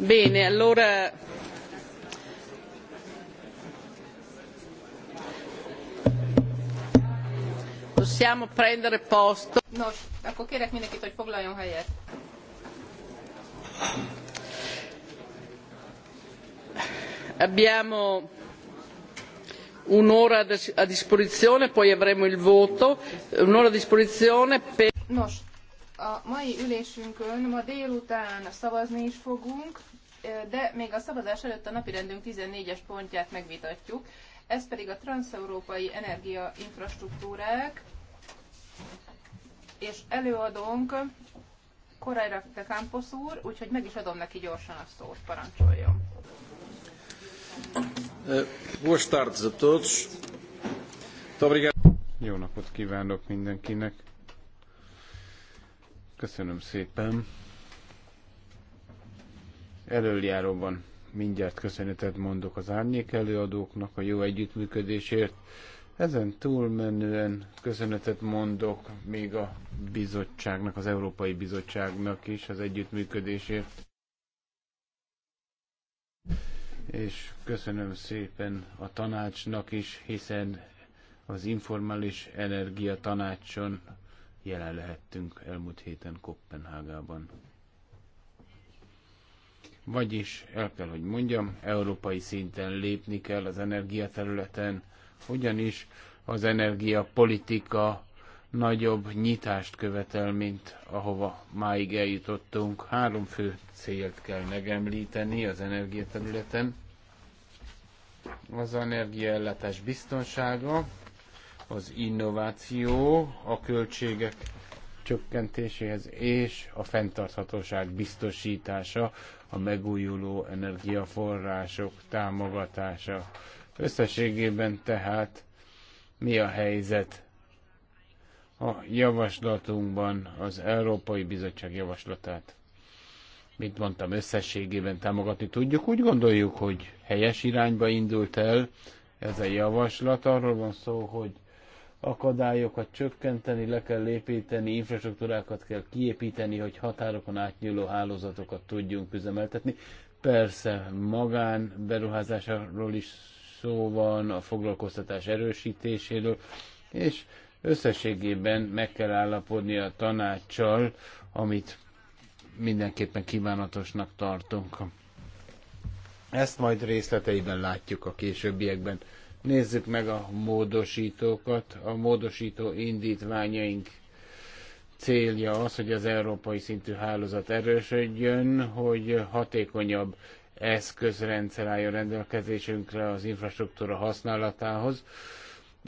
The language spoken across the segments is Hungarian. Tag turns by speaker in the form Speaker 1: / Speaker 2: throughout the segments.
Speaker 1: Bene, allora possiamo prendere posto. Nos, akkor kérek mindenkit, hogy foglaljon helyet.
Speaker 2: Abbiamo un'ora a disposizione, poi avremo il voto, un'ora a disposizione per...
Speaker 1: Nos, a mai ülésünkön ma délután szavazni is fogunk, de még a szavazás előtt a napirendünk 14-es pontját megvitatjuk. Ez pedig a transeurópai energiainfrastruktúrák, és előadónk Korajra de Campos úr, úgyhogy meg is adom neki gyorsan a szót, parancsoljon.
Speaker 2: tardes a todos. Jó napot kívánok mindenkinek. Köszönöm szépen. Előjáróban mindjárt köszönetet mondok az árnyék előadóknak a jó együttműködésért. Ezen túlmenően köszönetet mondok még a bizottságnak, az Európai Bizottságnak is az együttműködésért. És köszönöm szépen a tanácsnak is, hiszen az informális energia tanácson jelen lehettünk elmúlt héten Kopenhágában. Vagyis el kell, hogy mondjam, európai szinten lépni kell az energiaterületen, ugyanis az energiapolitika nagyobb nyitást követel, mint ahova máig eljutottunk. Három fő célt kell megemlíteni az energiaterületen. Az energiaellátás biztonsága, az innováció a költségek csökkentéséhez és a fenntarthatóság biztosítása, a megújuló energiaforrások támogatása. Összességében tehát mi a helyzet? A javaslatunkban az Európai Bizottság javaslatát, Mit mondtam, összességében támogatni tudjuk. Úgy gondoljuk, hogy helyes irányba indult el ez a javaslat. Arról van szó, hogy akadályokat csökkenteni, le kell lépíteni, infrastruktúrákat kell kiépíteni, hogy határokon átnyúló hálózatokat tudjunk üzemeltetni. Persze magán beruházásról is szó van, a foglalkoztatás erősítéséről, és összességében meg kell állapodni a tanácssal, amit mindenképpen kívánatosnak tartunk. Ezt majd részleteiben látjuk a későbbiekben. Nézzük meg a módosítókat. A módosító indítványaink célja az, hogy az európai szintű hálózat erősödjön, hogy hatékonyabb eszközrendszer álljon rendelkezésünkre az infrastruktúra használatához.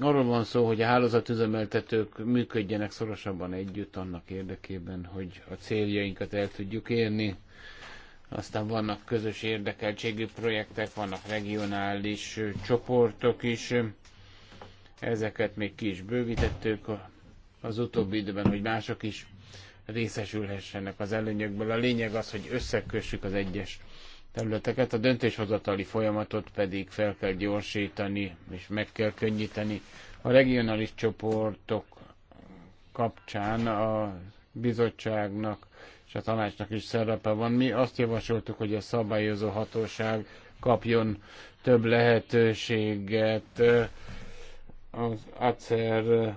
Speaker 2: Arról van szó, hogy a hálózatüzemeltetők működjenek szorosabban együtt annak érdekében, hogy a céljainkat el tudjuk érni. Aztán vannak közös érdekeltségű projektek, vannak regionális csoportok is. Ezeket még ki is bővítettük az utóbbi időben, hogy mások is részesülhessenek az előnyökből. A lényeg az, hogy összekössük az egyes területeket, a döntéshozatali folyamatot pedig fel kell gyorsítani és meg kell könnyíteni. A regionális csoportok kapcsán a bizottságnak és a tanácsnak is szerepe van. Mi azt javasoltuk, hogy a szabályozó hatóság kapjon több lehetőséget eh, az ACER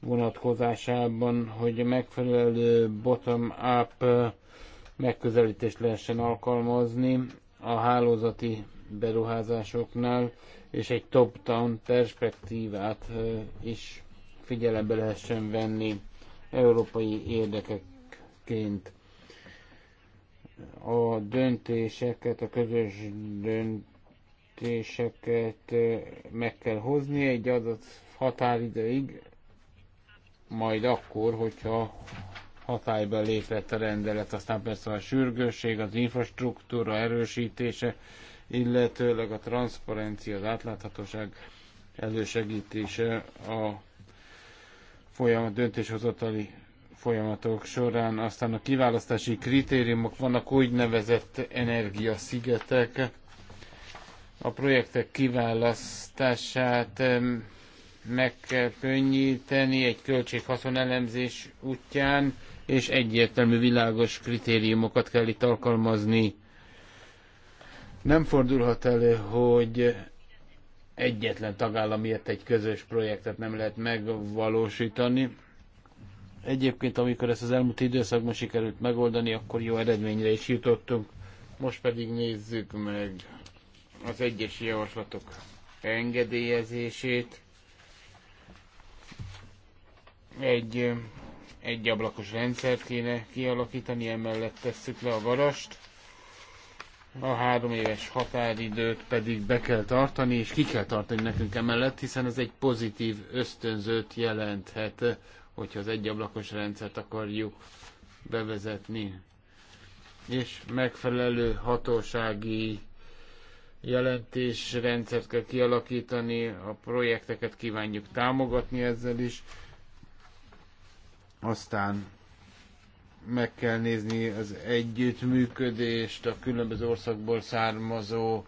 Speaker 2: vonatkozásában, hogy megfelelő bottom-up eh, megközelítést lehessen alkalmazni a hálózati beruházásoknál, és egy top-down perspektívát eh, is figyelembe lehessen venni európai érdekekként a döntéseket, a közös döntéseket meg kell hozni egy adott határidőig, majd akkor, hogyha hatályba lépett a rendelet, aztán persze a sürgősség, az infrastruktúra erősítése, illetőleg a transzparencia, az átláthatóság elősegítése a folyamat döntéshozatali folyamatok során. Aztán a kiválasztási kritériumok vannak úgynevezett energiaszigetek. A projektek kiválasztását meg kell könnyíteni egy költséghaszon elemzés útján, és egyértelmű világos kritériumokat kell itt alkalmazni. Nem fordulhat elő, hogy egyetlen tagállam ilyet egy közös projektet nem lehet megvalósítani. Egyébként, amikor ezt az elmúlt időszakban sikerült megoldani, akkor jó eredményre is jutottunk. Most pedig nézzük meg az egyes javaslatok engedélyezését. Egy egy ablakos rendszert kéne kialakítani, emellett tesszük le a varast. A három éves határidőt pedig be kell tartani, és ki kell tartani nekünk emellett, hiszen ez egy pozitív ösztönzőt jelenthet hogyha az egyablakos rendszert akarjuk bevezetni. És megfelelő hatósági jelentésrendszert kell kialakítani, a projekteket kívánjuk támogatni ezzel is. Aztán meg kell nézni az együttműködést a különböző országból származó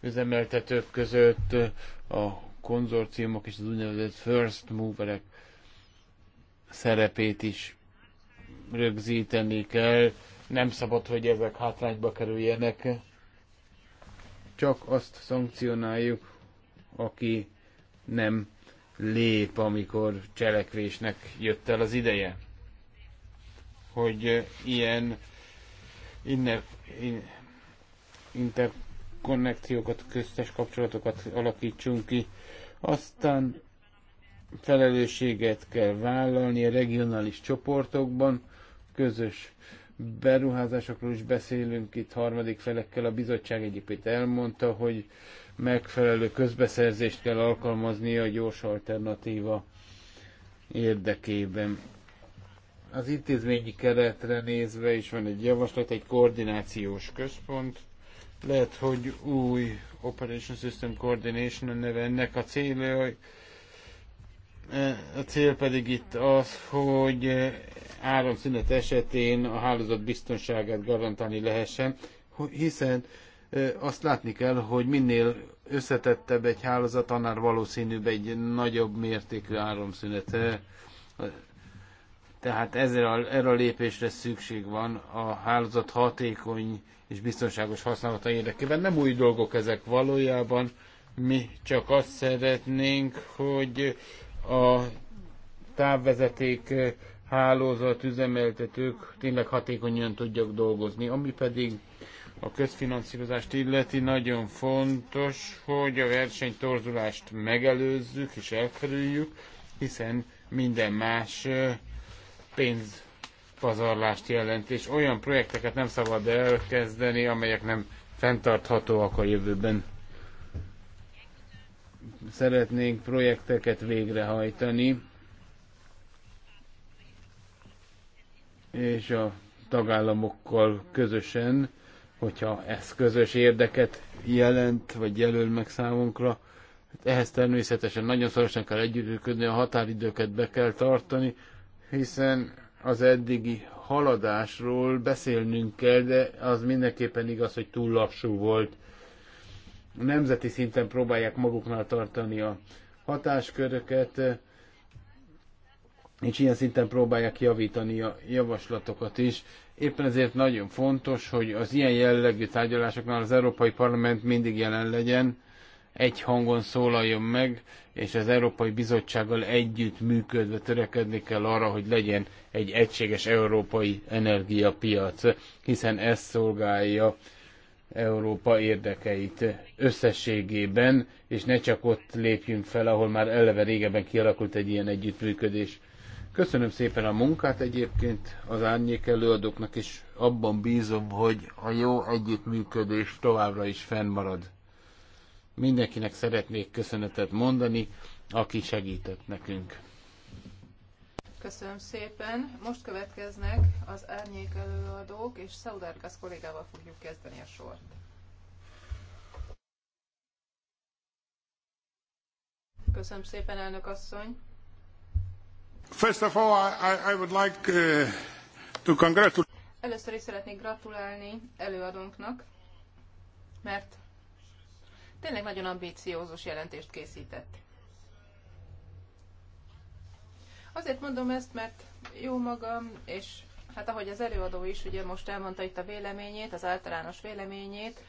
Speaker 2: üzemeltetők között, a konzorciumok és az úgynevezett first moverek szerepét is rögzíteni kell. Nem szabad, hogy ezek hátrányba kerüljenek. Csak azt szankcionáljuk, aki nem lép, amikor cselekvésnek jött el az ideje. Hogy ilyen innen, in, interkonnekciókat, köztes kapcsolatokat alakítsunk ki. Aztán felelősséget kell vállalni a regionális csoportokban, közös beruházásokról is beszélünk itt harmadik felekkel. A bizottság egyébként elmondta, hogy megfelelő közbeszerzést kell alkalmazni a gyors alternatíva érdekében. Az intézményi keretre nézve is van egy javaslat, egy koordinációs központ. Lehet, hogy új Operation System Coordination a neve ennek a célja, E, a cél pedig itt az, hogy áramszünet esetén a hálózat biztonságát garantálni lehessen, hiszen e, azt látni kell, hogy minél összetettebb egy hálózat, annál valószínűbb egy nagyobb mértékű áramszünet. E, tehát ezzel a, erre a lépésre szükség van a hálózat hatékony és biztonságos használata érdekében. Nem új dolgok ezek valójában, mi csak azt szeretnénk, hogy a távvezeték hálózat üzemeltetők tényleg hatékonyan tudjak dolgozni. Ami pedig a közfinanszírozást illeti, nagyon fontos, hogy a versenytorzulást megelőzzük és elkerüljük, hiszen minden más pénz pazarlást jelent, és olyan projekteket nem szabad elkezdeni, amelyek nem fenntarthatóak a jövőben szeretnénk projekteket végrehajtani, és a tagállamokkal közösen, hogyha ez közös érdeket jelent, vagy jelöl meg számunkra, hát ehhez természetesen nagyon szorosan kell együttműködni, a határidőket be kell tartani, hiszen az eddigi haladásról beszélnünk kell, de az mindenképpen igaz, hogy túl lassú volt nemzeti szinten próbálják maguknál tartani a hatásköröket, és ilyen szinten próbálják javítani a javaslatokat is. Éppen ezért nagyon fontos, hogy az ilyen jellegű tárgyalásoknál az Európai Parlament mindig jelen legyen, egy hangon szólaljon meg, és az Európai Bizottsággal együtt működve törekedni kell arra, hogy legyen egy egységes európai energiapiac, hiszen ez szolgálja Európa érdekeit összességében, és ne csak ott lépjünk fel, ahol már eleve régebben kialakult egy ilyen együttműködés. Köszönöm szépen a munkát egyébként az árnyék előadóknak, és abban bízom, hogy a jó együttműködés továbbra is fennmarad. Mindenkinek szeretnék köszönetet mondani, aki segített nekünk.
Speaker 1: Köszönöm szépen. Most következnek az árnyék előadók, és Szaudárkász kollégával fogjuk kezdeni a sort. Köszönöm szépen, elnök asszony.
Speaker 3: First of all, I, I would like uh, to congratulate.
Speaker 1: Először is szeretnék gratulálni előadónknak, mert tényleg nagyon ambíciózus jelentést készített. Azért mondom ezt, mert jó magam, és hát ahogy az előadó is ugye most elmondta itt a véleményét, az általános véleményét,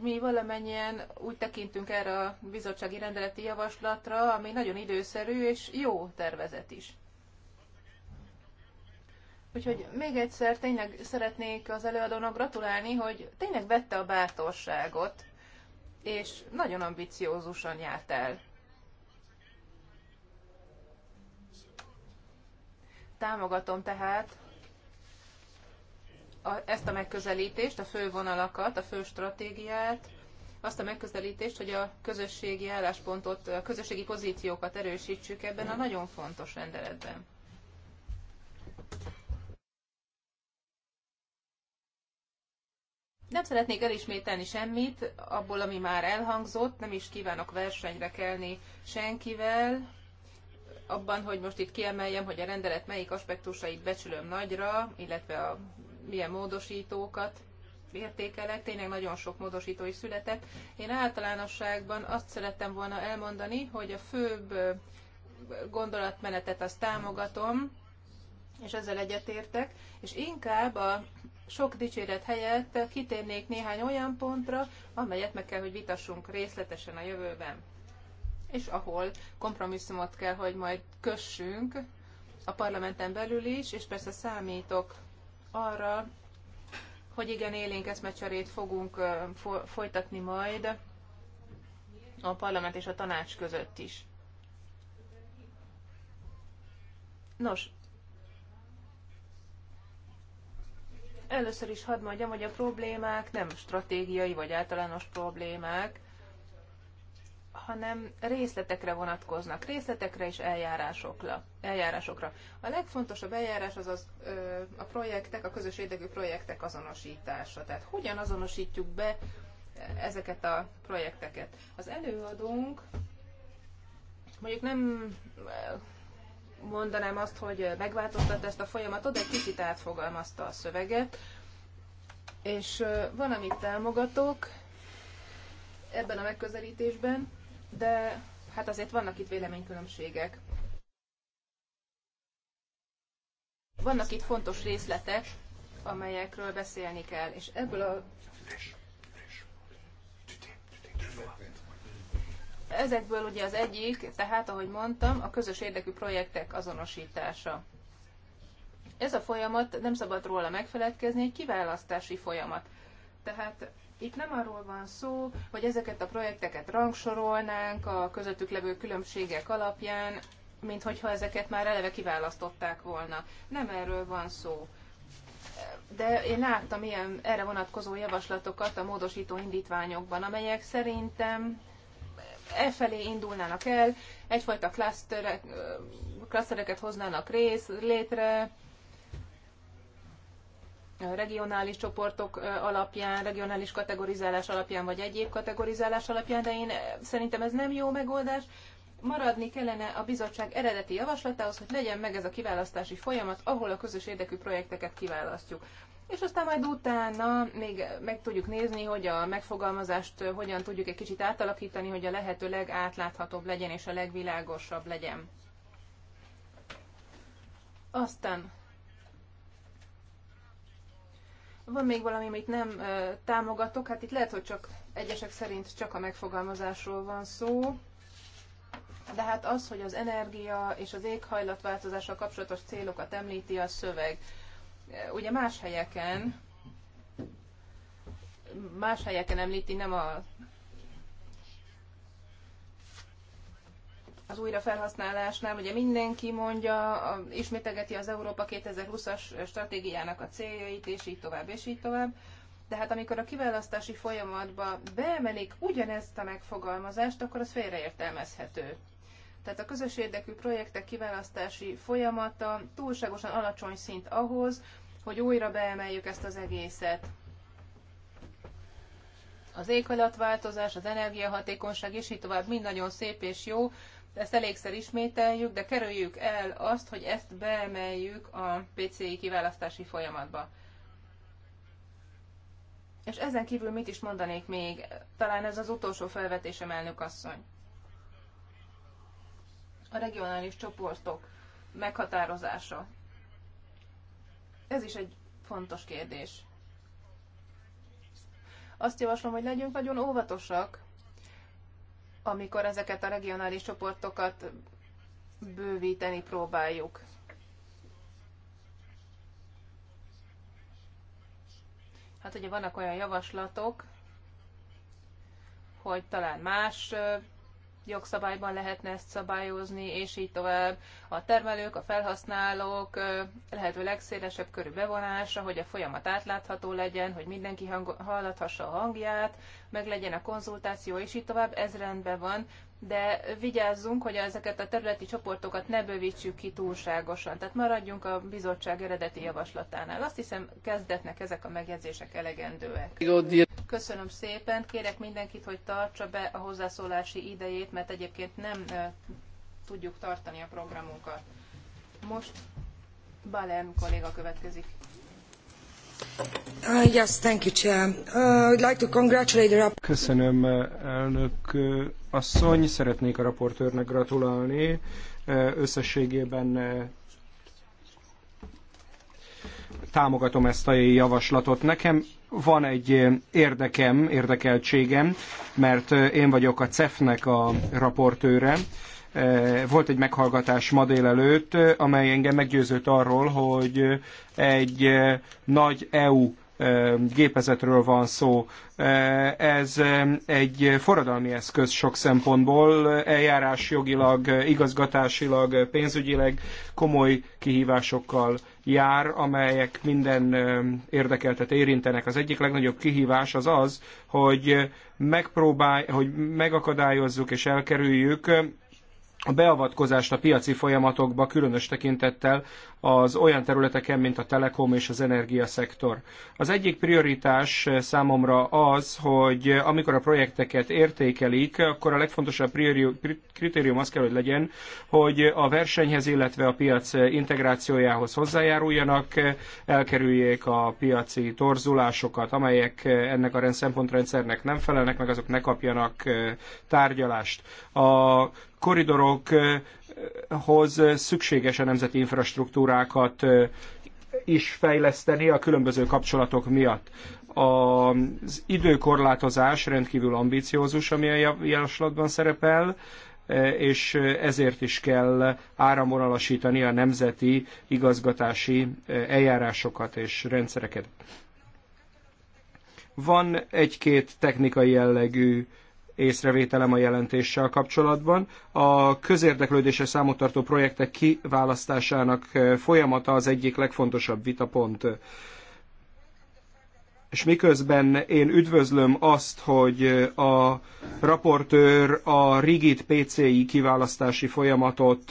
Speaker 1: mi valamennyien úgy tekintünk erre a bizottsági rendeleti javaslatra, ami nagyon időszerű és jó tervezet is. Úgyhogy még egyszer tényleg szeretnék az előadónak gratulálni, hogy tényleg vette a bátorságot, és nagyon ambiciózusan járt el Támogatom tehát a, ezt a megközelítést, a fő vonalakat, a fő stratégiát, azt a megközelítést, hogy a közösségi álláspontot, a közösségi pozíciókat erősítsük ebben a nagyon fontos rendeletben. Nem szeretnék elismételni semmit abból, ami már elhangzott, nem is kívánok versenyre kelni senkivel, abban, hogy most itt kiemeljem, hogy a rendelet melyik aspektusait becsülöm nagyra, illetve a milyen módosítókat értékelek, tényleg nagyon sok módosító is született. Én általánosságban azt szerettem volna elmondani, hogy a főbb gondolatmenetet azt támogatom, és ezzel egyetértek, és inkább a sok dicséret helyett kitérnék néhány olyan pontra, amelyet meg kell, hogy vitassunk részletesen a jövőben és ahol kompromisszumot kell, hogy majd kössünk a parlamenten belül is, és persze számítok arra, hogy igen, élénk eszmecserét fogunk folytatni majd a parlament és a tanács között is. Nos, először is hadd mondjam, hogy a problémák nem stratégiai vagy általános problémák, hanem részletekre vonatkoznak, részletekre és eljárásokra. eljárásokra. A legfontosabb eljárás az, az a projektek, a közös érdekű projektek azonosítása. Tehát hogyan azonosítjuk be ezeket a projekteket. Az előadónk mondjuk nem mondanám azt, hogy megváltoztat ezt a folyamatot, de egy kicsit átfogalmazta a szöveget, és van, amit támogatok ebben a megközelítésben, de hát azért vannak itt véleménykülönbségek. Vannak itt fontos részletek, amelyekről beszélni kell, és ebből a Ezekből ugye az egyik, tehát ahogy mondtam, a közös érdekű projektek azonosítása. Ez a folyamat, nem szabad róla megfeledkezni, egy kiválasztási folyamat. Tehát itt nem arról van szó, hogy ezeket a projekteket rangsorolnánk a közöttük levő különbségek alapján, mint hogyha ezeket már eleve kiválasztották volna. Nem erről van szó. De én láttam ilyen erre vonatkozó javaslatokat a módosító indítványokban, amelyek szerintem e felé indulnának el, egyfajta klasztereket hoznának rész, létre, regionális csoportok alapján, regionális kategorizálás alapján, vagy egyéb kategorizálás alapján, de én szerintem ez nem jó megoldás. Maradni kellene a bizottság eredeti javaslatához, hogy legyen meg ez a kiválasztási folyamat, ahol a közös érdekű projekteket kiválasztjuk. És aztán majd utána még meg tudjuk nézni, hogy a megfogalmazást hogyan tudjuk egy kicsit átalakítani, hogy a lehető legátláthatóbb legyen és a legvilágosabb legyen. Aztán van még valami, amit nem támogatok, hát itt lehet, hogy csak egyesek szerint csak a megfogalmazásról van szó, de hát az, hogy az energia és az éghajlatváltozással kapcsolatos célokat említi a szöveg. Ugye más helyeken, más helyeken említi, nem a az újrafelhasználásnál ugye mindenki mondja, ismételgeti az Európa 2020-as stratégiának a céljait, és így tovább, és így tovább. De hát amikor a kiválasztási folyamatba beemelik ugyanezt a megfogalmazást, akkor az félreértelmezhető. Tehát a közös érdekű projektek kiválasztási folyamata túlságosan alacsony szint ahhoz, hogy újra beemeljük ezt az egészet. Az éghajlatváltozás, az energiahatékonyság és így tovább mind nagyon szép és jó, ezt elégszer ismételjük, de kerüljük el azt, hogy ezt beemeljük a PCI kiválasztási folyamatba. És ezen kívül mit is mondanék még? Talán ez az utolsó felvetésem, elnök asszony. A regionális csoportok meghatározása. Ez is egy fontos kérdés. Azt javaslom, hogy legyünk nagyon óvatosak, amikor ezeket a regionális csoportokat bővíteni próbáljuk. Hát ugye vannak olyan javaslatok, hogy talán más jogszabályban lehetne ezt szabályozni, és így tovább. A termelők, a felhasználók lehető legszélesebb körű bevonása, hogy a folyamat átlátható legyen, hogy mindenki hang- hallathassa a hangját, meg legyen a konzultáció, és így tovább. Ez rendben van, de vigyázzunk, hogy ezeket a területi csoportokat ne bővítsük ki túlságosan. Tehát maradjunk a bizottság eredeti javaslatánál. Azt hiszem, kezdetnek ezek a megjegyzések elegendőek. Köszönöm szépen, kérek mindenkit, hogy tartsa be a hozzászólási idejét, mert egyébként nem tudjuk tartani a programunkat. Most Balern kolléga következik.
Speaker 4: Köszönöm, elnök asszony. Szeretnék a raportőrnek gratulálni. Uh, összességében uh, támogatom ezt a javaslatot. Nekem van egy uh, érdekem, érdekeltségem, mert én vagyok a CEF-nek a raportőre, Eh, volt egy meghallgatás ma délelőtt, eh, amely engem meggyőzött arról, hogy eh, egy nagy EU gépezetről van szó. Ez egy forradalmi eszköz sok szempontból, eljárás jogilag, igazgatásilag, pénzügyileg komoly kihívásokkal jár, amelyek minden érdekeltet érintenek. Az egyik legnagyobb kihívás az az, hogy megpróbálj, hogy megakadályozzuk és elkerüljük a beavatkozást a piaci folyamatokba különös tekintettel az olyan területeken, mint a telekom és az energiaszektor. Az egyik prioritás eh, számomra az, hogy amikor a projekteket értékelik, akkor a legfontosabb kritérium az kell, hogy legyen, hogy a versenyhez, illetve a piac integrációjához hozzájáruljanak, eh, elkerüljék a piaci torzulásokat, amelyek eh, ennek a szempontrendszernek nem felelnek, meg azok ne kapjanak tárgyalást. A koridorokhoz eh, eh, szükséges a nemzeti infrastruktúrákat eh, is fejleszteni a különböző kapcsolatok miatt. Az időkorlátozás rendkívül ambiciózus, ami a javaslatban szerepel, és ezért is kell áramvonalasítani a nemzeti igazgatási eljárásokat és rendszereket. Van egy-két technikai jellegű észrevételem a jelentéssel kapcsolatban. A közérdeklődésre számot tartó projektek kiválasztásának folyamata az egyik legfontosabb vitapont. És miközben én üdvözlöm azt, hogy a raportőr a rigid PCI kiválasztási folyamatot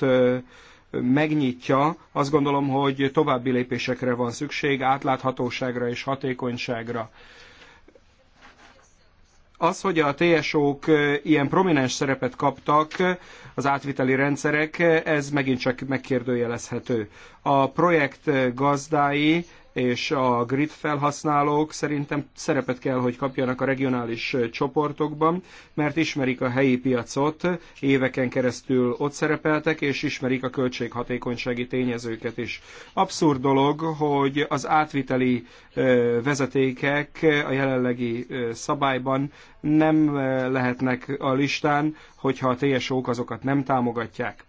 Speaker 4: megnyitja, azt gondolom, hogy további lépésekre van szükség, átláthatóságra és hatékonyságra. Az, hogy a TSO-k ilyen prominens szerepet kaptak, az átviteli rendszerek, ez megint csak megkérdőjelezhető. A projekt gazdái és a grid felhasználók szerintem szerepet kell, hogy kapjanak a regionális csoportokban, mert ismerik a helyi piacot, éveken keresztül ott szerepeltek, és ismerik a költséghatékonysági tényezőket is. Abszurd dolog, hogy az átviteli vezetékek a jelenlegi szabályban nem lehetnek a listán, hogyha a TSO-k azokat nem támogatják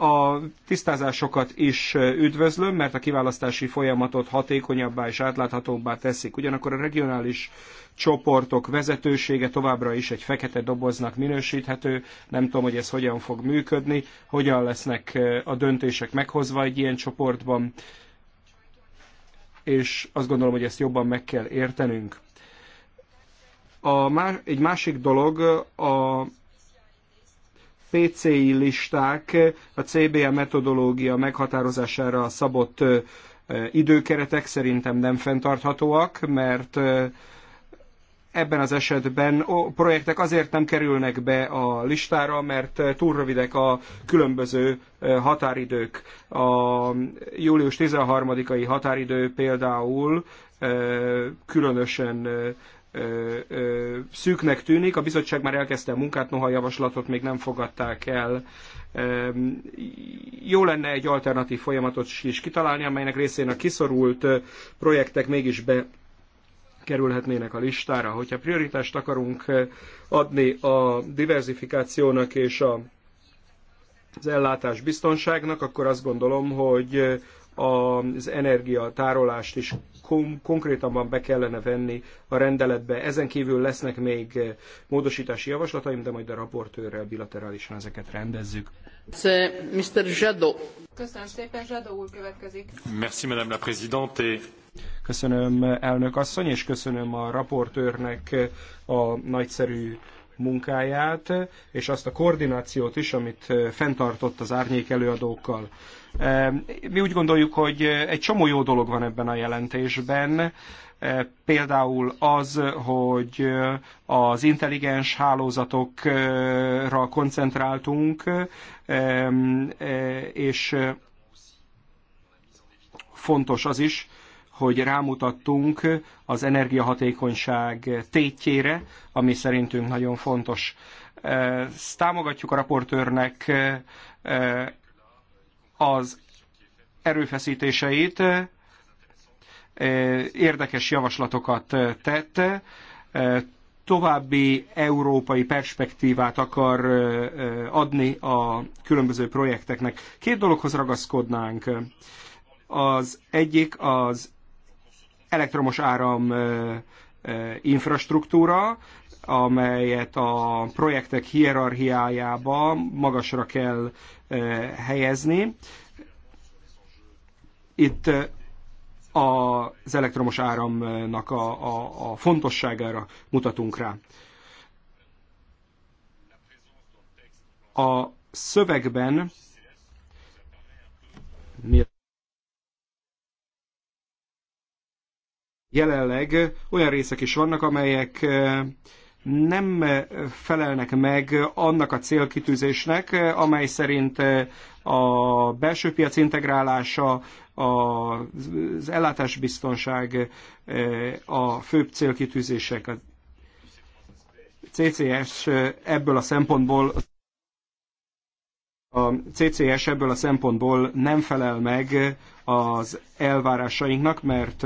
Speaker 4: a tisztázásokat is üdvözlöm, mert a kiválasztási folyamatot hatékonyabbá és átláthatóbbá teszik. Ugyanakkor a regionális csoportok vezetősége továbbra is egy fekete doboznak minősíthető. Nem tudom, hogy ez hogyan fog működni, hogyan lesznek eh, a döntések meghozva egy ilyen csoportban, és azt gondolom, hogy ezt jobban meg kell értenünk. A más, egy másik dolog a PCI listák a CBA metodológia meghatározására szabott időkeretek szerintem nem fenntarthatóak, mert ebben az esetben a projektek azért nem kerülnek be a listára, mert túl rövidek a különböző határidők. A július 13-ai határidő például különösen szűknek tűnik. A bizottság már elkezdte a munkát, noha a javaslatot még nem fogadták el. Jó lenne egy alternatív folyamatot is kitalálni, amelynek részén a kiszorult projektek mégis be kerülhetnének a listára. Hogyha prioritást akarunk adni a diversifikációnak és a, az ellátás biztonságnak, akkor azt gondolom, hogy az energiatárolást is konkrétabban be kellene venni a rendeletbe. Ezen kívül lesznek még eh, módosítási javaslataim, de majd a raportőrrel bilaterálisan ezeket rendezzük. Mr. Jadot.
Speaker 1: Köszönöm szépen, Zsado úr következik.
Speaker 3: Merci, Madame la Présidente.
Speaker 4: Köszönöm elnök asszony, és köszönöm a raportőrnek eh, a nagyszerű munkáját, és azt a koordinációt is, amit eh, fenntartott az árnyék előadókkal. Ehm, mi úgy gondoljuk, hogy eh, egy csomó jó dolog van ebben a jelentésben, eh, például az, hogy eh, az intelligens hálózatokra koncentráltunk, ehm, és fontos az is, hogy rámutattunk az energiahatékonyság tétjére, ami szerintünk nagyon fontos. Ezt támogatjuk a raportőrnek az erőfeszítéseit, eh, érdekes javaslatokat tett, eh, további európai perspektívát akar eh, adni a különböző projekteknek. Két dologhoz ragaszkodnánk. Az egyik az elektromos áram infrastruktúra, amelyet a projektek hierarchiájába magasra kell eh, helyezni. Itt eh, az elektromos áramnak a, a, a fontosságára mutatunk rá. A szövegben jelenleg olyan részek is vannak, amelyek eh, nem felelnek meg annak a célkitűzésnek, amely szerint a belső piac integrálása, az ellátásbiztonság a főbb célkitűzések. A CCS ebből a szempontból a CCS ebből a szempontból nem felel meg az elvárásainknak, mert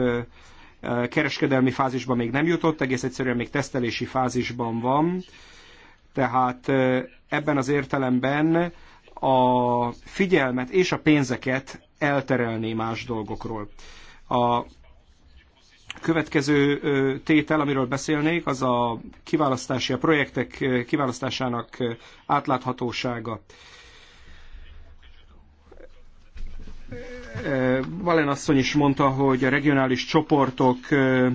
Speaker 4: kereskedelmi fázisban még nem jutott, egész egyszerűen még tesztelési fázisban van. Tehát ebben az értelemben a figyelmet és a pénzeket elterelné más dolgokról. A következő tétel, amiről beszélnék, az a kiválasztási, a projektek kiválasztásának átláthatósága. Eh, Valen asszony is mondta, hogy a regionális csoportok eh,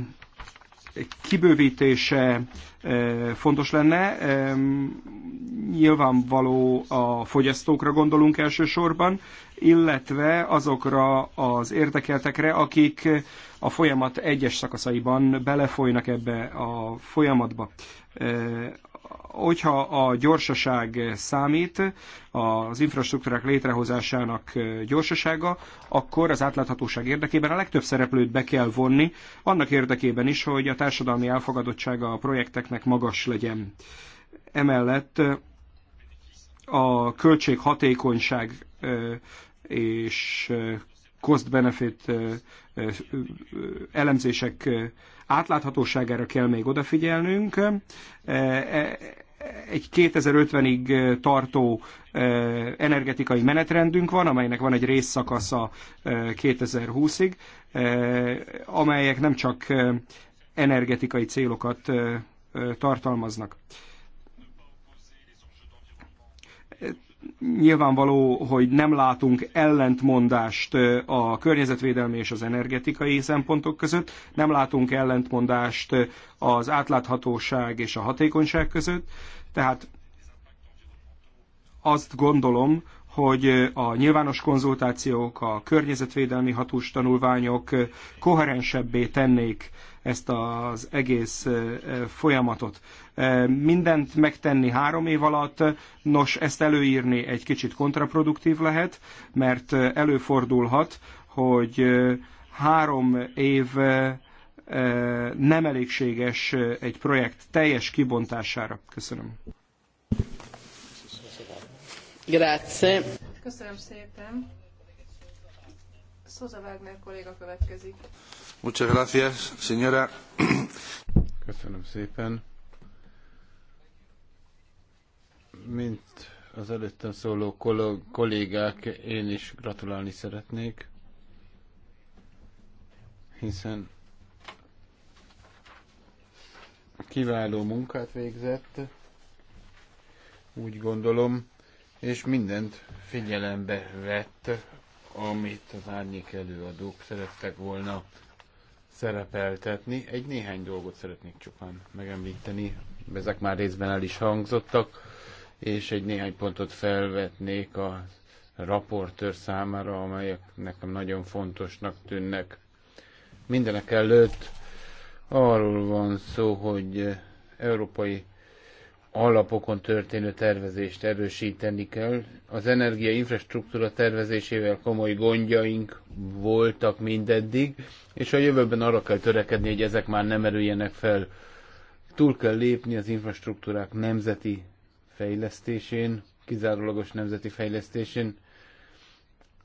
Speaker 4: kibővítése eh, fontos lenne. Nyilvánvaló a fogyasztókra gondolunk elsősorban, illetve azokra az érdekeltekre, akik a folyamat egyes szakaszaiban belefolynak ebbe a folyamatba hogyha a gyorsaság számít, az infrastruktúrák létrehozásának gyorsasága, akkor az átláthatóság érdekében a legtöbb szereplőt be kell vonni, annak érdekében is, hogy a társadalmi elfogadottsága a projekteknek magas legyen. Emellett a költséghatékonyság és cost-benefit elemzések Átláthatóságára kell még odafigyelnünk. E, e, egy 2050-ig tartó e, energetikai menetrendünk van, amelynek van egy részszakasza 2020-ig, amelyek nem csak energetikai célokat tartalmaznak. nyilvánvaló, hogy nem látunk ellentmondást a környezetvédelmi és az energetikai szempontok között, nem látunk ellentmondást az átláthatóság és a hatékonyság között, tehát azt gondolom, hogy a nyilvános konzultációk, a környezetvédelmi hatós tanulványok koherensebbé tennék ezt az egész folyamatot. Mindent megtenni három év alatt, nos, ezt előírni egy kicsit kontraproduktív lehet, mert előfordulhat, hogy három év nem elégséges egy projekt teljes kibontására. Köszönöm.
Speaker 3: Grazie.
Speaker 1: Köszönöm szépen. Szóza Wagner kolléga következik.
Speaker 2: Muchas gracias, señora. Köszönöm szépen. Mint az előttem szóló kollégák, én is gratulálni szeretnék, hiszen kiváló munkát végzett, úgy gondolom, és mindent figyelembe vett, amit az árnyék előadók szerettek volna szerepeltetni. Egy néhány dolgot szeretnék csupán megemlíteni, ezek már részben el is hangzottak, és egy néhány pontot felvetnék a raportőr számára, amelyek nekem nagyon fontosnak tűnnek. Mindenek előtt arról van szó, hogy európai alapokon történő tervezést erősíteni kell. Az energia infrastruktúra tervezésével komoly gondjaink voltak mindeddig, és a jövőben arra kell törekedni, hogy ezek már nem erüljenek fel. Túl kell lépni az infrastruktúrák nemzeti fejlesztésén, kizárólagos nemzeti fejlesztésén.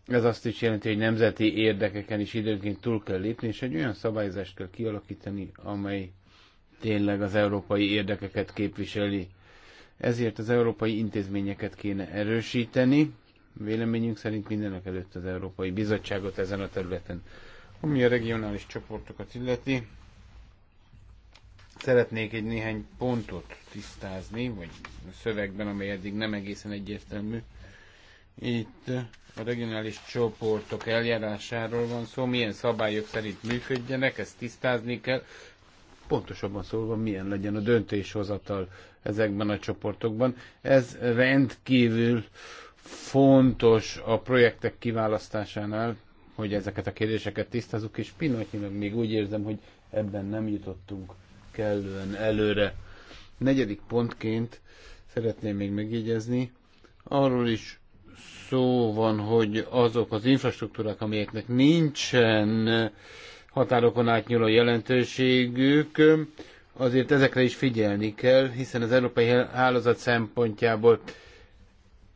Speaker 2: Ez azt is jelenti, hogy nemzeti érdekeken is időnként túl kell lépni, és egy olyan szabályzást kell kialakítani, amely tényleg az európai érdekeket képviseli. Ezért az európai intézményeket kéne erősíteni, véleményünk szerint mindenek előtt az Európai Bizottságot ezen a területen. Ami a regionális csoportokat illeti, szeretnék egy néhány pontot tisztázni, vagy a szövegben, amely eddig nem egészen egyértelmű. Itt a regionális csoportok eljárásáról van szó, milyen szabályok szerint működjenek, ezt tisztázni kell, pontosabban szólva milyen legyen a döntéshozatal ezekben a csoportokban. Ez rendkívül fontos a projektek kiválasztásánál, hogy ezeket a kérdéseket tisztázunk, és pillanatnyilag még úgy érzem, hogy ebben nem jutottunk kellően előre. Negyedik pontként szeretném még megjegyezni, arról is szó van, hogy azok az infrastruktúrák, amelyeknek nincsen határokon átnyúló jelentőségük, azért ezekre is figyelni kell, hiszen az európai hálózat szempontjából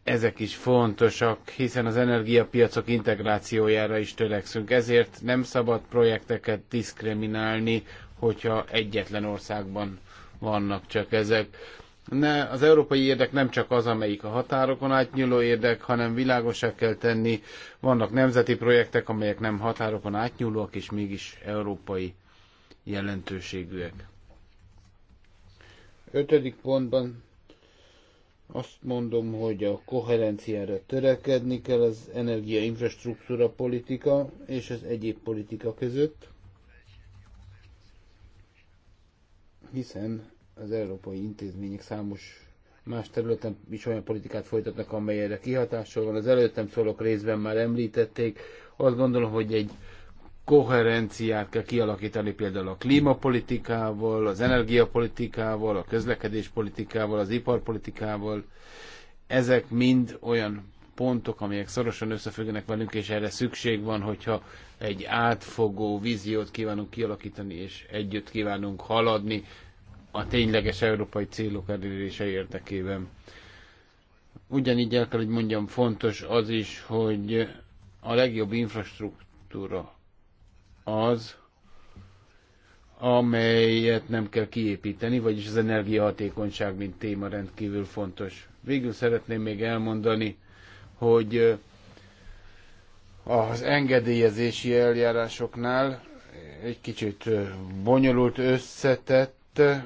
Speaker 2: ezek is fontosak, hiszen az energiapiacok integrációjára is törekszünk. Ezért nem szabad projekteket diszkriminálni, hogyha egyetlen országban vannak csak ezek ne, az európai érdek nem csak az, amelyik a határokon átnyúló érdek, hanem világosá kell tenni. Vannak nemzeti projektek, amelyek nem határokon átnyúlóak, és mégis európai jelentőségűek. Ötödik pontban azt mondom, hogy a koherenciára törekedni kell az energiainfrastruktúra politika és az egyéb politika között, hiszen az európai intézmények számos más területen is olyan politikát folytatnak, amelyre kihatással van. Az előttem szólók részben már említették. Azt gondolom, hogy egy koherenciát kell kialakítani például a klímapolitikával, az energiapolitikával, a közlekedéspolitikával, az iparpolitikával. Ezek mind olyan pontok, amelyek szorosan összefüggenek velünk, és erre szükség van, hogyha egy átfogó víziót kívánunk kialakítani, és együtt kívánunk haladni, a tényleges európai célok elérése érdekében. Ugyanígy el kell, hogy mondjam, fontos az is, hogy a legjobb infrastruktúra az, amelyet nem kell kiépíteni, vagyis az energiahatékonyság, mint téma rendkívül fontos. Végül szeretném még elmondani, hogy az engedélyezési eljárásoknál egy kicsit bonyolult, összetett,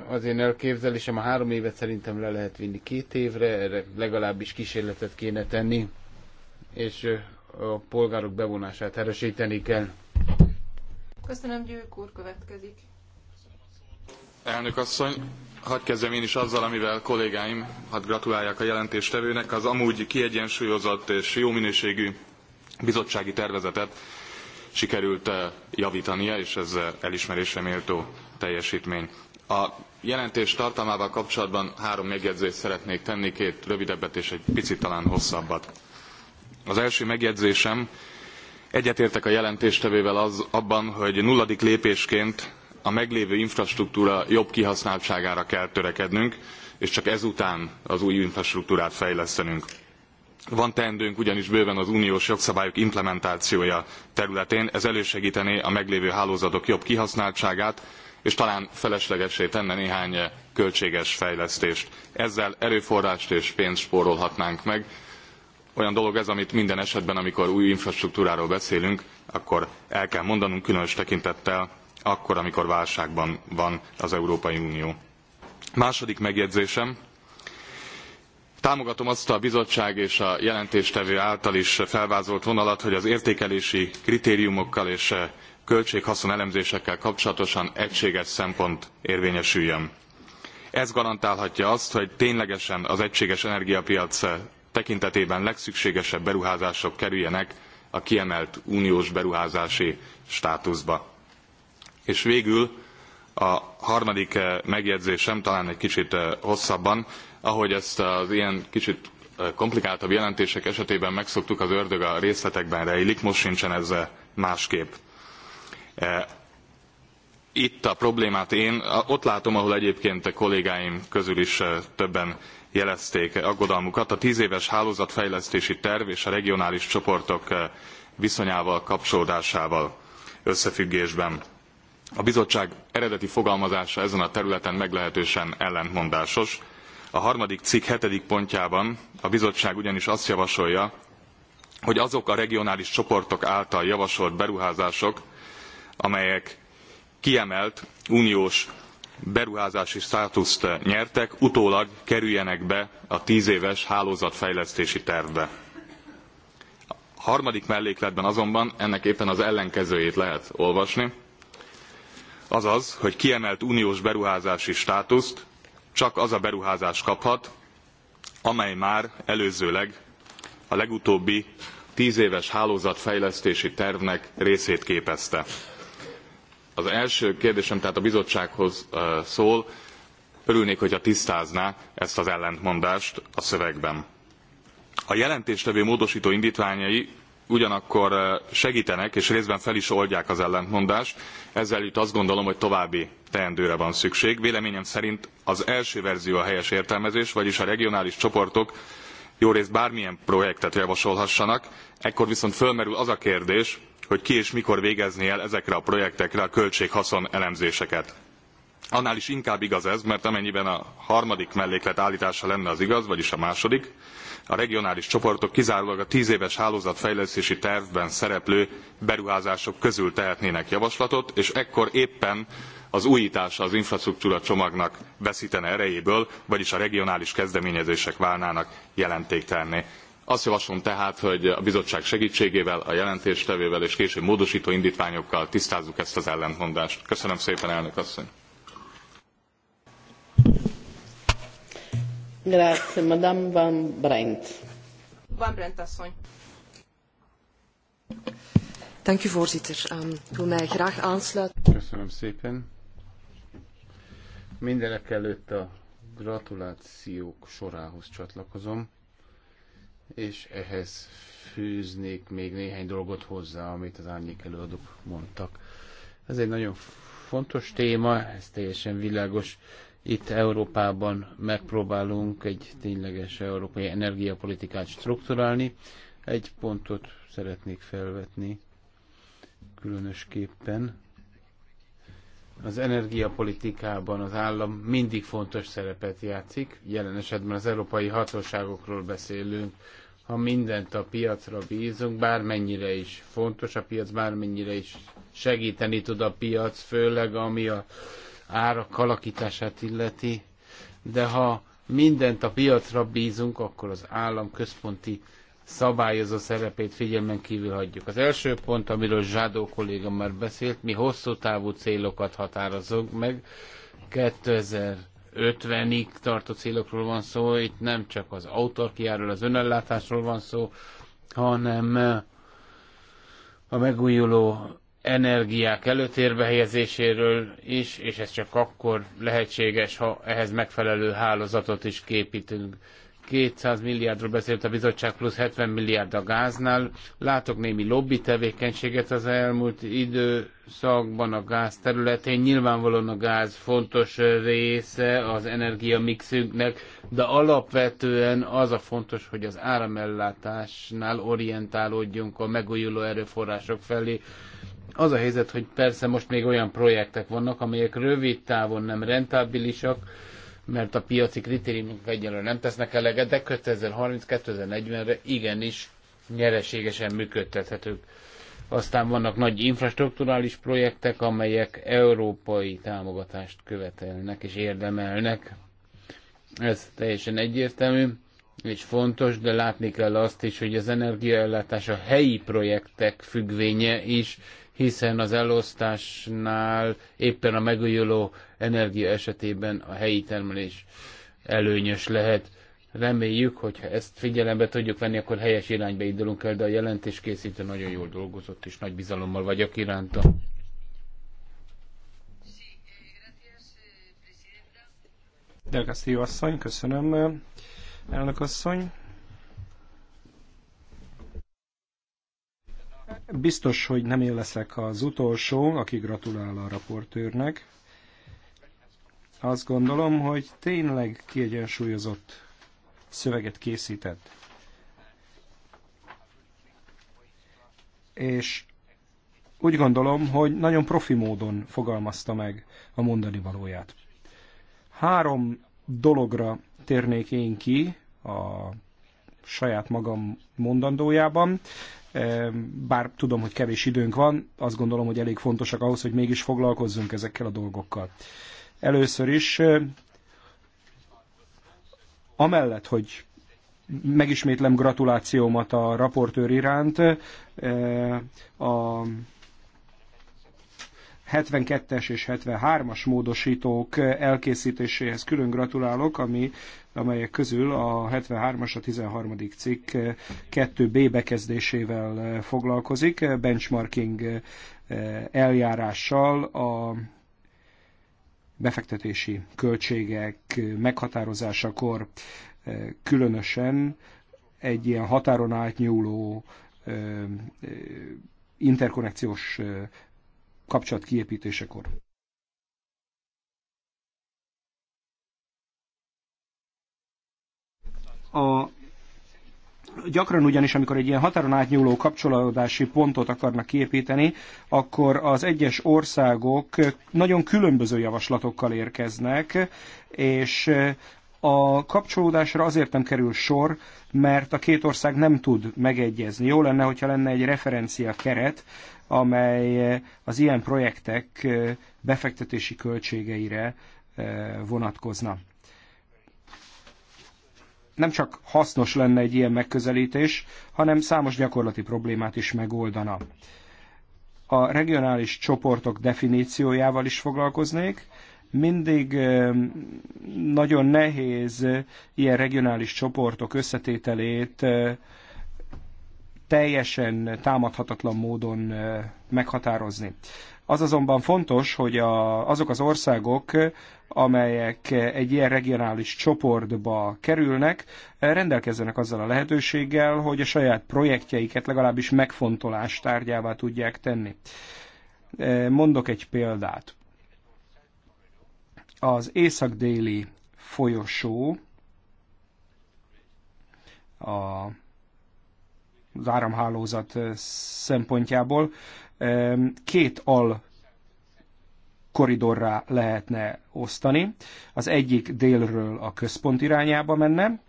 Speaker 2: az én elképzelésem a három évet szerintem le lehet vinni két évre, erre legalábbis kísérletet kéne tenni, és a polgárok bevonását erősíteni kell.
Speaker 1: Köszönöm, Győk úr, következik.
Speaker 3: Elnök asszony, hadd kezdjem én is azzal, amivel kollégáim, hadd gratuláljak a jelentéstevőnek, az amúgy kiegyensúlyozott és jó minőségű bizottsági tervezetet sikerült javítania, és ez elismerésre méltó teljesítmény. A jelentés tartalmával kapcsolatban három megjegyzést szeretnék tenni, két rövidebbet és egy picit talán hosszabbat. Az első megjegyzésem, egyetértek a jelentéstevével az, abban, hogy nulladik lépésként a meglévő infrastruktúra jobb kihasználtságára kell törekednünk, és csak ezután az új infrastruktúrát fejlesztenünk. Van teendőnk ugyanis bőven az uniós jogszabályok implementációja területén, ez elősegítené a meglévő hálózatok jobb kihasználtságát, és talán feleslegessé tenne néhány költséges fejlesztést. Ezzel erőforrást és pénzt spórolhatnánk meg. Olyan dolog ez, amit minden esetben, amikor új infrastruktúráról beszélünk, akkor el kell mondanunk különös tekintettel, akkor, amikor válságban van az Európai Unió. Második megjegyzésem, Támogatom azt a bizottság és a jelentéstevő által is felvázolt vonalat, hogy az értékelési kritériumokkal és költség-haszon elemzésekkel kapcsolatosan egységes szempont érvényesüljön. Ez garantálhatja azt, hogy ténylegesen az egységes energiapiac tekintetében legszükségesebb beruházások kerüljenek a kiemelt uniós beruházási státuszba. És végül a harmadik eh, megjegyzésem talán egy kicsit eh, hosszabban, ahogy ezt az ilyen kicsit eh, komplikáltabb jelentések esetében megszoktuk, az ördög a részletekben rejlik, most sincsen ez másképp. Eh, itt a problémát én ott látom, ahol egyébként a kollégáim közül is eh, többen jelezték aggodalmukat. A tíz éves hálózatfejlesztési terv és a regionális csoportok eh, viszonyával, kapcsolódásával összefüggésben. A bizottság eredeti fogalmazása ezen a területen meglehetősen ellentmondásos. A harmadik cikk hetedik pontjában a bizottság ugyanis azt javasolja, hogy azok a regionális csoportok által javasolt beruházások, amelyek kiemelt uniós beruházási státuszt nyertek, utólag kerüljenek be a tíz éves hálózatfejlesztési tervbe. A harmadik mellékletben azonban ennek éppen az ellenkezőjét lehet olvasni, azaz, hogy kiemelt uniós beruházási státuszt csak az a beruházás kaphat, amely már előzőleg a legutóbbi tíz éves hálózatfejlesztési tervnek részét képezte. Az első kérdésem tehát a bizottsághoz szól. Örülnék, hogyha tisztázná ezt az ellentmondást a szövegben. A jelentéstevő módosító indítványai ugyanakkor segítenek és részben fel is oldják az ellentmondást. Ezzel itt azt gondolom, hogy további teendőre van szükség. Véleményem szerint az első verzió a helyes értelmezés, vagyis a regionális csoportok jó részt bármilyen projektet javasolhassanak. Ekkor viszont fölmerül az a kérdés, hogy ki és mikor végezné el ezekre a projektekre a költség-haszon elemzéseket. Annál is inkább igaz ez, mert amennyiben a harmadik melléklet állítása lenne az igaz, vagyis a második, a regionális csoportok kizárólag a 10 éves hálózatfejlesztési tervben szereplő beruházások közül tehetnének javaslatot, és ekkor éppen az újítása az infrastruktúra csomagnak veszítene erejéből, vagyis a regionális kezdeményezések válnának jelentéktelenné. Azt javaslom tehát, hogy a bizottság segítségével, a jelentéstevével és később módosító indítványokkal tisztázzuk ezt az ellentmondást. Köszönöm szépen, elnök asszony!
Speaker 4: Grazie, Madame Van Brent.
Speaker 1: Van Brent asszony.
Speaker 4: Dank u, voorzitter.
Speaker 1: Um, ik wil mij graag aansluiten.
Speaker 2: szépen. Mindenek előtt a gratulációk sorához csatlakozom és ehhez fűznék még néhány dolgot hozzá, amit az árnyék előadók mondtak. Ez egy nagyon fontos téma, ez teljesen világos. Itt Európában megpróbálunk egy tényleges európai energiapolitikát strukturálni. Egy pontot szeretnék felvetni különösképpen. Az energiapolitikában az állam mindig fontos szerepet játszik. Jelen esetben az európai hatóságokról beszélünk, ha mindent a piacra bízunk, bármennyire is fontos a piac, bármennyire is segíteni tud a piac, főleg ami a árak alakítását illeti, de ha mindent a piacra bízunk, akkor az állam központi szabályozó szerepét figyelmen kívül hagyjuk. Az első pont, amiről Zsádó kolléga már beszélt, mi hosszú távú célokat határozunk meg 2000 50-ig tartó célokról van szó, itt nem csak az autarkiáról, az önellátásról van szó, hanem eh, a megújuló energiák előtérbe helyezéséről is, és ez csak akkor lehetséges, ha ehhez megfelelő hálózatot is képítünk. 200 milliárdról beszélt a bizottság, plusz 70 milliárd a gáznál. Látok némi lobby tevékenységet az elmúlt időszakban a gáz területén. Nyilvánvalóan a gáz fontos része az energiamixünknek, de alapvetően az a fontos, hogy az áramellátásnál orientálódjunk a megújuló erőforrások felé. Az a helyzet, hogy persze most még olyan projektek vannak, amelyek rövid távon nem rentábilisak, mert a piaci kritériumok egyelőre nem tesznek eleget, de 2030-2040-re igenis nyereségesen működtethetők. Aztán vannak nagy infrastruktúrális projektek, amelyek európai támogatást követelnek és érdemelnek. Ez teljesen egyértelmű és fontos, de látni kell azt is, hogy az energiaellátás a helyi projektek függvénye is, hiszen az elosztásnál éppen a megújuló energia esetében a helyi termelés előnyös lehet. Reméljük, hogy ha ezt figyelembe tudjuk venni, akkor helyes irányba indulunk el, de a jelentés készítő nagyon jól dolgozott, és nagy bizalommal vagyok
Speaker 4: iránta. Delgasztió asszony, köszönöm. Elnök asszony, Biztos, hogy nem én leszek az utolsó, aki gratulál a raportőrnek. Azt gondolom, hogy tényleg kiegyensúlyozott szöveget készített. És úgy gondolom, hogy nagyon profi módon fogalmazta meg a mondani valóját. Három dologra térnék én ki a saját magam mondandójában bár tudom, hogy kevés időnk van, azt gondolom, hogy elég fontosak ahhoz, hogy mégis foglalkozzunk ezekkel a dolgokkal. Először is, amellett, hogy megismétlem gratulációmat a raportőr iránt, a 72-es és 73-as módosítók elkészítéséhez külön gratulálok, ami, amelyek közül a 73-as a 13. cikk 2B bekezdésével foglalkozik, benchmarking eljárással a befektetési költségek meghatározásakor különösen egy ilyen határon átnyúló interkonnekciós kapcsolat kiépítésekor. A Gyakran ugyanis, amikor egy ilyen határon átnyúló kapcsolódási pontot akarnak kiépíteni, akkor az egyes országok nagyon különböző javaslatokkal érkeznek, és a kapcsolódásra azért nem kerül sor, mert a két ország nem tud megegyezni. Jó lenne, hogyha lenne egy referencia keret, amely eh, az ilyen projektek eh, befektetési költségeire eh, vonatkozna. Nem csak hasznos lenne egy ilyen megközelítés, hanem számos gyakorlati problémát is megoldana. A regionális csoportok definíciójával is foglalkoznék, mindig nagyon nehéz ilyen regionális csoportok összetételét teljesen támadhatatlan módon meghatározni. Az azonban fontos, hogy a, azok az országok, amelyek egy ilyen regionális csoportba kerülnek, rendelkezzenek azzal a lehetőséggel, hogy a saját projektjeiket legalábbis megfontolás tárgyává tudják tenni. Mondok egy példát. Az észak-déli folyosó a az áramhálózat szempontjából. Két al koridorra lehetne osztani. Az egyik délről a központ irányába menne,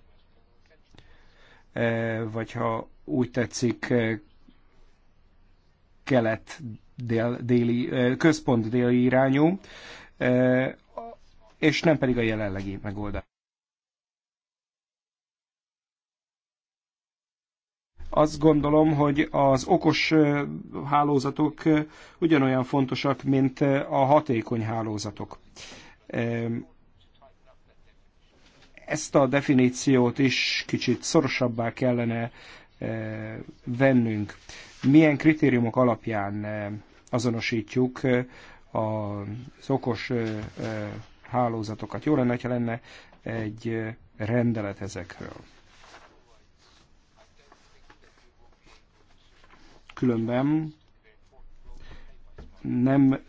Speaker 4: vagy ha úgy tetszik, kelet dél, déli, központ déli irányú, és nem pedig a jelenlegi megoldás. azt gondolom, hogy az okos hálózatok ugyanolyan fontosak, mint a hatékony hálózatok. Ezt a definíciót is kicsit szorosabbá kellene vennünk. Milyen kritériumok alapján azonosítjuk az okos hálózatokat? Jó lenne, ha lenne egy rendelet ezekről. különben nem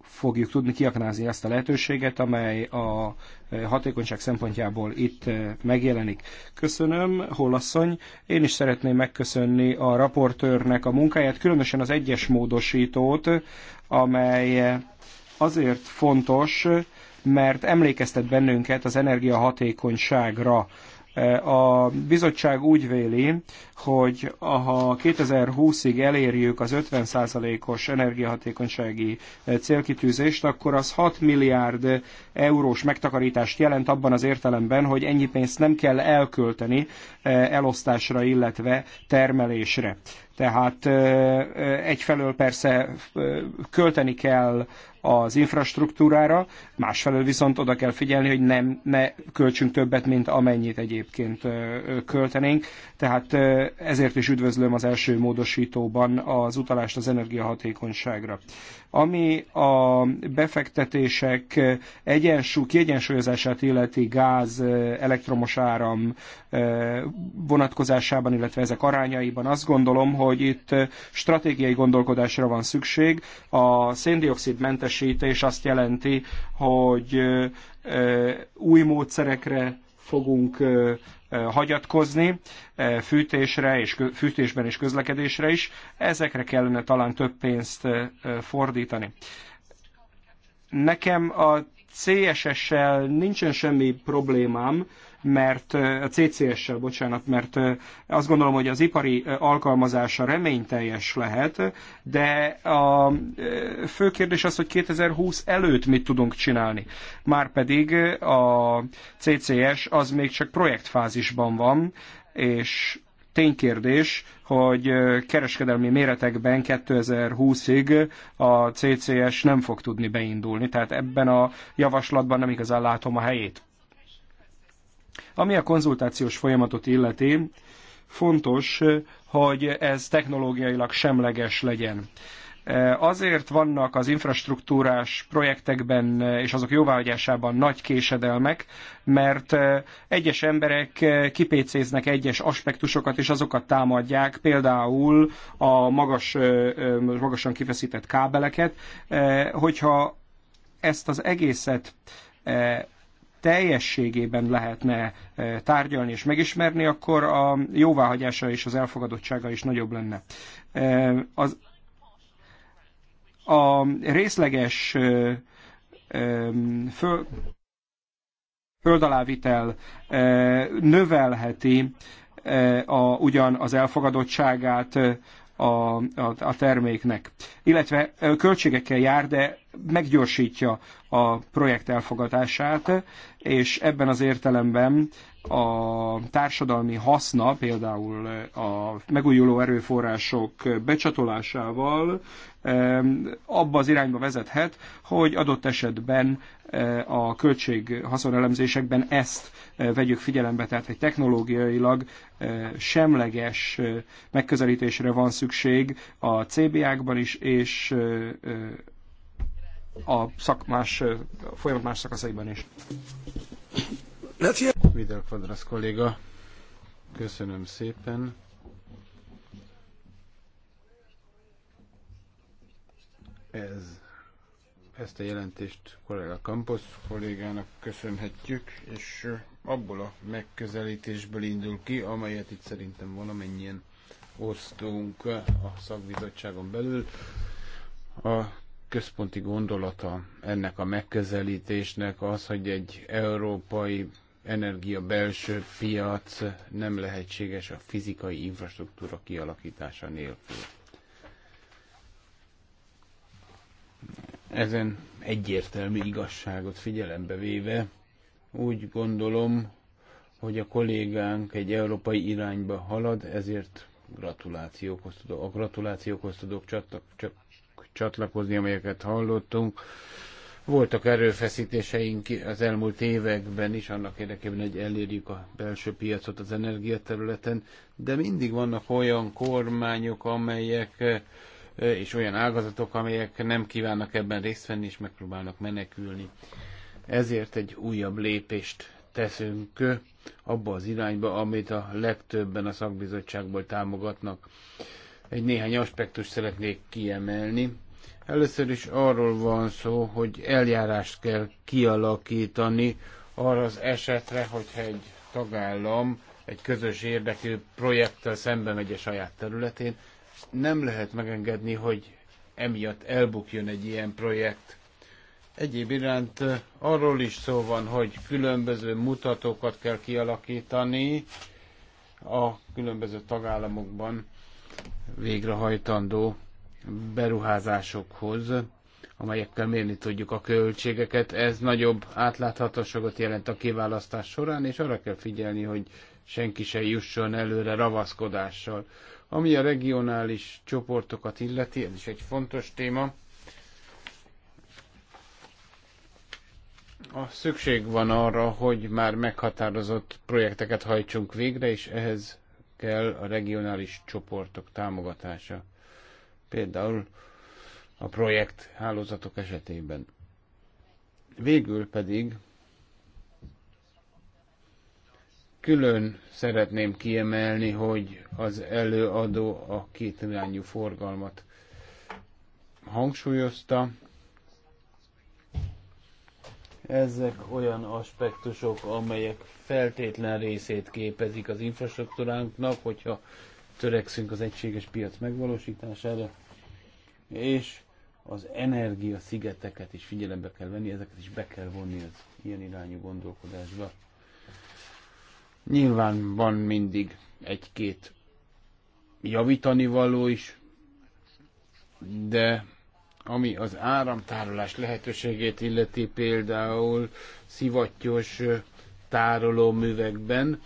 Speaker 4: fogjuk tudni kiaknázni ezt a lehetőséget, amely a eh, hatékonyság szempontjából itt eh, megjelenik. Köszönöm, Hollasszony. Én is szeretném megköszönni a raportőrnek a munkáját, különösen az egyes módosítót, amely azért fontos, mert emlékeztet bennünket az energiahatékonyságra. A bizottság úgy véli, hogy ha 2020-ig elérjük az 50%-os energiahatékonysági eh, célkitűzést, akkor az 6 milliárd eurós megtakarítást jelent abban az értelemben, hogy ennyi pénzt nem kell elkölteni eh, elosztásra, illetve termelésre. Tehát egyfelől persze költeni kell az infrastruktúrára, másfelől viszont oda kell figyelni, hogy nem, ne költsünk többet, mint amennyit egyébként költenénk. Tehát ezért is üdvözlöm az első módosítóban az utalást az energiahatékonyságra. Ami a befektetések egyensú, kiegyensúlyozását illeti gáz, elektromos áram vonatkozásában, illetve ezek arányaiban, azt gondolom, hogy itt stratégiai gondolkodásra van szükség. A széndiokszid mentesítés azt jelenti, hogy új módszerekre fogunk hagyatkozni fűtésre és fűtésben és közlekedésre is. Ezekre kellene talán több pénzt fordítani. Nekem a CSS-sel nincsen semmi problémám, mert a CCS-sel, bocsánat, mert azt gondolom, hogy az ipari alkalmazása reményteljes lehet, de a fő kérdés az, hogy 2020 előtt mit tudunk csinálni. Márpedig a CCS az még csak projektfázisban van, és ténykérdés, hogy kereskedelmi méretekben 2020-ig a CCS nem fog tudni beindulni, tehát ebben a javaslatban nem igazán látom a helyét. Ami a konzultációs folyamatot illeti, fontos, hogy ez technológiailag semleges legyen. Azért vannak az infrastruktúrás projektekben és azok jóváhagyásában nagy késedelmek, mert egyes emberek kipécéznek egyes aspektusokat, és azokat támadják, például a magas, magasan kifeszített kábeleket. Hogyha ezt az egészet teljességében lehetne eh, tárgyalni és megismerni, akkor a jóváhagyása és az elfogadottsága is nagyobb lenne. Eh, az, a részleges eh, föl, földalávitel növelheti a, ugyan az elfogadottságát a, a, a terméknek. Illetve költségekkel jár, de meggyorsítja a projekt elfogadását, és ebben az értelemben a társadalmi haszna, például a megújuló erőforrások becsatolásával abba az irányba vezethet, hogy adott esetben eh, a költség haszonelemzésekben ezt eh, vegyük figyelembe, tehát egy technológiailag eh, semleges megközelítésre van szükség a CBA-kban is, és a szakmás, más, folyamat más szakaszaiban is. Vidal Quadras kolléga, köszönöm
Speaker 2: szépen. Ez, ezt a jelentést kollega Campos kollégának köszönhetjük, és abból a megközelítésből indul ki, amelyet itt szerintem valamennyien osztunk a szakbizottságon belül. A központi gondolata ennek a megközelítésnek az, hogy egy európai energia belső piac nem lehetséges a fizikai infrastruktúra kialakítása nélkül. Ezen egyértelmű igazságot figyelembe véve úgy gondolom, hogy a kollégánk egy európai irányba halad, ezért gratulációkhoz tudok, a gratulációkhoz tudok csatlakozni, amelyeket hallottunk. Voltak erőfeszítéseink az elmúlt években is annak érdekében, hogy elérjük a belső piacot az energiaterületen, de mindig vannak olyan kormányok, amelyek eh, és olyan ágazatok, amelyek nem kívánnak ebben részt venni, és megpróbálnak menekülni. Ezért egy újabb lépést teszünk abba az irányba, amit a legtöbben a szakbizottságból támogatnak. Egy néhány aspektust szeretnék kiemelni Először is arról van szó, hogy eljárást kell kialakítani arra az esetre, hogyha egy tagállam egy közös érdekű projekttel szembe megy a saját területén. Nem lehet megengedni, hogy emiatt elbukjon egy ilyen projekt. Egyéb iránt eh, arról is szó van, hogy különböző mutatókat kell kialakítani a különböző tagállamokban végrehajtandó beruházásokhoz, amelyekkel mérni tudjuk a költségeket. Ez nagyobb átláthatóságot jelent a kiválasztás során, és arra kell figyelni, hogy senki se jusson előre ravaszkodással. Ami a regionális csoportokat illeti, ez is egy fontos téma. A szükség van arra, hogy már meghatározott projekteket hajtsunk végre, és ehhez kell a regionális csoportok támogatása például a projekt hálózatok esetében. Végül pedig külön szeretném kiemelni, hogy az előadó a két irányú forgalmat hangsúlyozta. Ezek olyan aspektusok, amelyek feltétlen részét képezik az infrastruktúránknak, hogyha törekszünk az egységes piac megvalósítására, és az energia szigeteket is figyelembe kell venni, ezeket is be kell vonni az ilyen irányú gondolkodásba. Nyilván van mindig egy-két javítani való is, de ami az áramtárolás lehetőségét illeti például szivattyos tárolóművekben,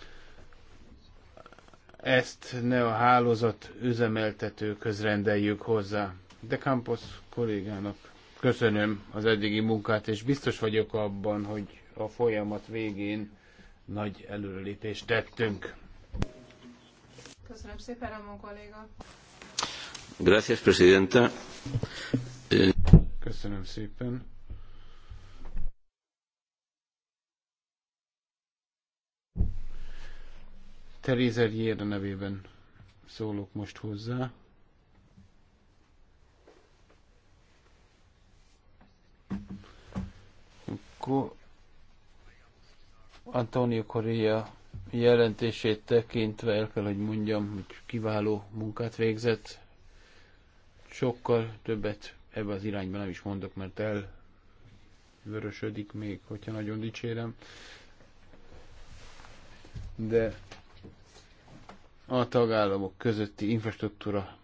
Speaker 2: ezt ne a hálózat üzemeltető közrendeljük hozzá. De Campos kollégának köszönöm az eddigi munkát, és biztos vagyok abban, hogy a folyamat végén nagy előrelépést tettünk.
Speaker 1: Köszönöm szépen, Ramon kolléga.
Speaker 2: Gracias, Presidenta. Köszönöm szépen. Theresa Riera nevében szólok most hozzá. Akkor Antonio Correa jelentését tekintve el kell, hogy mondjam, hogy kiváló munkát végzett. Sokkal többet ebbe az irányba nem is mondok, mert el vörösödik még, hogyha nagyon dicsérem. De a tagállamok közötti infrastruktúra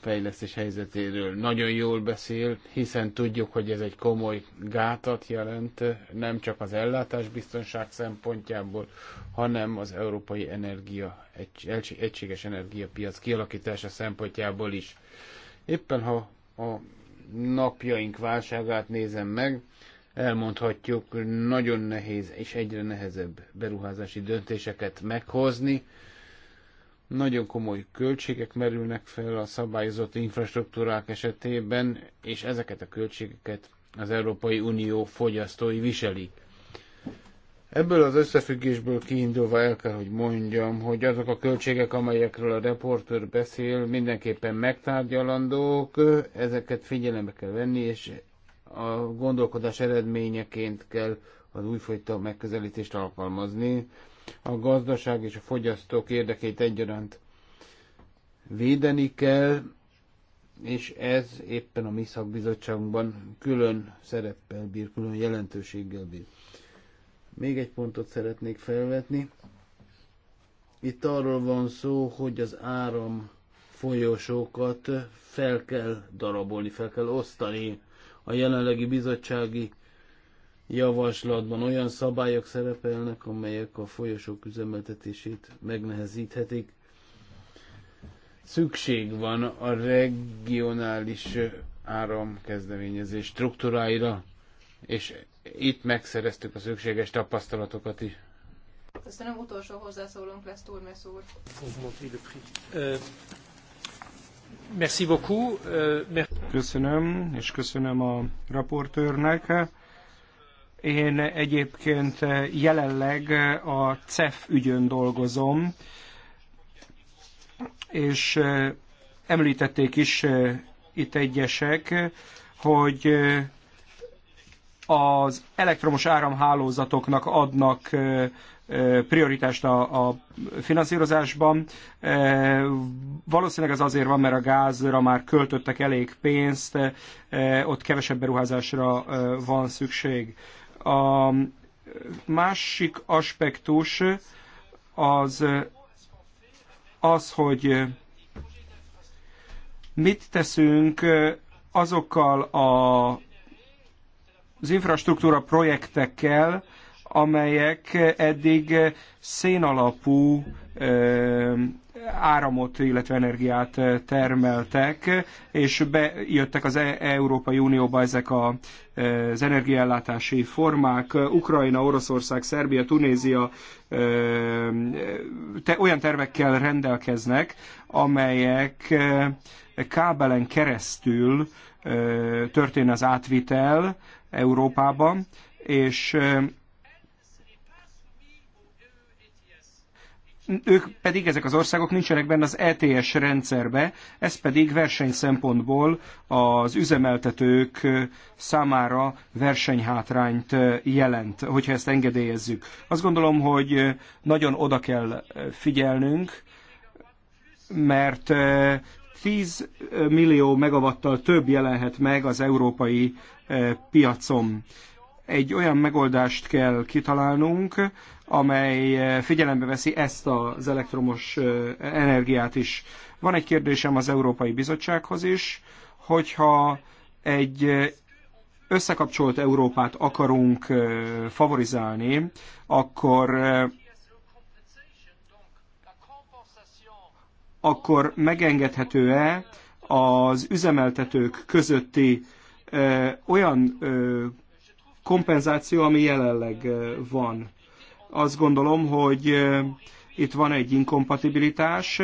Speaker 2: fejlesztés helyzetéről nagyon jól beszél, hiszen tudjuk, hogy ez egy komoly gátat jelent, nem csak az ellátás biztonság szempontjából, hanem az európai energia, egy, egységes energiapiac kialakítása szempontjából is. Éppen ha a napjaink válságát nézem meg, elmondhatjuk, nagyon nehéz és egyre nehezebb beruházási döntéseket meghozni, nagyon komoly költségek merülnek fel a szabályozott infrastruktúrák esetében, és ezeket a költségeket az Európai Unió fogyasztói viselik. Ebből az összefüggésből kiindulva el kell, hogy mondjam, hogy azok a költségek, amelyekről a reportőr beszél, mindenképpen megtárgyalandók, ezeket figyelembe kell venni, és a gondolkodás eredményeként kell az újfajta megközelítést alkalmazni a gazdaság és a fogyasztók érdekeit egyaránt védeni kell, és ez éppen a mi szakbizottságunkban külön szereppel bír, külön jelentőséggel bír. Még egy pontot szeretnék felvetni. Itt arról van szó, hogy az áram folyosókat fel kell darabolni, fel kell osztani. A jelenlegi bizottsági javaslatban olyan szabályok szerepelnek, amelyek a folyosók üzemeltetését megnehezíthetik. Szükség van a regionális áramkezdeményezés struktúráira, és itt megszereztük a szükséges tapasztalatokat is.
Speaker 1: Köszönöm, utolsó hozzászólónk lesz Turmes úr.
Speaker 4: Merci beaucoup. Euh, köszönöm, és köszönöm a raportőrnek én egyébként jelenleg a CEF ügyön dolgozom, és említették is itt egyesek, hogy az elektromos áramhálózatoknak adnak prioritást a, a finanszírozásban. Valószínűleg ez azért van, mert a gázra már költöttek elég pénzt, ott kevesebb beruházásra van szükség. A másik aspektus az az, hogy mit teszünk azokkal a, az infrastruktúra projektekkel, amelyek eddig szénalapú áramot, illetve energiát termeltek, és bejöttek az e-, Európai Unióba ezek a, az energiaellátási formák, Ukrajna, Oroszország, Szerbia, Tunézia te, olyan tervekkel rendelkeznek, amelyek kábelen keresztül történ az átvitel Európában, és ők pedig, ezek az országok nincsenek benne az ETS rendszerbe, ez pedig verseny szempontból az üzemeltetők számára versenyhátrányt jelent, hogyha ezt engedélyezzük. Azt gondolom, hogy nagyon oda kell figyelnünk, mert 10 millió megavattal több jelenhet meg az európai piacon. Egy olyan megoldást kell kitalálnunk, amely eh, figyelembe veszi ezt az elektromos eh, energiát is. Van egy kérdésem az Európai Bizottsághoz is, hogyha egy eh, összekapcsolt Európát akarunk favorizálni, akkor akkor megengedhető-e az üzemeltetők közötti olyan kompenzáció, ami jelenleg van. Azt gondolom, hogy itt van egy inkompatibilitás,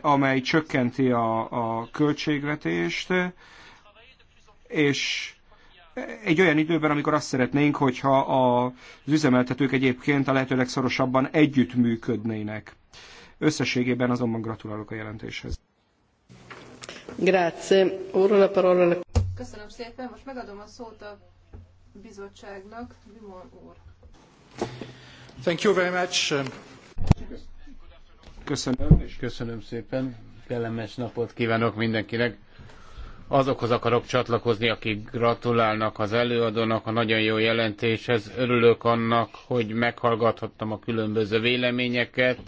Speaker 4: amely csökkenti a, a költségvetést, és egy olyan időben, amikor azt szeretnénk, hogyha az üzemeltetők egyébként a lehető legszorosabban együttműködnének. Összességében azonban gratulálok a jelentéshez. Grazie. Ora la parola.
Speaker 1: Köszönöm szépen, most megadom a szót a bizottságnak, Dumon úr.
Speaker 4: Thank you very much. Um, köszönöm,
Speaker 2: és köszönöm szépen. Kellemes napot kívánok mindenkinek. Azokhoz akarok csatlakozni, akik gratulálnak az előadónak a nagyon jó jelentéshez. Örülök annak, hogy meghallgathattam a különböző véleményeket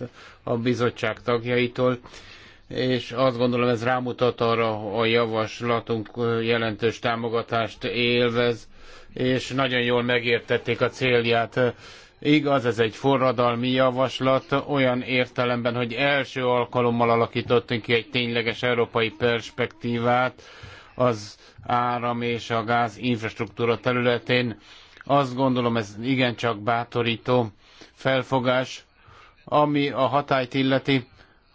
Speaker 2: a bizottság tagjaitól és azt gondolom ez rámutat arra, a javaslatunk jelentős támogatást élvez és nagyon jól megértették a célját. Igaz, ez egy forradalmi javaslat, olyan értelemben, hogy első alkalommal alakítottunk ki egy tényleges európai perspektívát az áram és a gáz infrastruktúra területén. Azt gondolom, ez igencsak bátorító felfogás, ami a hatályt illeti.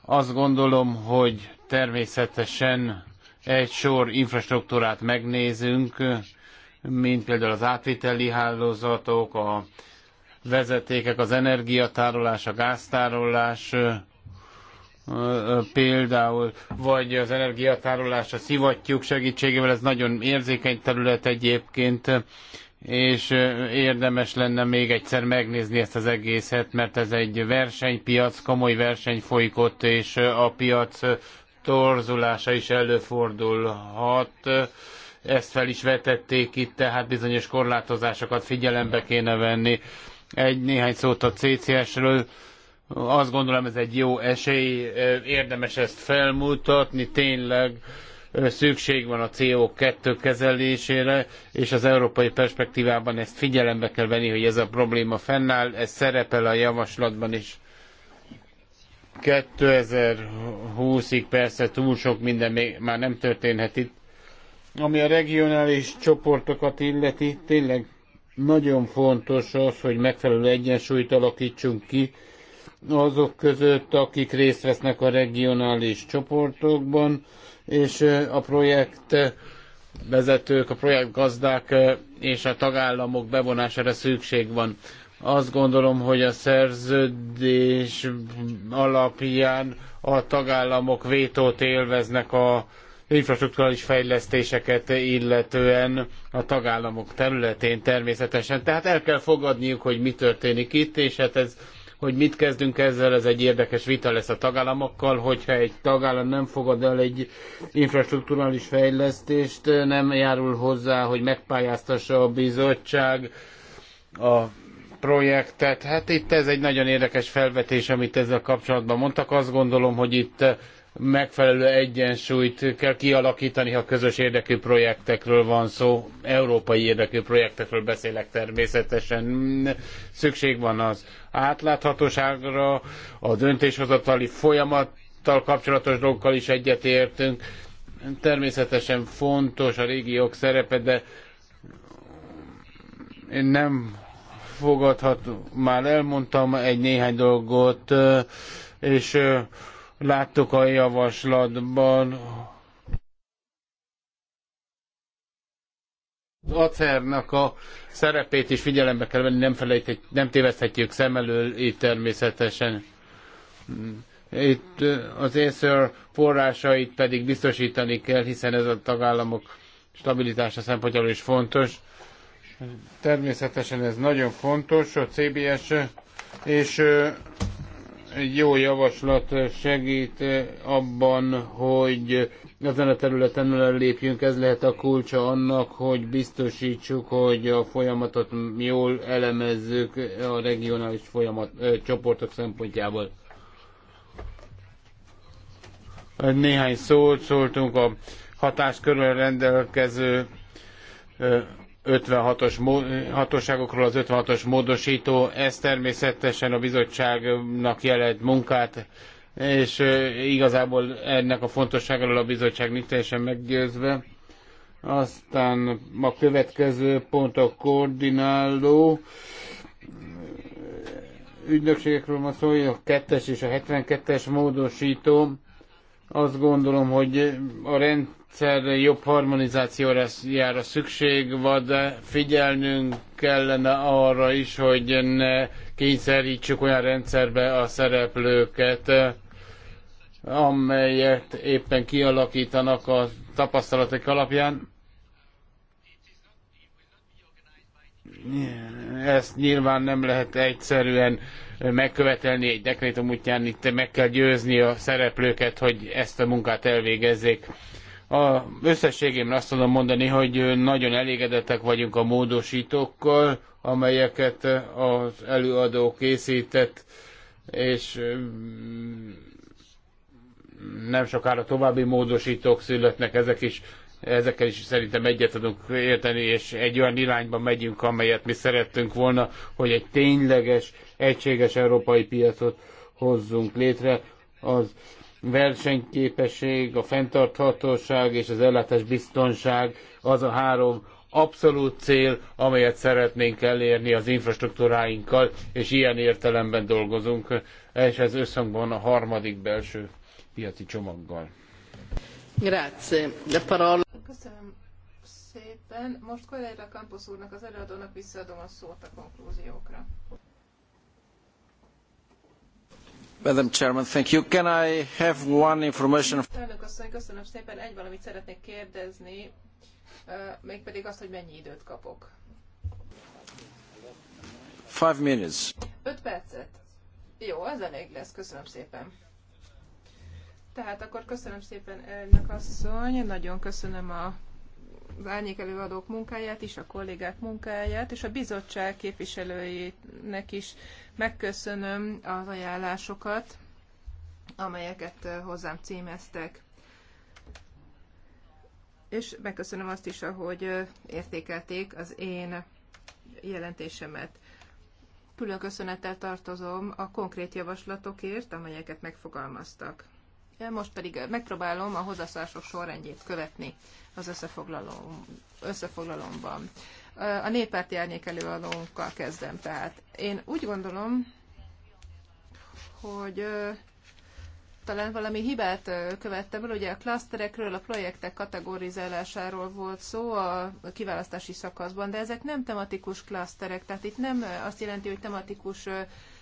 Speaker 2: Azt gondolom, hogy természetesen egy sor infrastruktúrát megnézünk, mint például az átviteli hálózatok, a vezetékek, az energiatárolás, a gáztárolás, például, vagy az energiatárolás a szivattyúk segítségével, ez nagyon érzékeny terület egyébként, és érdemes lenne még egyszer megnézni ezt az egészet, mert ez egy versenypiac, komoly verseny folyik ott, és a piac torzulása is előfordulhat ezt fel is vetették itt, tehát bizonyos korlátozásokat figyelembe kéne venni. Egy néhány szót a CCS-ről. Azt gondolom ez egy jó esély, érdemes ezt felmutatni, tényleg szükség van a CO2 kezelésére, és az európai perspektívában ezt figyelembe kell venni, hogy ez a probléma fennáll, ez szerepel a javaslatban is. 2020-ig persze túl sok minden még már nem történhet itt, ami a regionális csoportokat illeti, tényleg nagyon fontos az, hogy megfelelő egyensúlyt alakítsunk ki azok között, akik részt vesznek a regionális csoportokban, és a projekt vezetők, a projektgazdák és a tagállamok bevonására szükség van. Azt gondolom, hogy a szerződés alapján a tagállamok vétót élveznek a infrastruktúrális fejlesztéseket illetően a tagállamok területén természetesen. Tehát el kell fogadniuk, hogy mi történik itt, és hát ez hogy mit kezdünk ezzel, ez egy érdekes vita lesz a tagállamokkal, hogyha egy tagállam nem fogad el egy infrastruktúrális fejlesztést, nem járul hozzá, hogy megpályáztassa a bizottság a projektet. Hát itt ez egy nagyon érdekes felvetés, amit ezzel kapcsolatban mondtak. Azt gondolom, hogy itt megfelelő egyensúlyt kell kialakítani, ha közös érdekű projektekről van szó. Európai érdekű projektekről beszélek természetesen. Szükség van az átláthatóságra, a döntéshozatali folyamattal kapcsolatos dolgokkal is egyetértünk. Természetesen fontos a régiók szerepe, de én nem fogadhatom, már elmondtam egy néhány dolgot, és láttuk a javaslatban. Az acernak a szerepét is figyelembe kell venni, nem, felejthet, nem téveszthetjük szem elől így természetesen. Itt az észer forrásait pedig biztosítani kell, hiszen ez a tagállamok stabilitása szempontjából is fontos. Természetesen ez nagyon fontos, a CBS, és egy jó javaslat segít abban, hogy ezen a területen lépjünk, ez lehet a kulcsa annak, hogy biztosítsuk, hogy a folyamatot jól elemezzük a regionális folyamat, ö, csoportok szempontjából. Néhány szót szóltunk a hatáskörrel rendelkező 56-os hatóságokról az 56-os módosító, ez természetesen a bizottságnak jelent munkát, és igazából ennek a fontosságról a bizottság nincs teljesen meggyőzve. Aztán a következő pont a koordináló ügynökségekről van szó, a 2-es és a 72-es módosító. Azt gondolom, hogy a rend egyszer jobb harmonizációra jár szükség van, figyelnünk kellene arra is, hogy ne kényszerítsük olyan rendszerbe a szereplőket, amelyet éppen kialakítanak a tapasztalatok alapján. Ezt nyilván nem lehet egyszerűen megkövetelni egy dekrétum útján, itt meg kell győzni a szereplőket, hogy ezt a munkát elvégezzék. A összességében azt tudom mondani, hogy nagyon elégedettek vagyunk a módosítókkal, amelyeket az előadó készített, és mm, nem sokára további módosítók születnek, ezek is, ezekkel is szerintem egyet tudunk érteni, és egy olyan irányba megyünk, amelyet mi szerettünk volna, hogy egy tényleges, egységes európai piacot hozzunk létre. Az versenyképesség, a fenntarthatóság és az ellátás biztonság az a három abszolút cél, amelyet szeretnénk elérni az infrastruktúráinkkal, és ilyen értelemben dolgozunk, és ez összhangban a harmadik belső piaci csomaggal. Grazie. La parola.
Speaker 1: Köszönöm szépen. Most Kolejra Campos úrnak, az előadónak visszaadom a szót a konklúziókra.
Speaker 4: Madam Chairman, Elnök
Speaker 1: asszony, köszönöm szépen. Egy valamit szeretnék kérdezni, mégpedig azt, hogy mennyi időt kapok.
Speaker 2: Five minutes.
Speaker 1: Öt percet. Jó, ez elég lesz. Köszönöm szépen. Tehát akkor köszönöm szépen, elnök asszony. Nagyon köszönöm a az árnyék előadók munkáját is, a kollégák munkáját, és a bizottság képviselőjének is Megköszönöm az ajánlásokat, amelyeket eh, hozzám címeztek. És megköszönöm azt is, ahogy eh, értékelték az én jelentésemet. Külön köszönettel tartozom a konkrét javaslatokért, amelyeket megfogalmaztak. Most pedig eh, megpróbálom a hozzászások sorrendjét követni az összefoglalom, összefoglalomban. A néppárti árnyék előadónkkal kezdem. Tehát én úgy gondolom, hogy talán valami hibát követtem el, ugye a klaszterekről, a projektek kategorizálásáról volt szó a kiválasztási szakaszban, de ezek nem tematikus klaszterek, tehát itt nem azt jelenti, hogy tematikus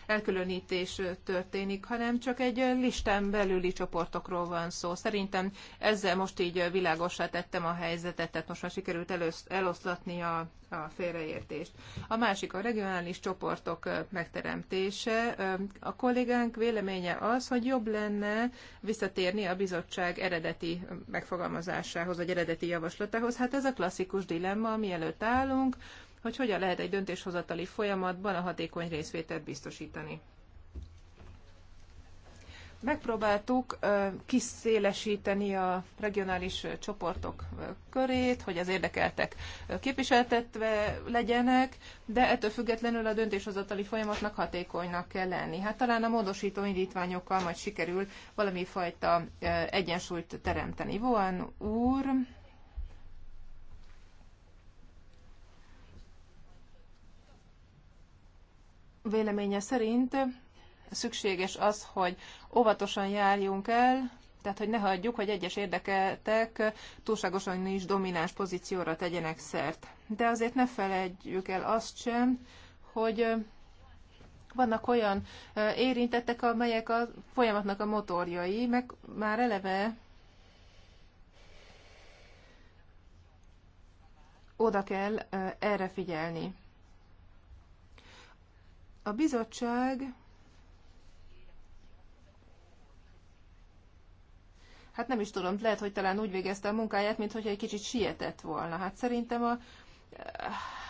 Speaker 1: elkülönítés történik, hanem csak egy listán belüli csoportokról van szó. Szerintem ezzel most így világosra tettem a helyzetet, tehát most már sikerült eloszlatni a, a félreértést. A másik a regionális csoportok megteremtése. A kollégánk véleménye az, hogy jobb lenne visszatérni a bizottság eredeti megfogalmazásához, vagy eredeti javaslatához. Hát ez a klasszikus dilemma, mielőtt állunk hogy hogyan lehet egy döntéshozatali folyamatban a hatékony részvételt biztosítani. Megpróbáltuk kiszélesíteni a regionális csoportok körét, hogy az érdekeltek képviseltetve legyenek, de ettől függetlenül a döntéshozatali folyamatnak hatékonynak kell lenni. Hát talán a módosító indítványokkal majd sikerül valami fajta egyensúlyt teremteni. Voan úr, véleménye szerint szükséges az, hogy óvatosan járjunk el, tehát hogy ne hagyjuk, hogy egyes érdekeltek túlságosan is domináns pozícióra tegyenek szert. De azért ne felejtjük el azt sem, hogy vannak olyan érintettek, amelyek a folyamatnak a motorjai, meg már eleve oda kell erre figyelni. A bizottság hát nem is tudom, lehet, hogy talán úgy végezte a munkáját, mint hogy egy kicsit sietett volna. Hát szerintem a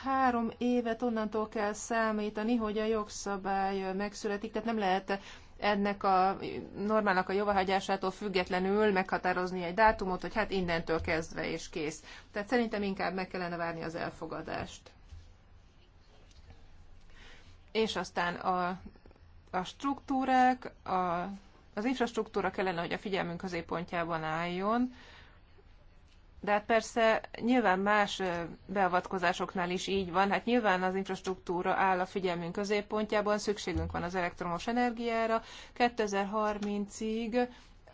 Speaker 1: három évet onnantól kell számítani, hogy a jogszabály megszületik, tehát nem lehet ennek a normának a jóváhagyásától függetlenül meghatározni egy dátumot, hogy hát innentől kezdve és kész. Tehát szerintem inkább meg kellene várni az elfogadást és aztán a, a struktúrák, a, az infrastruktúra kellene, hogy a figyelmünk középpontjában álljon, de hát persze nyilván más beavatkozásoknál is így van, hát nyilván az infrastruktúra áll a figyelmünk középpontjában, szükségünk van az elektromos energiára, 2030-ig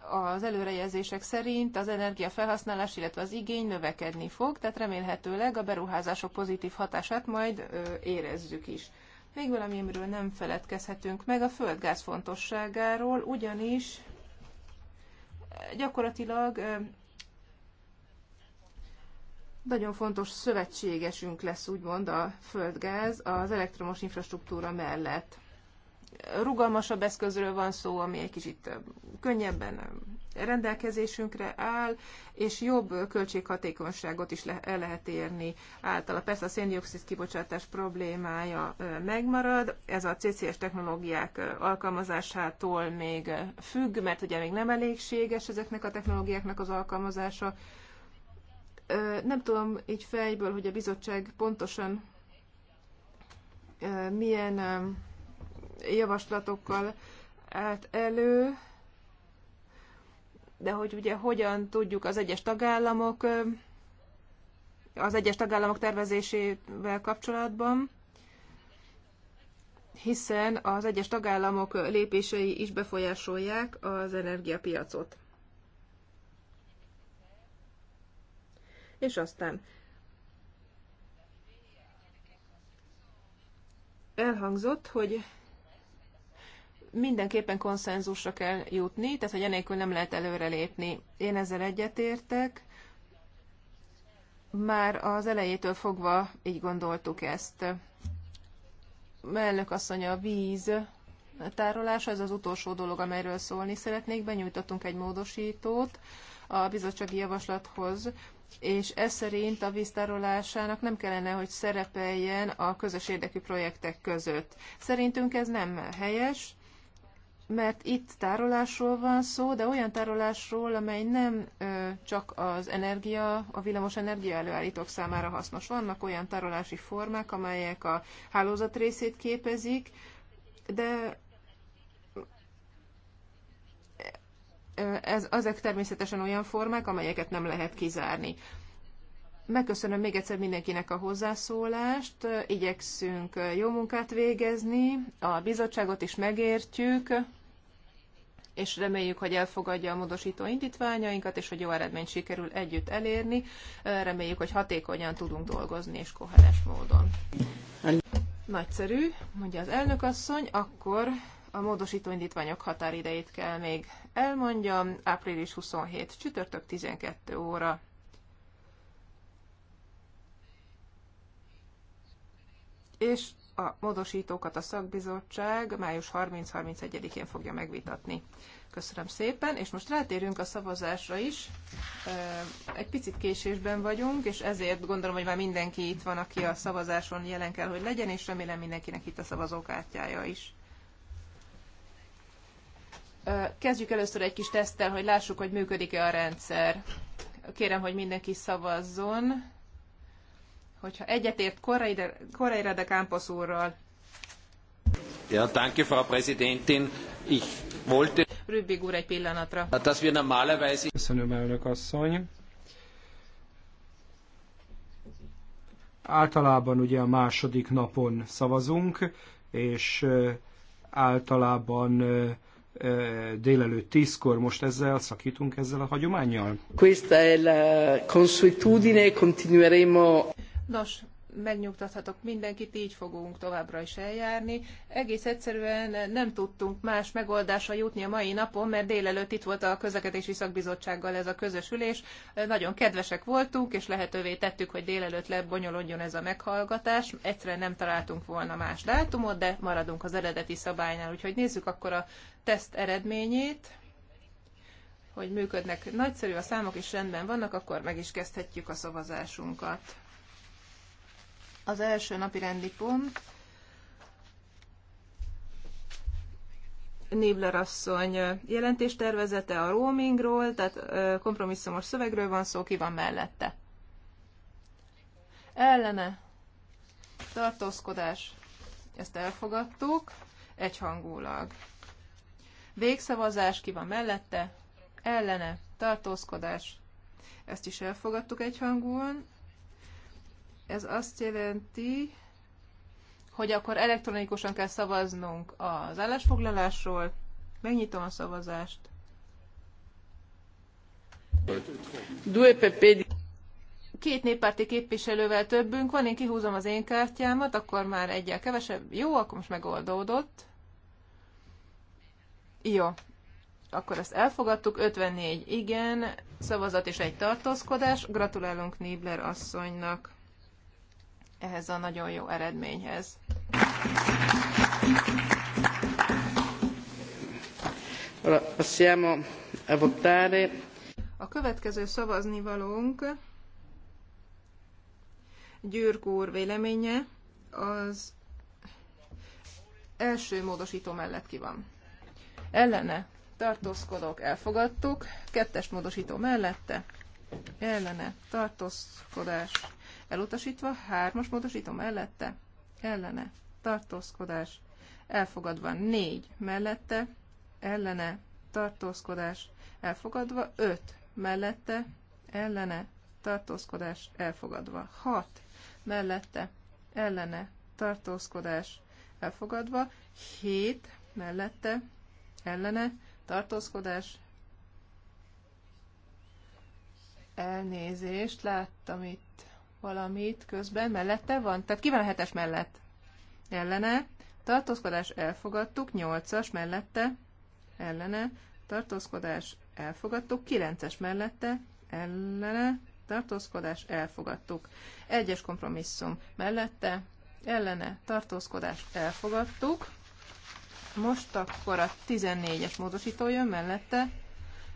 Speaker 1: az előrejelzések szerint az energiafelhasználás, illetve az igény növekedni fog, tehát remélhetőleg a beruházások pozitív hatását majd érezzük is. Még amiről nem feledkezhetünk meg a földgáz fontosságáról, ugyanis eh, gyakorlatilag eh, nagyon fontos szövetségesünk lesz, úgymond a földgáz az elektromos infrastruktúra mellett rugalmasabb eszközről van szó, ami egy kicsit könnyebben rendelkezésünkre áll, és jobb költséghatékonyságot is le- el lehet érni általa. Persze a széndiokszid kibocsátás problémája megmarad, ez a CCS technológiák alkalmazásától még függ, mert ugye még nem elégséges ezeknek a technológiáknak az alkalmazása. Nem tudom így fejből, hogy a bizottság pontosan milyen javaslatokkal állt elő, de hogy ugye hogyan tudjuk az egyes tagállamok az egyes tagállamok tervezésével kapcsolatban, hiszen az egyes tagállamok lépései is befolyásolják az energiapiacot. És aztán elhangzott, hogy mindenképpen konszenzusra kell jutni, tehát hogy enélkül nem lehet előrelépni. Én ezzel egyetértek. Már az elejétől fogva így gondoltuk ezt. Elnök asszony, a víz tárolása, ez az utolsó dolog, amelyről szólni szeretnék. Benyújtottunk egy módosítót a bizottsági javaslathoz, és ez szerint a víztárolásának nem kellene, hogy szerepeljen a közös érdekű projektek között. Szerintünk ez nem helyes, mert itt tárolásról van szó, de olyan tárolásról, amely nem ö, csak az energia, a villamos energia előállítók számára hasznos. Vannak olyan tárolási formák, amelyek a hálózat részét képezik, de ez, ezek természetesen olyan formák, amelyeket nem lehet kizárni. Megköszönöm még egyszer mindenkinek a hozzászólást, igyekszünk jó munkát végezni, a bizottságot is megértjük, és reméljük, hogy elfogadja a módosító indítványainkat, és hogy jó eredményt sikerül együtt elérni. Reméljük, hogy hatékonyan tudunk dolgozni, és koherens módon. Nagyszerű, mondja az elnök asszony, akkor a módosító indítványok határidejét kell még elmondjam. Április 27, csütörtök 12 óra. és a módosítókat a szakbizottság május 30-31-én fogja megvitatni. Köszönöm szépen, és most rátérünk a szavazásra is. Egy picit késésben vagyunk, és ezért gondolom, hogy már mindenki itt van, aki a szavazáson jelen kell, hogy legyen, és remélem mindenkinek itt a szavazókártyája is. Kezdjük először egy kis teszttel, hogy lássuk, hogy működik-e a rendszer. Kérem, hogy mindenki szavazzon hogyha egyetért Correira de Campos úrral.
Speaker 4: Ja, danke, Frau Präsidentin. Ich wollte...
Speaker 1: Rübig úr egy pillanatra.
Speaker 4: Dass wir normalerweise... Köszönöm, elnök asszony. Általában ugye a második napon szavazunk, és általában délelőtt tízkor, most ezzel szakítunk ezzel a hagyományjal? Questa è la consuetudine, e continueremo.
Speaker 1: Nos, megnyugtathatok mindenkit, így fogunk továbbra is eljárni. Egész egyszerűen nem tudtunk más megoldásra jutni a mai napon, mert délelőtt itt volt a közlekedési szakbizottsággal ez a közös ülés. Nagyon kedvesek voltunk, és lehetővé tettük, hogy délelőtt lebonyolodjon ez a meghallgatás. Egyszerűen nem találtunk volna más dátumot, de maradunk az eredeti szabálynál. Úgyhogy nézzük akkor a teszt eredményét hogy működnek nagyszerű a számok, és rendben vannak, akkor meg is kezdhetjük a szavazásunkat. Az első napi rendi pont Nibler asszony jelentéstervezete a roamingról, tehát kompromisszumos szövegről van szó, ki van mellette. Ellene. Tartózkodás. Ezt elfogadtuk egyhangulag. Végszavazás ki van mellette, ellene, tartózkodás. Ezt is elfogadtuk egyhangúan. Ez azt jelenti, hogy akkor elektronikusan kell szavaznunk az állásfoglalásról. Megnyitom a szavazást. Két néppárti képviselővel többünk van, én kihúzom az én kártyámat, akkor már egyel kevesebb. Jó, akkor most megoldódott. Jó, akkor ezt elfogadtuk, 54 igen, szavazat és egy tartózkodás. Gratulálunk Nibler asszonynak ehhez a nagyon jó eredményhez. A következő szavaznivalónk Győrk úr véleménye az első módosító mellett ki van. Ellene tartózkodok, elfogadtuk, kettes módosító mellette, ellene tartózkodás elutasítva, hármas módosító mellette, ellene, tartózkodás, elfogadva, négy mellette, ellene, tartózkodás, elfogadva, öt mellette, ellene, tartózkodás, elfogadva, hat mellette, ellene, tartózkodás, elfogadva, hét mellette, ellene, tartózkodás, elnézést, láttam itt valamit közben, mellette van? Tehát ki van a hetes mellett? Ellene. Tartózkodás elfogadtuk, nyolcas mellette, ellene. Tartózkodás elfogadtuk, kilences mellette, ellene. Tartózkodás elfogadtuk. Egyes kompromisszum mellette, ellene. Tartózkodás elfogadtuk. Most akkor a 14-es módosító jön mellette,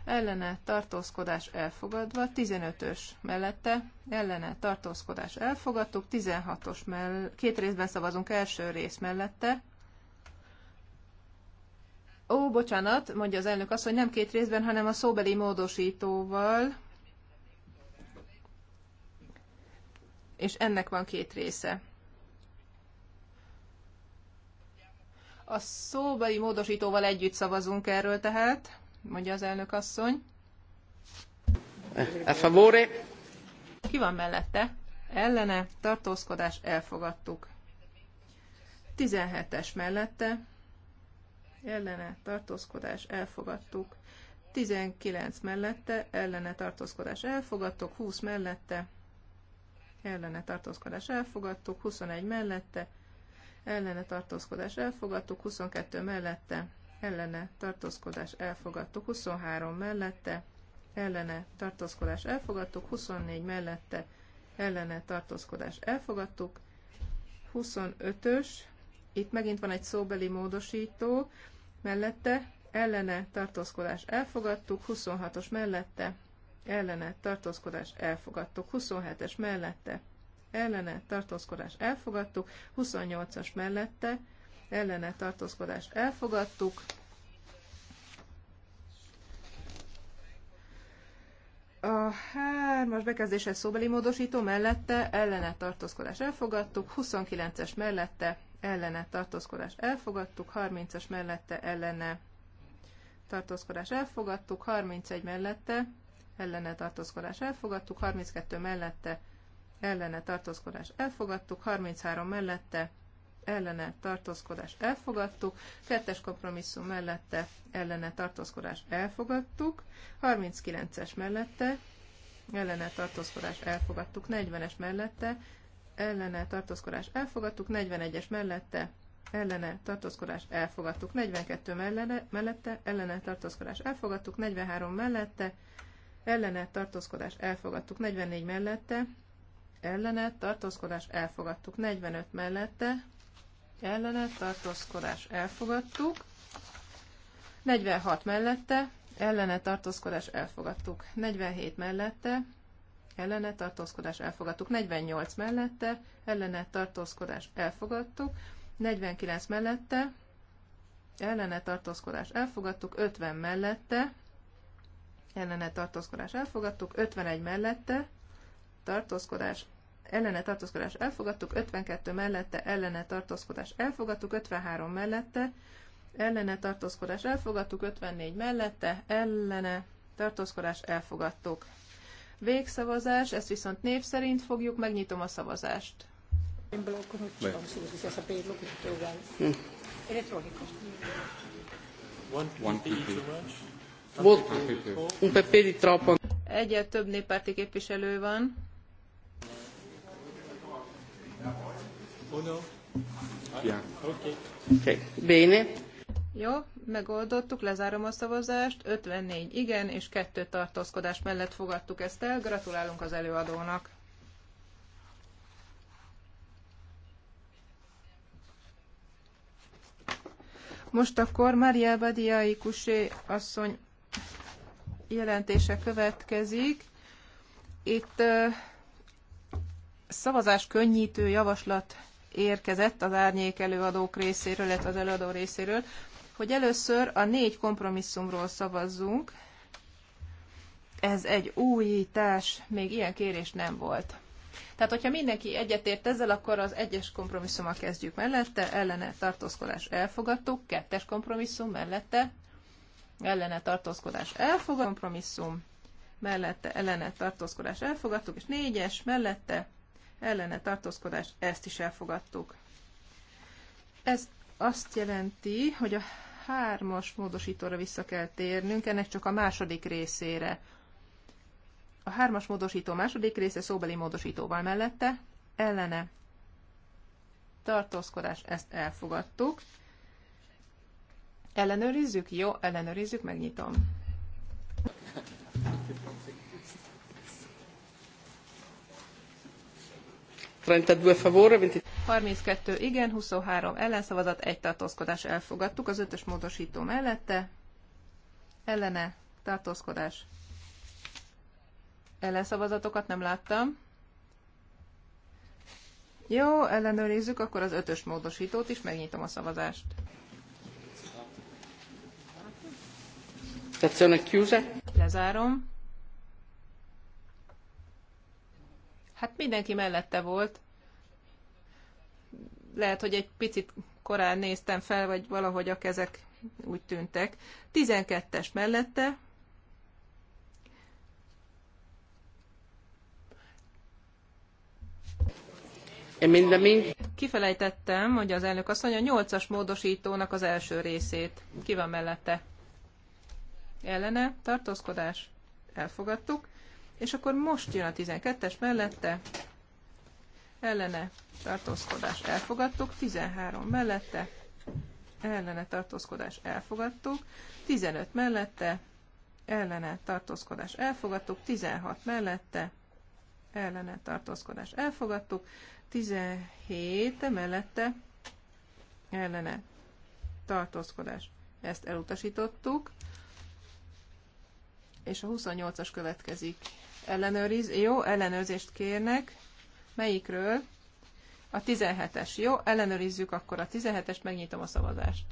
Speaker 1: ellene tartózkodás elfogadva, 15-ös mellette ellene tartózkodás elfogadtuk, 16-os mell- két részben szavazunk első rész mellette. Ó, bocsánat, mondja az elnök azt, hogy nem két részben, hanem a szóbeli módosítóval, és ennek van két része. A szóbeli módosítóval együtt szavazunk erről tehát mondja az elnök asszony.
Speaker 2: A favore.
Speaker 1: Ki van mellette? Ellene, tartózkodás, elfogadtuk. 17-es mellette, ellene, tartózkodás, elfogadtuk. 19 mellette, ellene, tartózkodás, elfogadtuk. 20 mellette, ellene, tartózkodás, elfogadtuk. 21 mellette, ellene, tartózkodás, elfogadtuk. 22 mellette, ellene tartózkodás elfogadtuk, 23 mellette ellene tartózkodás elfogadtuk, 24 mellette ellene tartózkodás elfogadtuk, 25-ös, itt megint van egy szóbeli módosító, mellette ellene tartózkodás elfogadtuk, 26-os mellette ellene tartózkodás elfogadtuk, 27-es mellette ellene tartózkodás elfogadtuk, 28-as mellette ellene tartózkodást elfogadtuk. A hármas bekezdéses szóbeli módosító mellette ellene tartózkodás elfogadtuk, 29-es mellette ellene tartózkodás elfogadtuk, 30-es mellette ellene tartózkodás elfogadtuk, 31 mellette ellene tartózkodás elfogadtuk, 32 mellette ellene tartózkodás elfogadtuk, 33 mellette ellene tartózkodás elfogadtuk, kettes kompromisszum mellette ellene tartózkodás elfogadtuk, 39-es mellette ellene tartózkodás elfogadtuk, 40-es mellette ellene tartózkodás elfogadtuk, 41-es mellette ellene tartózkodás elfogadtuk, 42 mellene, mellette ellene tartózkodás elfogadtuk, 43 mellette ellene tartózkodás elfogadtuk, 44 mellette ellene tartózkodás elfogadtuk, 45 mellette ellene tartózkodás elfogadtuk, 46 mellette ellene tartózkodás elfogadtuk, 47 mellette ellene tartózkodás elfogadtuk, 48 mellette ellene tartózkodás elfogadtuk, 49 mellette ellene tartózkodás elfogadtuk, 50 mellette ellene tartózkodás elfogadtuk, 51 mellette tartózkodás ellene tartózkodás elfogadtuk, 52 mellette ellene tartózkodás elfogadtuk, 53 mellette ellene tartózkodás elfogadtuk, 54 mellette ellene tartózkodás elfogadtuk. Végszavazás, ezt viszont név szerint fogjuk, megnyitom a szavazást. Egyet több néppárti képviselő van. Oh Bene. Jó, megoldottuk, lezárom a szavazást. 54 igen és 2 tartózkodás mellett fogadtuk ezt el. Gratulálunk az előadónak. Most akkor Mária Badiai Kusé asszony jelentése következik. Itt uh, szavazás könnyítő javaslat érkezett az árnyék előadók részéről, illetve az előadó részéről, hogy először a négy kompromisszumról szavazzunk. Ez egy újítás, még ilyen kérés nem volt. Tehát, hogyha mindenki egyetért ezzel, akkor az egyes kompromisszummal kezdjük mellette, ellene tartózkodás elfogadtuk, kettes kompromisszum mellette, ellene tartózkodás elfogadtuk, kompromisszum mellette, ellene tartózkodás elfogadtuk, és négyes mellette, ellene tartózkodást, ezt is elfogadtuk. Ez azt jelenti, hogy a hármas módosítóra vissza kell térnünk, ennek csak a második részére. A hármas módosító második része szóbeli módosítóval mellette, ellene tartózkodás, ezt elfogadtuk. Ellenőrizzük? Jó, ellenőrizzük, megnyitom. 32 igen, 23 ellenszavazat, egy tartózkodás elfogadtuk, az ötös módosító mellette, ellene, tartózkodás. Ellenszavazatokat nem láttam. Jó, ellenőrizzük akkor az ötös módosítót is, megnyitom a szavazást. Stazione chiusa. Lezárom. Hát mindenki mellette volt. Lehet, hogy egy picit korán néztem fel, vagy valahogy a kezek úgy tűntek. 12-es mellette. Kifelejtettem, hogy az elnök asszony a 8-as módosítónak az első részét. Ki van mellette? Ellene? Tartózkodás? Elfogadtuk. És akkor most jön a 12-es mellette, ellene tartózkodás elfogadtuk, 13 mellette, ellene tartózkodás elfogadtuk, 15 mellette, ellene tartózkodás elfogadtuk, 16 mellette, ellene tartózkodás elfogadtuk, 17 mellette, ellene tartózkodás ezt elutasítottuk, és a 28-as következik ellenőriz, jó, ellenőrzést kérnek, melyikről? A 17-es, jó, ellenőrizzük akkor a 17-est, megnyitom a szavazást.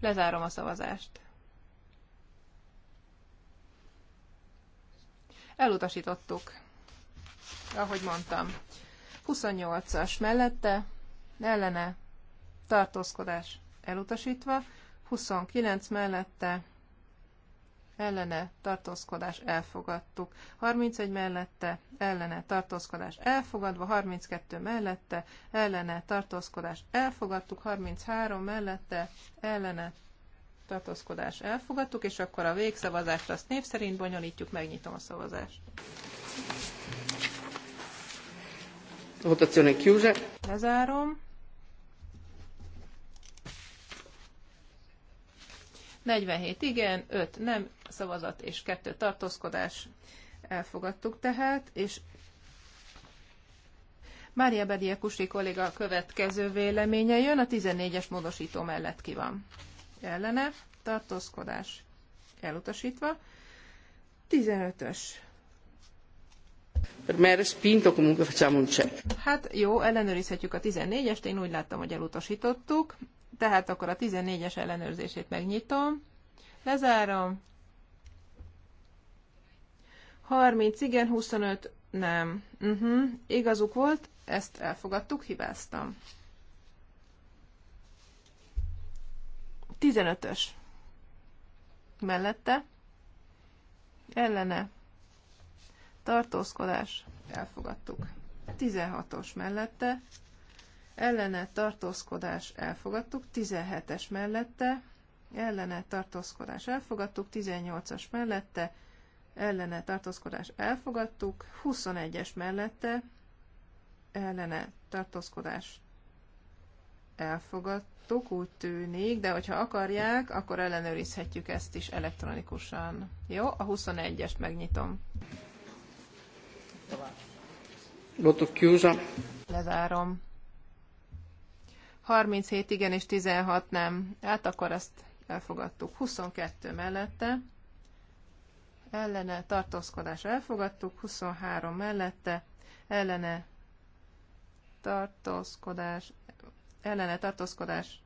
Speaker 1: Lezárom a szavazást. Elutasítottuk, ahogy mondtam. 28-as mellette, ellene, tartózkodás elutasítva, 29 mellette, ellene tartózkodás elfogadtuk. 31 mellette ellene tartózkodás elfogadva, 32 mellette ellene tartózkodás elfogadtuk, 33 mellette ellene tartózkodás elfogadtuk, és akkor a végszavazást azt név szerint bonyolítjuk, megnyitom a szavazást.
Speaker 4: Votazione chiusa.
Speaker 1: Lezárom. 47 igen, 5 nem szavazat és 2 tartózkodás elfogadtuk tehát, és Mária Bedia Kusi kolléga a következő véleménye jön, a 14-es módosító mellett ki van. Ellene, tartózkodás elutasítva. 15-ös. Mert spinto comunque facciamo un check. Hát jó, ellenőrizhetjük a 14-est, én úgy láttam, hogy elutasítottuk. Tehát akkor a 14-es ellenőrzését megnyitom, lezárom. 30 igen, 25 nem. Uh-huh. Igazuk volt, ezt elfogadtuk, hibáztam. 15-ös. Mellette. Ellene. Tartózkodás. Elfogadtuk. 16-os mellette ellene tartózkodás elfogadtuk, 17-es mellette, ellene tartózkodás elfogadtuk, 18-as mellette, ellene tartózkodás elfogadtuk, 21-es mellette, ellene tartózkodás elfogadtuk, úgy tűnik, de hogyha akarják, akkor ellenőrizhetjük ezt is elektronikusan. Jó, a 21-est megnyitom. Lotok Lezárom. 37 igen és 16 nem. Hát akkor azt elfogadtuk. 22 mellette ellene tartózkodás elfogadtuk, 23 mellette ellene tartózkodás ellene tartózkodás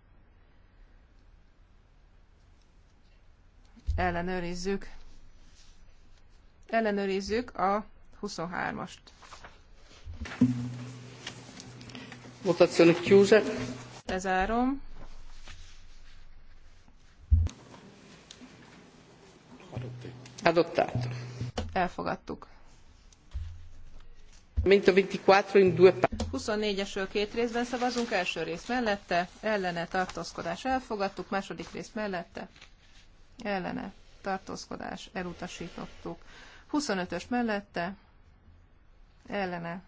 Speaker 1: ellenőrizzük ellenőrizzük a 23-ast. Votazione chiusa lezárom. Adottato. Elfogadtuk. a 24 in 24-esről két részben szavazunk, első rész mellette, ellene tartózkodás elfogadtuk, második rész mellette, ellene tartózkodás elutasítottuk. 25-ös mellette, ellene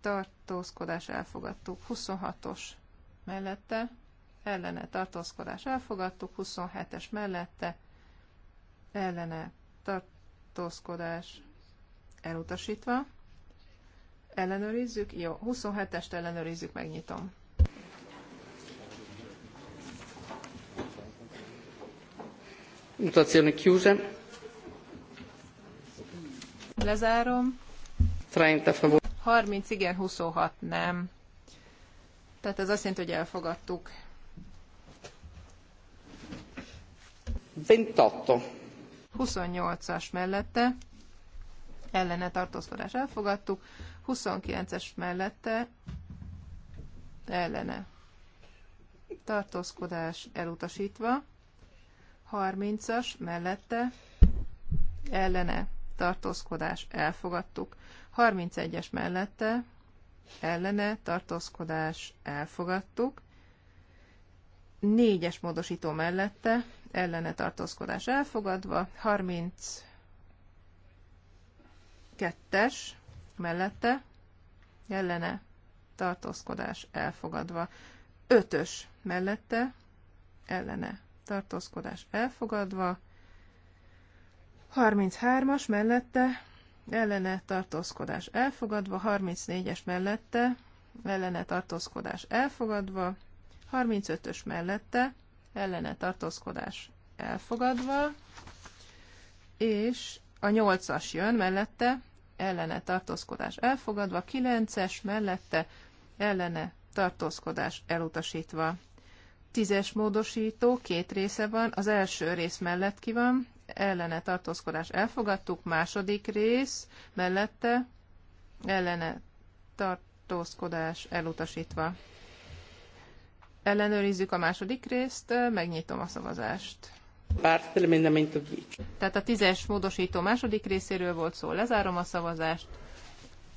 Speaker 1: tartózkodás elfogadtuk. 26-os mellette, ellene tartózkodás elfogadtuk, 27-es mellette, ellene tartózkodás elutasítva. Ellenőrizzük? Jó, 27-est ellenőrizzük, megnyitom.
Speaker 2: Mutazione chiusa.
Speaker 1: Lezárom. 30 igen, 26 nem. Tehát ez azt jelenti, hogy elfogadtuk.
Speaker 4: 28.
Speaker 1: 28-as mellette ellene tartózkodás elfogadtuk, 29-es mellette ellene tartózkodás elutasítva, 30-as mellette ellene tartózkodás elfogadtuk, 31-es mellette ellene tartózkodás elfogadtuk. Négyes módosító mellette ellene tartózkodás elfogadva. 32-es mellette ellene tartózkodás elfogadva. 5-ös mellette ellene tartózkodás elfogadva. 33-as mellette ellene tartózkodás elfogadva, 34-es mellette ellene tartózkodás elfogadva, 35-ös mellette ellene tartózkodás elfogadva, és a 8-as jön mellette, ellene tartózkodás elfogadva, 9-es mellette ellene tartózkodás elutasítva. Tízes módosító, két része van, az első rész mellett ki van, ellene tartózkodás elfogadtuk, második rész mellette ellene tartózkodás elutasítva. Ellenőrizzük a második részt, megnyitom a szavazást. Tehát a tízes módosító második részéről volt szó, lezárom a szavazást.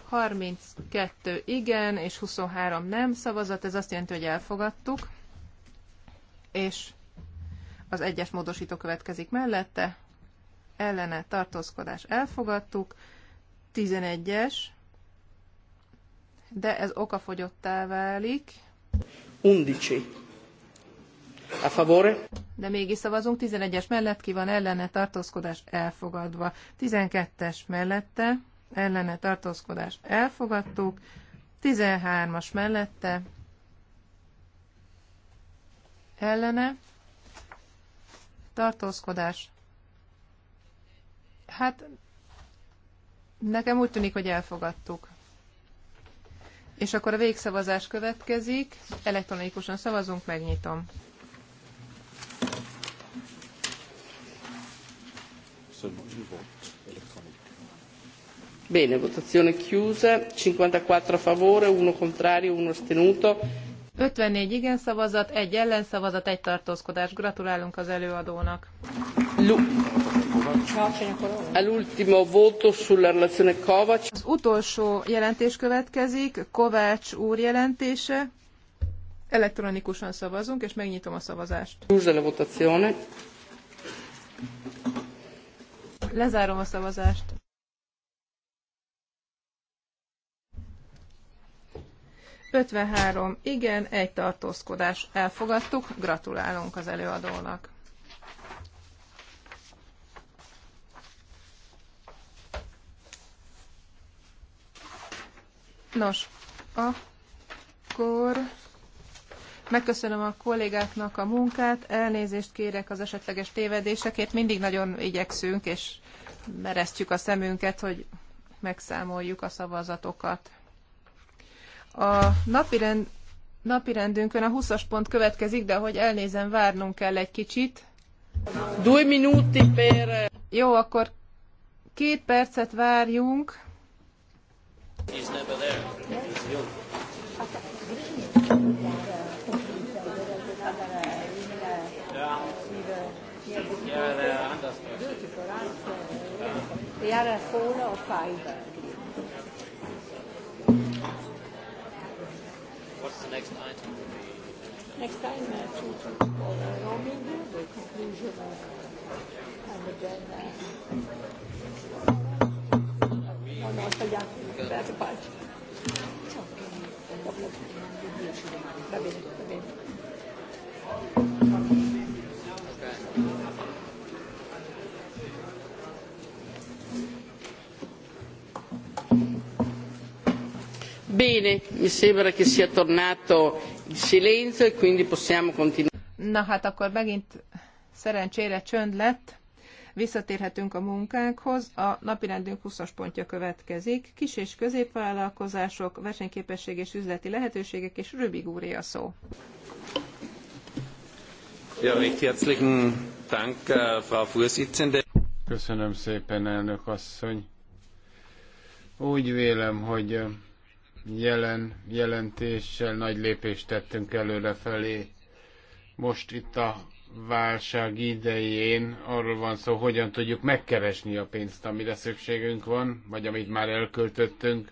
Speaker 1: 32 igen és 23 nem szavazat, ez azt jelenti, hogy elfogadtuk. És az egyes módosító következik mellette, ellene tartózkodás elfogadtuk, 11-es, de ez okafogyottá válik.
Speaker 4: Undici. A favore?
Speaker 1: De mégis szavazunk, 11-es mellett ki van ellene tartózkodás elfogadva. 12-es mellette ellene tartózkodás elfogadtuk, 13-as mellette ellene tartózkodás Hát nekem úgy tűnik, hogy elfogadtuk. És akkor a végszavazás következik. Elektronikusan szavazunk, megnyitom. Bene, votazione chiusa, 54 a favore, 1 contrario, 1 astenuto. 54 igen szavazat, ellen ellenszavazat, egy tartózkodás. Gratulálunk az előadónak. Az utolsó jelentés következik, Kovács úr jelentése. Elektronikusan szavazunk, és megnyitom a szavazást. Lezárom a szavazást. Ötvenhárom, igen, egy tartózkodás. Elfogadtuk, gratulálunk az előadónak. Nos, akkor megköszönöm a kollégáknak a munkát, elnézést kérek az esetleges tévedésekért, mindig nagyon igyekszünk, és meresztjük a szemünket, hogy megszámoljuk a szavazatokat. A napirend, napirendünkön a 20-as pont következik, de hogy elnézem, várnunk kell egy kicsit. Due minuti per... Jó, akkor két percet várjunk.
Speaker 2: He's never there. He's you.
Speaker 1: Yeah. Yeah, they are a four or five.
Speaker 3: What's the next item?
Speaker 1: Next time, uh, to talk about uh, roaming, the conclusion, uh, and then. Uh, No, no, bene,
Speaker 4: Bene, mi sembra che sia tornato il silenzio e quindi possiamo continuare.
Speaker 1: Na hát akkor megint szerencsére csönd lett. Visszatérhetünk a munkánkhoz. A napirendünk 20-as pontja következik. Kis és középvállalkozások, versenyképesség és üzleti lehetőségek, és Rübig úré a szó.
Speaker 2: Ja,
Speaker 3: herzlichen Dank, äh, Frau Vorsitzende.
Speaker 2: Köszönöm szépen, elnök asszony. Úgy vélem, hogy jelen jelentéssel nagy lépést tettünk előre felé. Most itt a válság idején arról van szó, hogyan tudjuk megkeresni a pénzt, amire szükségünk van, vagy amit már elköltöttünk,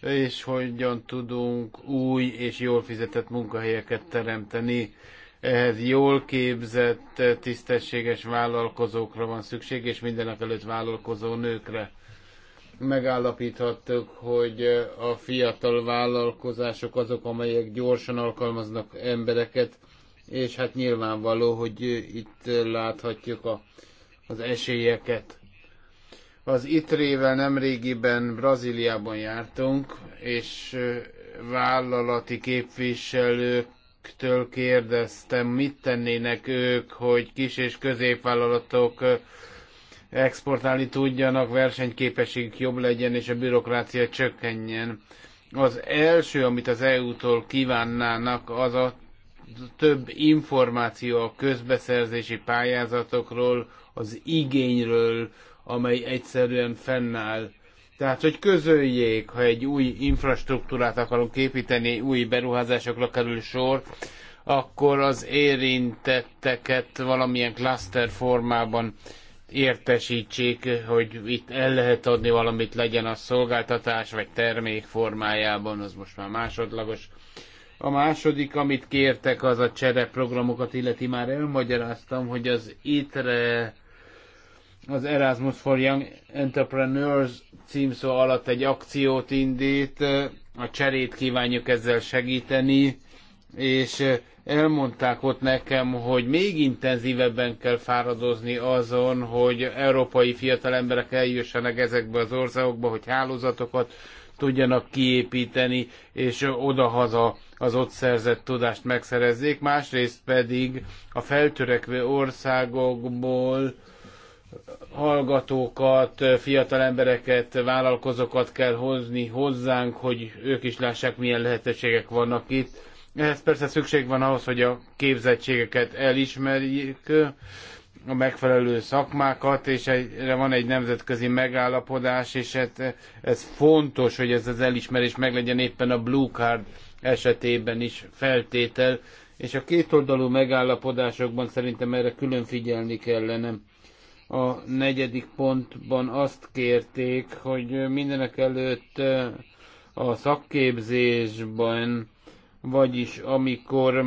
Speaker 2: és hogyan tudunk új és jól fizetett munkahelyeket teremteni. Ehhez jól képzett, tisztességes vállalkozókra van szükség, és mindenek előtt vállalkozó nőkre megállapíthattuk, hogy a fiatal vállalkozások azok, amelyek gyorsan alkalmaznak embereket, és hát nyilvánvaló, hogy itt láthatjuk a, az esélyeket. Az ITRE-vel nemrégiben Brazíliában jártunk, és vállalati képviselőktől kérdeztem, mit tennének ők, hogy kis és középvállalatok exportálni tudjanak, versenyképességük jobb legyen, és a bürokrácia csökkenjen. Az első, amit az EU-tól kívánnának, az a több információ a közbeszerzési pályázatokról, az igényről, amely egyszerűen fennáll. Tehát, hogy közöljék, ha egy új infrastruktúrát akarunk építeni, új beruházásokra kerül sor, akkor az érintetteket valamilyen cluster formában értesítsék, hogy itt el lehet adni valamit, legyen a szolgáltatás vagy termék formájában, az most már másodlagos. A második, amit kértek, az a programokat illeti. Már elmagyaráztam, hogy az ITRE az Erasmus for Young Entrepreneurs címszó alatt egy akciót indít, a cserét kívánjuk ezzel segíteni, és elmondták ott nekem, hogy még intenzívebben kell fáradozni azon, hogy európai fiatal emberek eljussanak ezekbe az országokba, hogy hálózatokat tudjanak kiépíteni, és oda haza az ott szerzett tudást megszerezzék, másrészt pedig a feltörekvő országokból hallgatókat, fiatal embereket, vállalkozókat kell hozni hozzánk, hogy ők is lássák, milyen lehetőségek vannak itt. Ehhez persze szükség van ahhoz, hogy a képzettségeket elismerjék a megfelelő szakmákat, és erre van egy nemzetközi megállapodás, és ez, hát ez fontos, hogy ez az elismerés meglegyen éppen a Blue Card esetében is feltétel, és a kétoldalú megállapodásokban szerintem erre külön figyelni kellene. A negyedik pontban azt kérték, hogy mindenek előtt a szakképzésben, vagyis amikor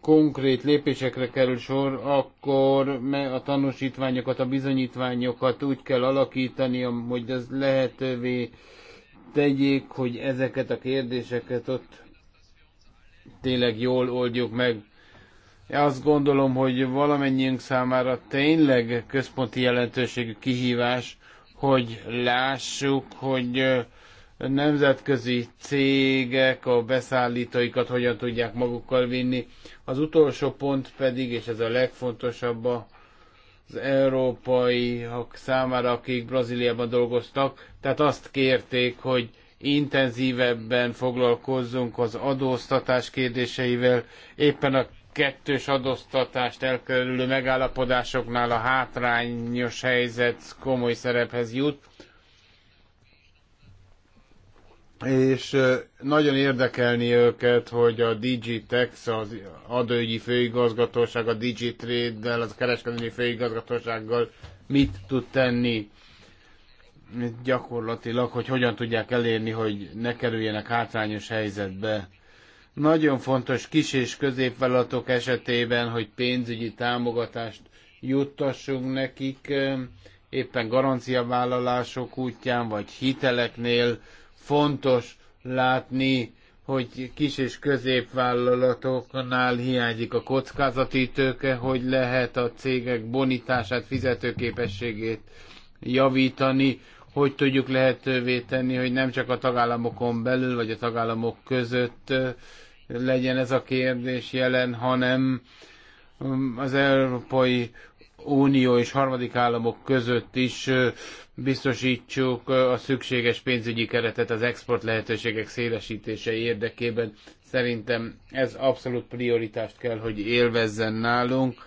Speaker 2: konkrét lépésekre kerül sor, akkor a tanúsítványokat, a bizonyítványokat úgy kell alakítani, hogy ez lehetővé tegyék, hogy ezeket a kérdéseket ott tényleg jól oldjuk meg. Azt gondolom, hogy valamennyiünk számára tényleg központi jelentőségű kihívás, hogy lássuk, hogy nemzetközi cégek a beszállítóikat hogyan tudják magukkal vinni. Az utolsó pont pedig, és ez a legfontosabb a az európaiak számára, akik Brazíliában dolgoztak, tehát azt kérték, hogy intenzívebben foglalkozzunk az adóztatás kérdéseivel, éppen a kettős adóztatást elkerülő megállapodásoknál a hátrányos helyzet komoly szerephez jut és nagyon érdekelni őket, hogy a Digitex, az adőgyi főigazgatóság, a Digitrade-del, az kereskedelmi főigazgatósággal mit tud tenni gyakorlatilag, hogy hogyan tudják elérni, hogy ne kerüljenek hátrányos helyzetbe. Nagyon fontos kis és középvállalatok esetében, hogy pénzügyi támogatást juttassunk nekik, éppen garanciavállalások útján, vagy hiteleknél, Fontos látni, hogy kis és középvállalatoknál hiányzik a kockázati tőke, hogy lehet a cégek bonitását, fizetőképességét javítani, hogy tudjuk lehetővé tenni, hogy nem csak a tagállamokon belül, vagy a tagállamok között legyen ez a kérdés jelen, hanem az Európai Unió és harmadik államok között is biztosítsuk a szükséges pénzügyi keretet az export lehetőségek szélesítése érdekében. Szerintem ez abszolút prioritást kell, hogy élvezzen nálunk.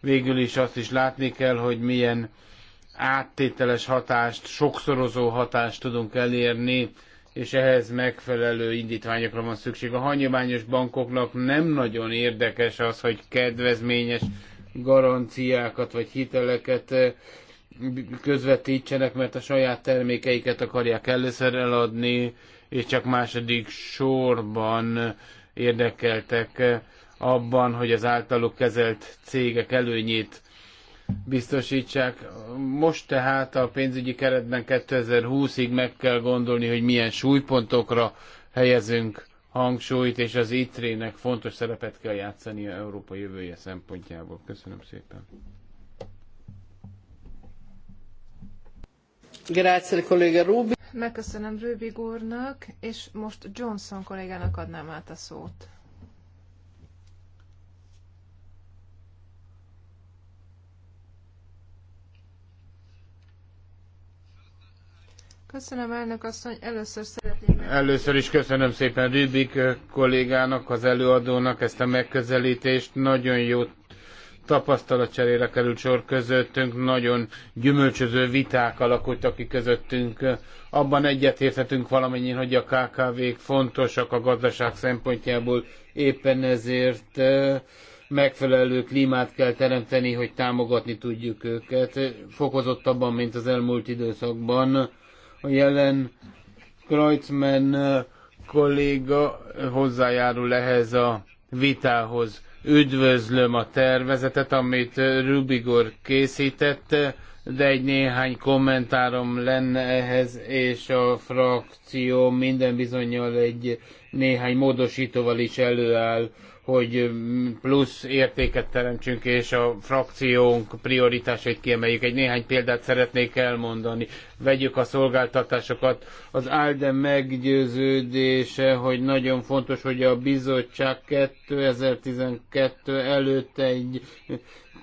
Speaker 2: Végül is azt is látni kell, hogy milyen áttételes hatást, sokszorozó hatást tudunk elérni, és ehhez megfelelő indítványokra van szükség. A hagyományos bankoknak nem nagyon érdekes az, hogy kedvezményes garanciákat vagy hiteleket közvetítsenek, mert a saját termékeiket akarják először eladni, és csak második sorban érdekeltek abban, hogy az általuk kezelt cégek előnyét biztosítsák. Most tehát a pénzügyi keretben 2020-ig meg kell gondolni, hogy milyen súlypontokra helyezünk hangsúlyt, és az ITRE-nek fontos szerepet kell játszani a Európa jövője szempontjából. Köszönöm szépen.
Speaker 1: Megköszönöm Rubig úrnak, és most Johnson kollégának adnám át a szót. Köszönöm elnök asszony, először
Speaker 2: szeretném... Először is köszönöm szépen Rübik kollégának, az előadónak ezt a megközelítést. Nagyon jó tapasztalatcserére került sor közöttünk, nagyon gyümölcsöző viták alakultak ki közöttünk. Abban egyetérthetünk valamennyi hogy a KKV-k fontosak a gazdaság szempontjából, éppen ezért eh, megfelelő klímát kell teremteni, hogy támogatni tudjuk őket, fokozottabban, mint az elmúlt időszakban. A jelen Kreutzmann eh, kolléga hozzájárul ehhez a vitához Üdvözlöm a tervezetet, amit Rubigor készített, de egy néhány kommentárom lenne ehhez, és a frakció minden bizonyal egy néhány módosítóval is előáll hogy plusz értéket teremtsünk, és a frakciónk prioritásait kiemeljük. Egy néhány példát szeretnék elmondani. Vegyük a szolgáltatásokat. Az ALDE meggyőződése, hogy nagyon fontos, hogy a bizottság 2012 előtt egy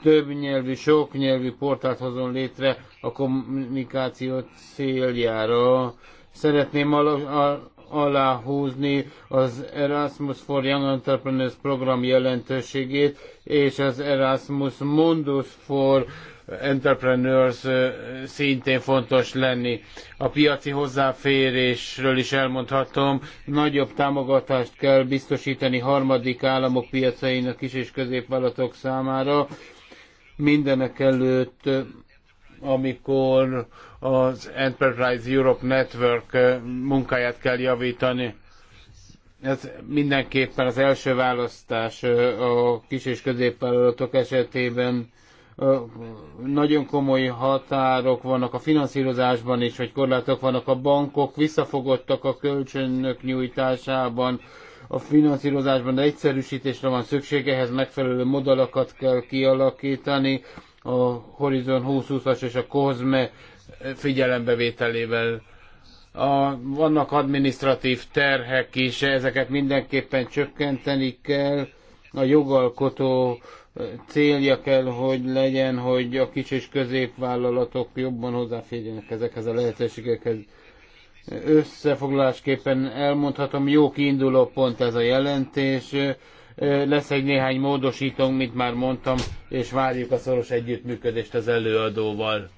Speaker 2: többnyelvű, soknyelvű portált hozon létre a kommunikáció céljára. Szeretném a, a aláhúzni az Erasmus for Young Entrepreneurs program jelentőségét, és az Erasmus Mundus for Entrepreneurs szintén fontos lenni. A piaci hozzáférésről is elmondhatom, nagyobb támogatást kell biztosítani harmadik államok piacainak is és középvállalatok számára. Mindenek előtt amikor az Enterprise Europe Network munkáját kell javítani. Ez mindenképpen az első választás a kis és középvállalatok esetében nagyon komoly határok vannak a finanszírozásban is, hogy korlátok vannak a bankok, visszafogottak a kölcsönök nyújtásában, a finanszírozásban, de egyszerűsítésre van szükség, ehhez megfelelő modalakat kell kialakítani, a Horizon 2020-as és a COSME figyelembevételével. A, vannak administratív terhek is, ezeket mindenképpen csökkenteni kell. A jogalkotó célja kell, hogy legyen, hogy a kis és középvállalatok jobban hozzáférjenek ezekhez a lehetőségekhez. Összefoglalásképpen elmondhatom, jó kiinduló pont ez a jelentés. Lesz egy néhány módosítónk, mint már mondtam, és várjuk a szoros együttműködést az előadóval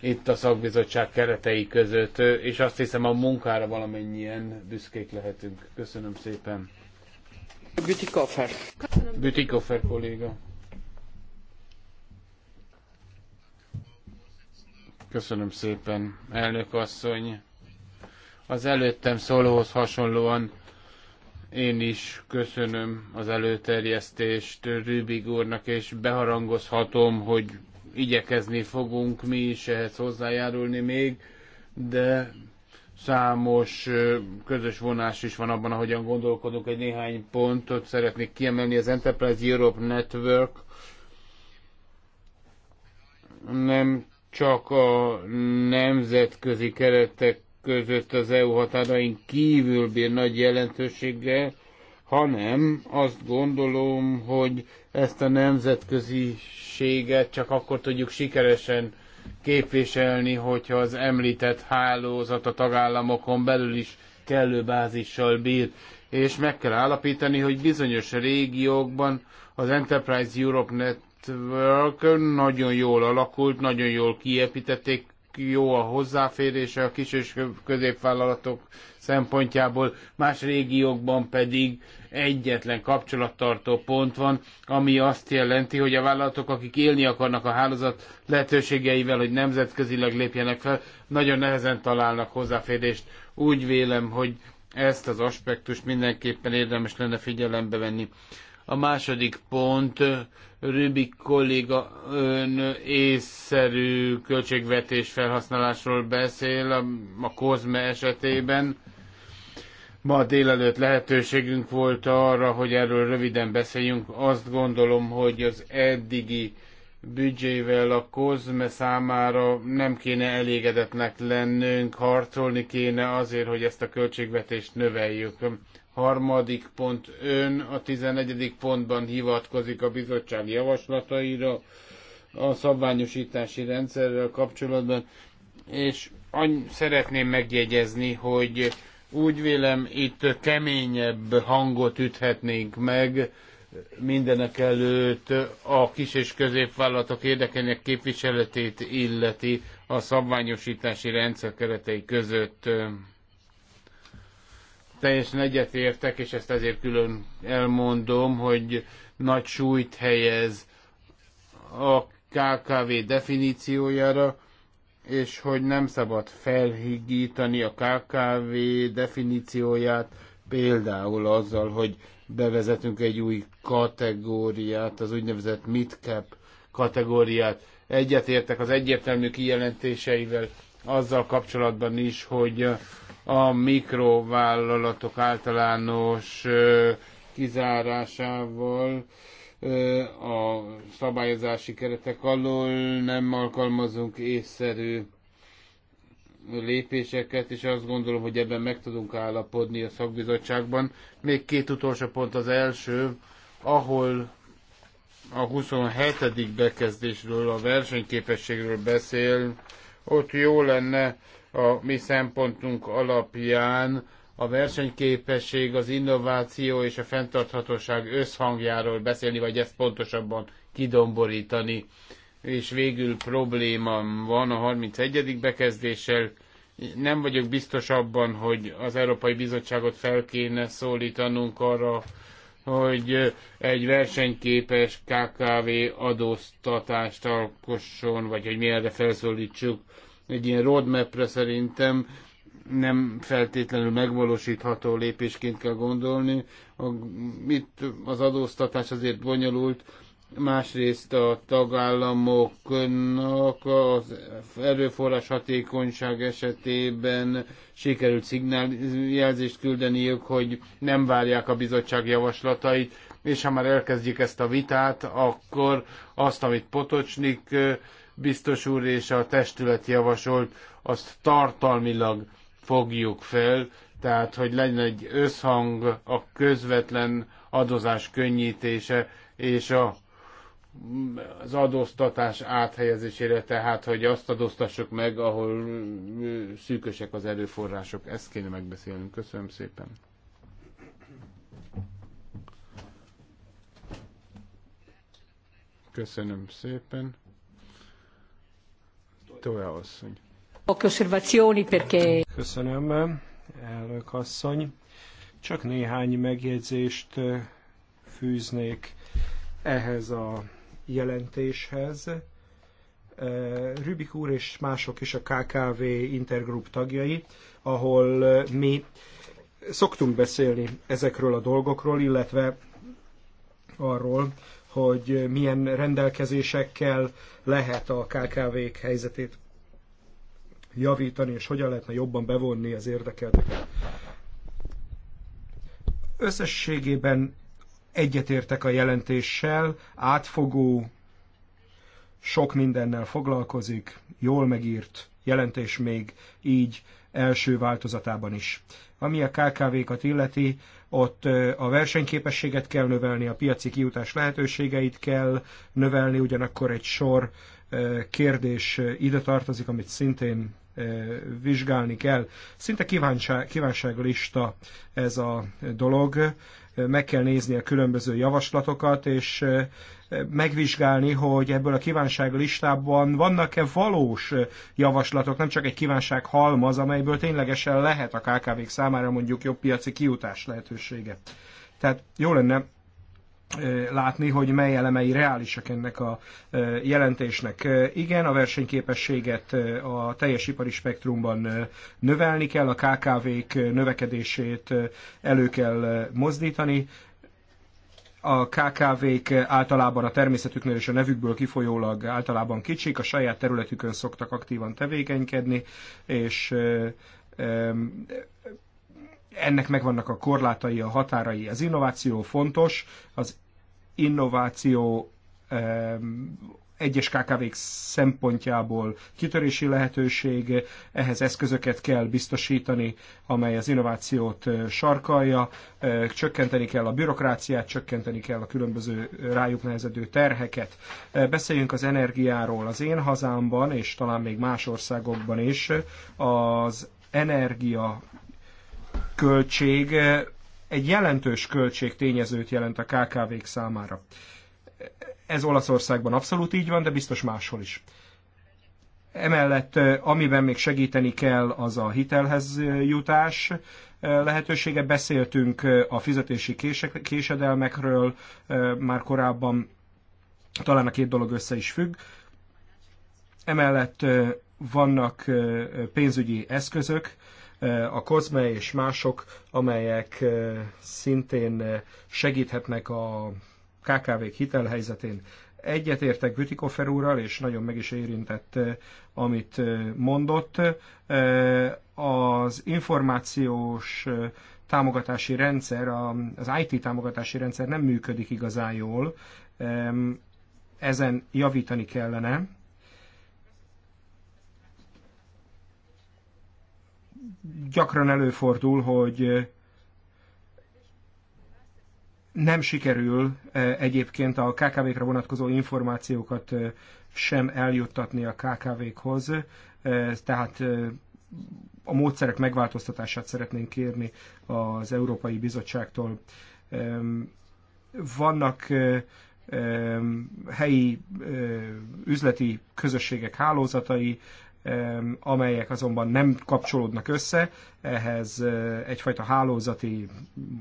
Speaker 2: itt a szakbizottság keretei között, és azt hiszem a munkára valamennyien büszkék lehetünk. Köszönöm szépen. Bütikofer. Bütikofer kolléga. Köszönöm szépen, elnök asszony. Az előttem szólóhoz hasonlóan én is köszönöm az előterjesztést Rübig úrnak, és beharangozhatom, hogy igyekezni fogunk mi is ehhez hozzájárulni még, de számos közös vonás is van abban, ahogyan gondolkodunk. Egy néhány pontot szeretnék kiemelni. Az Enterprise Europe Network nem csak a nemzetközi keretek között az EU határain kívül bír nagy jelentőséggel, hanem azt gondolom, hogy ezt a nemzetköziséget csak akkor tudjuk sikeresen képviselni, hogyha az említett hálózat a tagállamokon belül is kellő bázissal bír. És meg kell állapítani, hogy bizonyos régiókban az Enterprise Europe Network nagyon jól alakult, nagyon jól kiepítették, jó a hozzáférése a kis és középvállalatok szempontjából, más régiókban pedig egyetlen kapcsolattartó pont van, ami azt jelenti, hogy a vállalatok, akik élni akarnak a hálózat lehetőségeivel, hogy nemzetközileg lépjenek fel, nagyon nehezen találnak hozzáférést. Úgy vélem, hogy ezt az aspektust mindenképpen érdemes lenne figyelembe venni. A második pont, Rübik kolléga ön észszerű költségvetés felhasználásról beszél a, a esetében. Ma délelőtt lehetőségünk volt arra, hogy erről röviden beszéljünk. Azt gondolom, hogy az eddigi büdzsével a kozme számára nem kéne elégedetnek lennünk, harcolni kéne azért, hogy ezt a költségvetést növeljük. Harmadik pont ön a 11. pontban hivatkozik a bizottság javaslataira a szabványosítási rendszerrel kapcsolatban, és any- szeretném megjegyezni, hogy úgy vélem, itt keményebb hangot üthetnénk meg mindenek előtt a kis és középvállalatok érdekének képviseletét illeti a szabványosítási rendszer keretei között teljesen egyetértek, és ezt ezért külön elmondom, hogy nagy súlyt helyez a KKV definíciójára, és hogy nem szabad felhigítani a KKV definícióját, például azzal, hogy bevezetünk egy új kategóriát, az úgynevezett midcap kategóriát. Egyetértek az egyértelmű kijelentéseivel azzal kapcsolatban is, hogy a mikrovállalatok általános kizárásával a szabályozási keretek alól nem alkalmazunk észszerű lépéseket, és azt gondolom, hogy ebben meg tudunk állapodni a szakbizottságban. Még két utolsó pont az első, ahol a 27. bekezdésről, a versenyképességről beszél, ott jó lenne a mi szempontunk alapján a versenyképesség, az innováció és a fenntarthatóság összhangjáról beszélni, vagy ezt pontosabban kidomborítani. És végül probléma van a 31. bekezdéssel. Nem vagyok biztos abban, hogy az Európai Bizottságot fel kéne szólítanunk arra, hogy egy versenyképes KKV adóztatást alkosson, vagy hogy mi erre felszólítsuk. Egy ilyen roadmapra szerintem nem feltétlenül megvalósítható lépésként kell gondolni. A, itt az adóztatás azért bonyolult, másrészt a tagállamoknak az erőforrás hatékonyság esetében sikerült szignáljelzést küldeniük, hogy nem várják a bizottság javaslatait, és ha már elkezdjük ezt a vitát, akkor azt, amit Potocsnik biztos úr és a testület javasolt, azt tartalmilag fogjuk fel, tehát hogy legyen egy összhang a közvetlen adózás könnyítése és a, az adóztatás áthelyezésére, tehát hogy azt adóztassuk meg, ahol szűkösek az erőforrások. Ezt kéne megbeszélnünk. Köszönöm szépen. Köszönöm szépen. Tovább asszony.
Speaker 4: Köszönöm, elnök asszony. Csak néhány megjegyzést eh, fűznék ehhez a jelentéshez. Eh, Rübik úr és mások is a KKV Intergroup tagjai, ahol eh, mi szoktunk beszélni ezekről a dolgokról, illetve arról, hogy milyen rendelkezésekkel lehet a KKV-k helyzetét javítani, és hogyan lehetne jobban bevonni az érdekelteket. Összességében egyetértek a jelentéssel, átfogó, sok mindennel foglalkozik, jól megírt jelentés még így első változatában is. Ami a KKV-kat illeti, ott a versenyképességet kell növelni, a piaci kiutás lehetőségeit kell növelni, ugyanakkor egy sor kérdés ide tartozik, amit szintén vizsgálni kell. Szinte kívánságlista ez a dolog. Meg kell nézni a különböző javaslatokat, és megvizsgálni, hogy ebből a kívánság listában vannak-e valós javaslatok, nem csak egy kívánság halmaz, amelyből ténylegesen lehet a KKV-k számára mondjuk jobb piaci kiutás lehetősége. Tehát jó lenne látni, hogy mely elemei reálisak ennek a jelentésnek. Igen, a versenyképességet a teljes ipari spektrumban növelni kell, a KKV-k növekedését elő kell mozdítani, a KKV-k általában a természetüknél és a nevükből kifolyólag általában kicsik, a saját területükön szoktak aktívan tevékenykedni, és ennek megvannak a korlátai, a határai. Az innováció fontos, az innováció egyes kkv szempontjából kitörési lehetőség, ehhez eszközöket kell biztosítani, amely az innovációt sarkalja, csökkenteni kell a bürokráciát, csökkenteni kell a különböző rájuk nehezedő terheket. Beszéljünk az energiáról. Az én hazámban, és talán még más országokban is, az energia költség egy jelentős költség tényezőt jelent a KKV-k számára. Ez Olaszországban abszolút így van, de biztos máshol is. Emellett, eh, amiben még segíteni kell, az a hitelhez eh, jutás eh, lehetősége. Beszéltünk a fizetési késedelmekről már korábban, talán a két dolog össze is függ. Emellett vannak pénzügyi eszközök, a Kozme és mások, amelyek szintén segíthetnek a KKV-k hitelhelyzetén. Egyetértek Bütikofer úrral, és nagyon meg is érintett, amit mondott. Az információs támogatási rendszer, az IT támogatási rendszer nem működik igazán jól, ezen javítani kellene. gyakran előfordul, hogy nem sikerül egyébként a KKV-kra vonatkozó információkat sem eljuttatni a KKV-khoz, tehát a módszerek megváltoztatását szeretnénk kérni az Európai Bizottságtól. Vannak helyi üzleti közösségek hálózatai, amelyek azonban nem kapcsolódnak össze, ehhez eh, egyfajta hálózati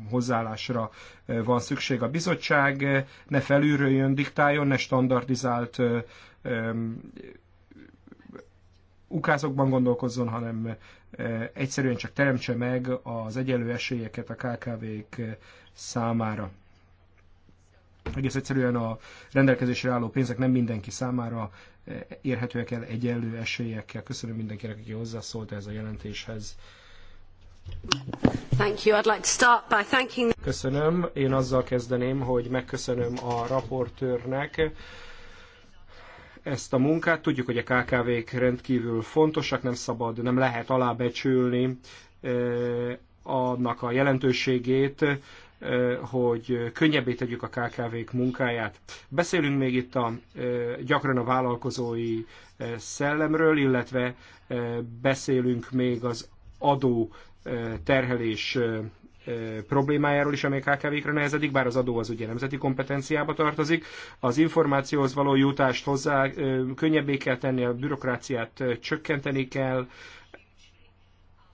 Speaker 4: hozzáállásra eh, van szükség a bizottság, eh, ne felülről jön, diktáljon, ne standardizált ukázokban gondolkozzon, hanem egyszerűen csak teremtse meg az egyenlő esélyeket a KKV-k számára. Egész egyszerűen a rendelkezésre álló pénzek nem mindenki számára érhetőek el egyenlő esélyekkel. Köszönöm mindenkinek, aki hozzászólt ez a jelentéshez.
Speaker 3: Thank you. I'd like to start by thanking...
Speaker 4: Köszönöm. Én azzal kezdeném, hogy megköszönöm a raportőrnek ezt a munkát. Tudjuk, hogy a KKV-k rendkívül fontosak, nem szabad, nem lehet alábecsülni eh, annak a jelentőségét, hogy könnyebbé tegyük a KKV-k munkáját. Beszélünk még itt a, gyakran a vállalkozói szellemről, illetve beszélünk még az adó terhelés problémájáról is, amely KKV-kre nehezedik, bár az adó az ugye nemzeti kompetenciába tartozik. Az információhoz való jutást hozzá könnyebbé kell tenni, a bürokráciát csökkenteni kell,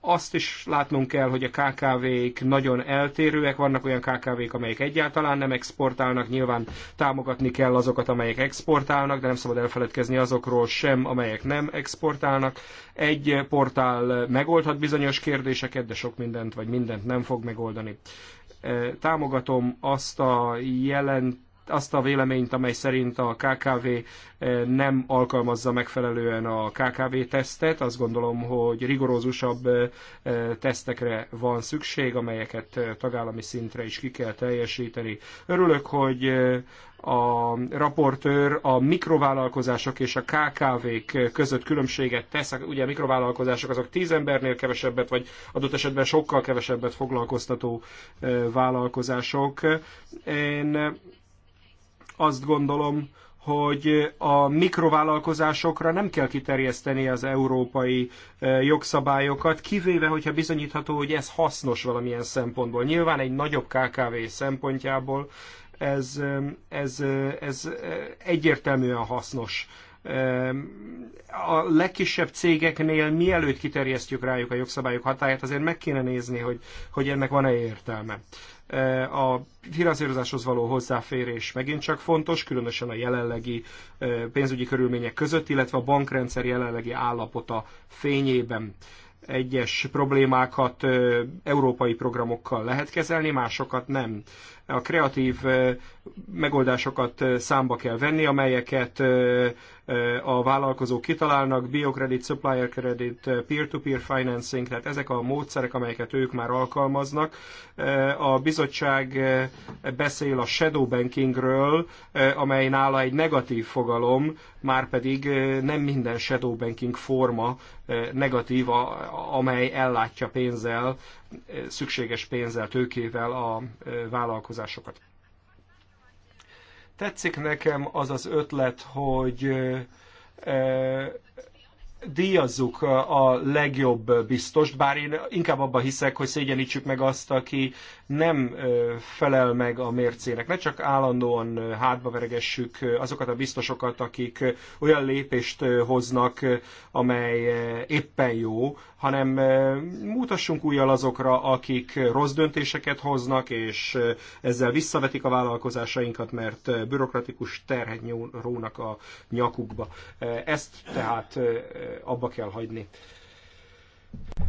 Speaker 4: azt is látnunk kell, hogy a KKV-k nagyon eltérőek, vannak olyan KKV-k, amelyek egyáltalán nem exportálnak, nyilván támogatni kell azokat, amelyek exportálnak, de nem szabad elfeledkezni azokról sem, amelyek nem exportálnak. Egy portál megoldhat bizonyos kérdéseket, de sok mindent vagy mindent nem fog megoldani támogatom azt a jelent azt a véleményt, amely szerint a KKV eh, nem alkalmazza megfelelően a KKV tesztet. Azt gondolom, hogy rigorózusabb eh, eh, tesztekre van szükség, amelyeket tagállami szintre is ki kell teljesíteni. Örülök, hogy a raportőr a mikrovállalkozások és a KKV-k között különbséget tesz. Hát ugye a mikrovállalkozások azok tíz embernél kevesebbet, vagy adott esetben sokkal kevesebbet foglalkoztató vállalkozások. Én azt gondolom, hogy a mikrovállalkozásokra nem kell kiterjeszteni az európai jogszabályokat, kivéve, hogyha bizonyítható, hogy ez hasznos valamilyen szempontból. Nyilván egy nagyobb KKV szempontjából ez, ez, ez egyértelműen hasznos. A legkisebb cégeknél mielőtt kiterjesztjük rájuk a jogszabályok hatáját, azért meg kéne nézni, hogy, hogy ennek van-e értelme. Eh, a finanszírozáshoz való hozzáférés megint csak fontos, különösen a jelenlegi eh, pénzügyi körülmények között, illetve a bankrendszer jelenlegi állapota fényében egyes problémákat eh, európai programokkal lehet kezelni, másokat nem a kreatív megoldásokat számba kell venni, amelyeket a vállalkozók kitalálnak, biocredit, supplier credit, peer-to-peer -peer financing, tehát ezek a módszerek, amelyeket ők már alkalmaznak. A bizottság beszél a shadow bankingről, amely nála egy negatív fogalom, már pedig nem minden shadow banking forma negatív, amely ellátja pénzzel szükséges pénzzel, tőkével a e, vállalkozásokat. Tetszik nekem az az ötlet, hogy e, e, díjazzuk a legjobb biztost, bár én inkább abban hiszek, hogy szégyenítsük meg azt, aki nem felel meg a mércének. Ne csak állandóan hátba veregessük azokat a biztosokat, akik olyan lépést hoznak, amely éppen jó, hanem mutassunk újjal azokra, akik rossz döntéseket hoznak, és ezzel visszavetik a vállalkozásainkat, mert bürokratikus terhet rónak a nyakukba. Ezt tehát abba kell hagyni.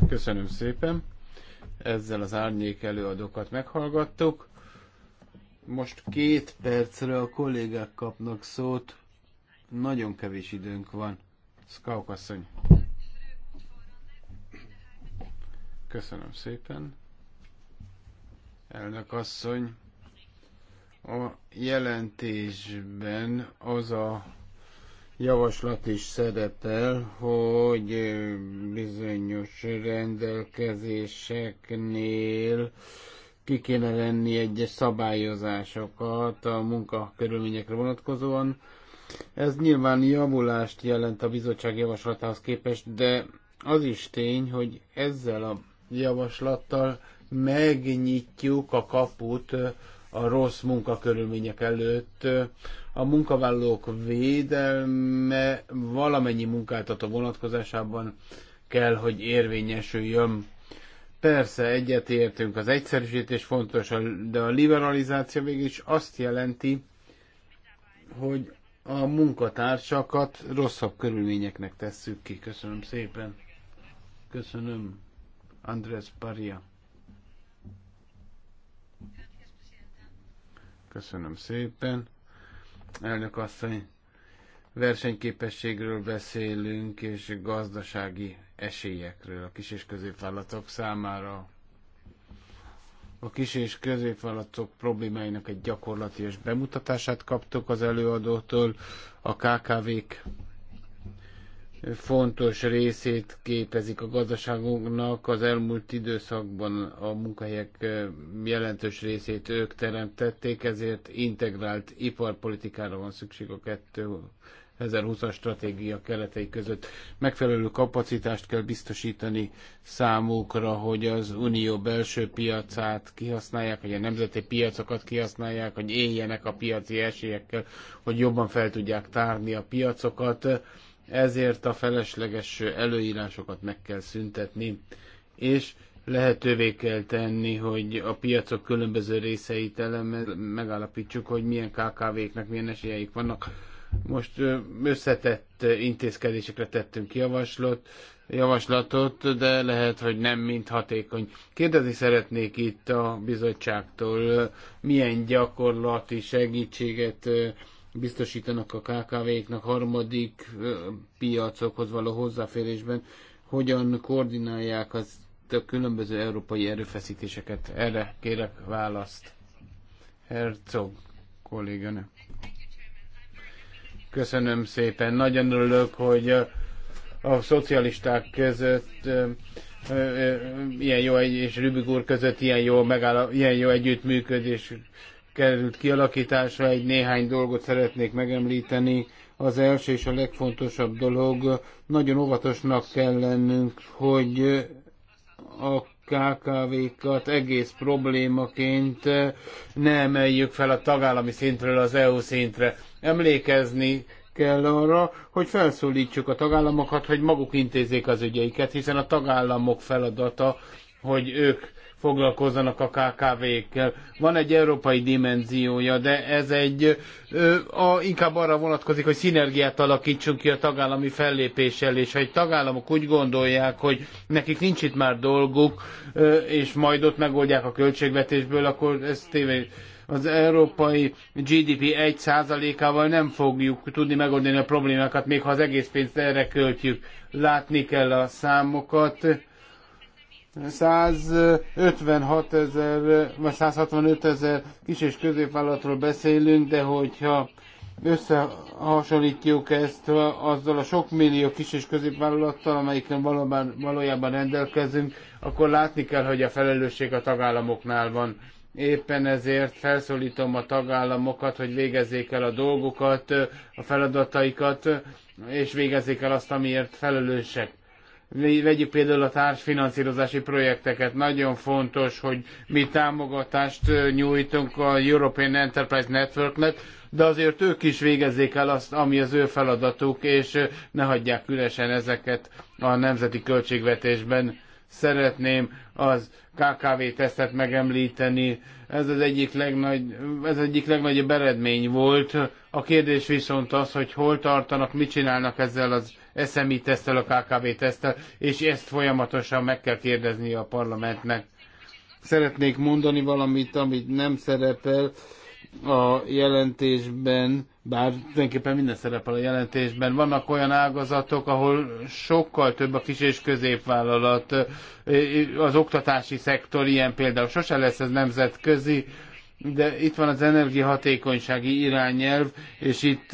Speaker 4: Köszönöm szépen. Ezzel az
Speaker 2: árnyék előadókat meghallgattuk. Most két percre a kollégák kapnak szót. Nagyon kevés időnk van. Szkaukasszony! Köszönöm szépen. Elnök asszony, a jelentésben az a javaslat is szerepel, hogy bizonyos rendelkezéseknél ki kéne lenni egyes szabályozásokat a munkakörülményekre vonatkozóan. Ez nyilván javulást jelent a bizottság javaslatához képest, de az is tény, hogy ezzel a javaslattal megnyitjuk a kaput a rossz munkakörülmények előtt. A munkavállalók védelme valamennyi munkáltató vonatkozásában kell, hogy érvényesüljön. Persze egyetértünk, az egyszerűsítés fontos, de a liberalizáció mégis azt jelenti, hogy a munkatársakat rosszabb körülményeknek tesszük ki. Köszönöm szépen. Köszönöm. Andrés Paria. Köszönöm szépen. Elnök asszony, versenyképességről beszélünk, és gazdasági esélyekről a kis és középvállalatok számára. A kis és középvállalatok problémáinak egy gyakorlatilag bemutatását kaptok az előadótól. A KKV-k fontos részét képezik a gazdaságunknak. Az elmúlt időszakban a munkahelyek jelentős részét ők teremtették, ezért integrált iparpolitikára van szükség a 2020-as stratégia keretei között. Megfelelő kapacitást kell biztosítani számukra, hogy az unió belső piacát kihasználják, hogy a nemzeti piacokat kihasználják, hogy éljenek a piaci esélyekkel, hogy jobban fel tudják tárni a piacokat ezért a felesleges előírásokat meg kell szüntetni, és lehetővé kell tenni, hogy a piacok különböző részeit elemez, megállapítsuk, hogy milyen KKV-knek milyen esélyeik vannak. Most összetett intézkedésekre tettünk javaslat, javaslatot, de lehet, hogy nem mind hatékony. Kérdezni szeretnék itt a bizottságtól, milyen gyakorlati segítséget biztosítanak a KKV-knak harmadik piacokhoz való hozzáférésben, hogyan koordinálják az a különböző európai erőfeszítéseket. Erre kérek választ. Herzog kolléganő. Köszönöm szépen. Nagyon örülök, hogy a szocialisták között ilyen jó, és Rübig úr között ilyen jó, megáll, ilyen jó együttműködés került kialakításra, egy néhány dolgot szeretnék megemlíteni. Az első és a legfontosabb dolog, nagyon óvatosnak kell lennünk, hogy a KKV-kat egész problémaként ne emeljük fel a tagállami szintről az EU szintre. Emlékezni kell arra, hogy felszólítsuk a tagállamokat, hogy maguk intézzék az ügyeiket, hiszen a tagállamok feladata, hogy ők foglalkozzanak a KKV-kkel. Van egy európai dimenziója, de ez egy ö, a, inkább arra vonatkozik, hogy szinergiát alakítsunk ki a tagállami fellépéssel, és ha egy tagállamok úgy gondolják, hogy nekik nincs itt már dolguk, ö, és majd ott megoldják a költségvetésből, akkor ez tényleg az európai GDP 1%-ával nem fogjuk tudni megoldani a problémákat, még ha az egész pénzt erre költjük. Látni kell a számokat 156 ezer, vagy 165 ezer kis és középvállalatról beszélünk, de hogyha összehasonlítjuk ezt azzal a sok millió kis és középvállalattal, amelyikkel valóban, valójában rendelkezünk, akkor látni kell, hogy a felelősség a tagállamoknál van. Éppen ezért felszólítom a tagállamokat, hogy végezzék el a dolgokat, a feladataikat, és végezzék el azt, amiért felelősek Vegyük például a társfinanszírozási projekteket. Nagyon fontos, hogy mi támogatást nyújtunk a European Enterprise Networknek, de azért ők is végezzék el azt, ami az ő feladatuk, és ne hagyják üresen ezeket a nemzeti költségvetésben. Szeretném az KKV-tesztet megemlíteni. Ez az egyik, legnagy, ez egyik legnagyobb eredmény volt. A kérdés viszont az, hogy hol tartanak, mit csinálnak ezzel az SMI tesztel, a KKV tesztel, és ezt folyamatosan meg kell kérdezni a parlamentnek. Szeretnék mondani valamit, amit nem szerepel a jelentésben, bár tulajdonképpen minden szerepel a jelentésben, vannak olyan ágazatok, ahol sokkal több a kis és középvállalat, az oktatási szektor ilyen például, sose lesz ez nemzetközi, de itt van az energiahatékonysági irányelv, és itt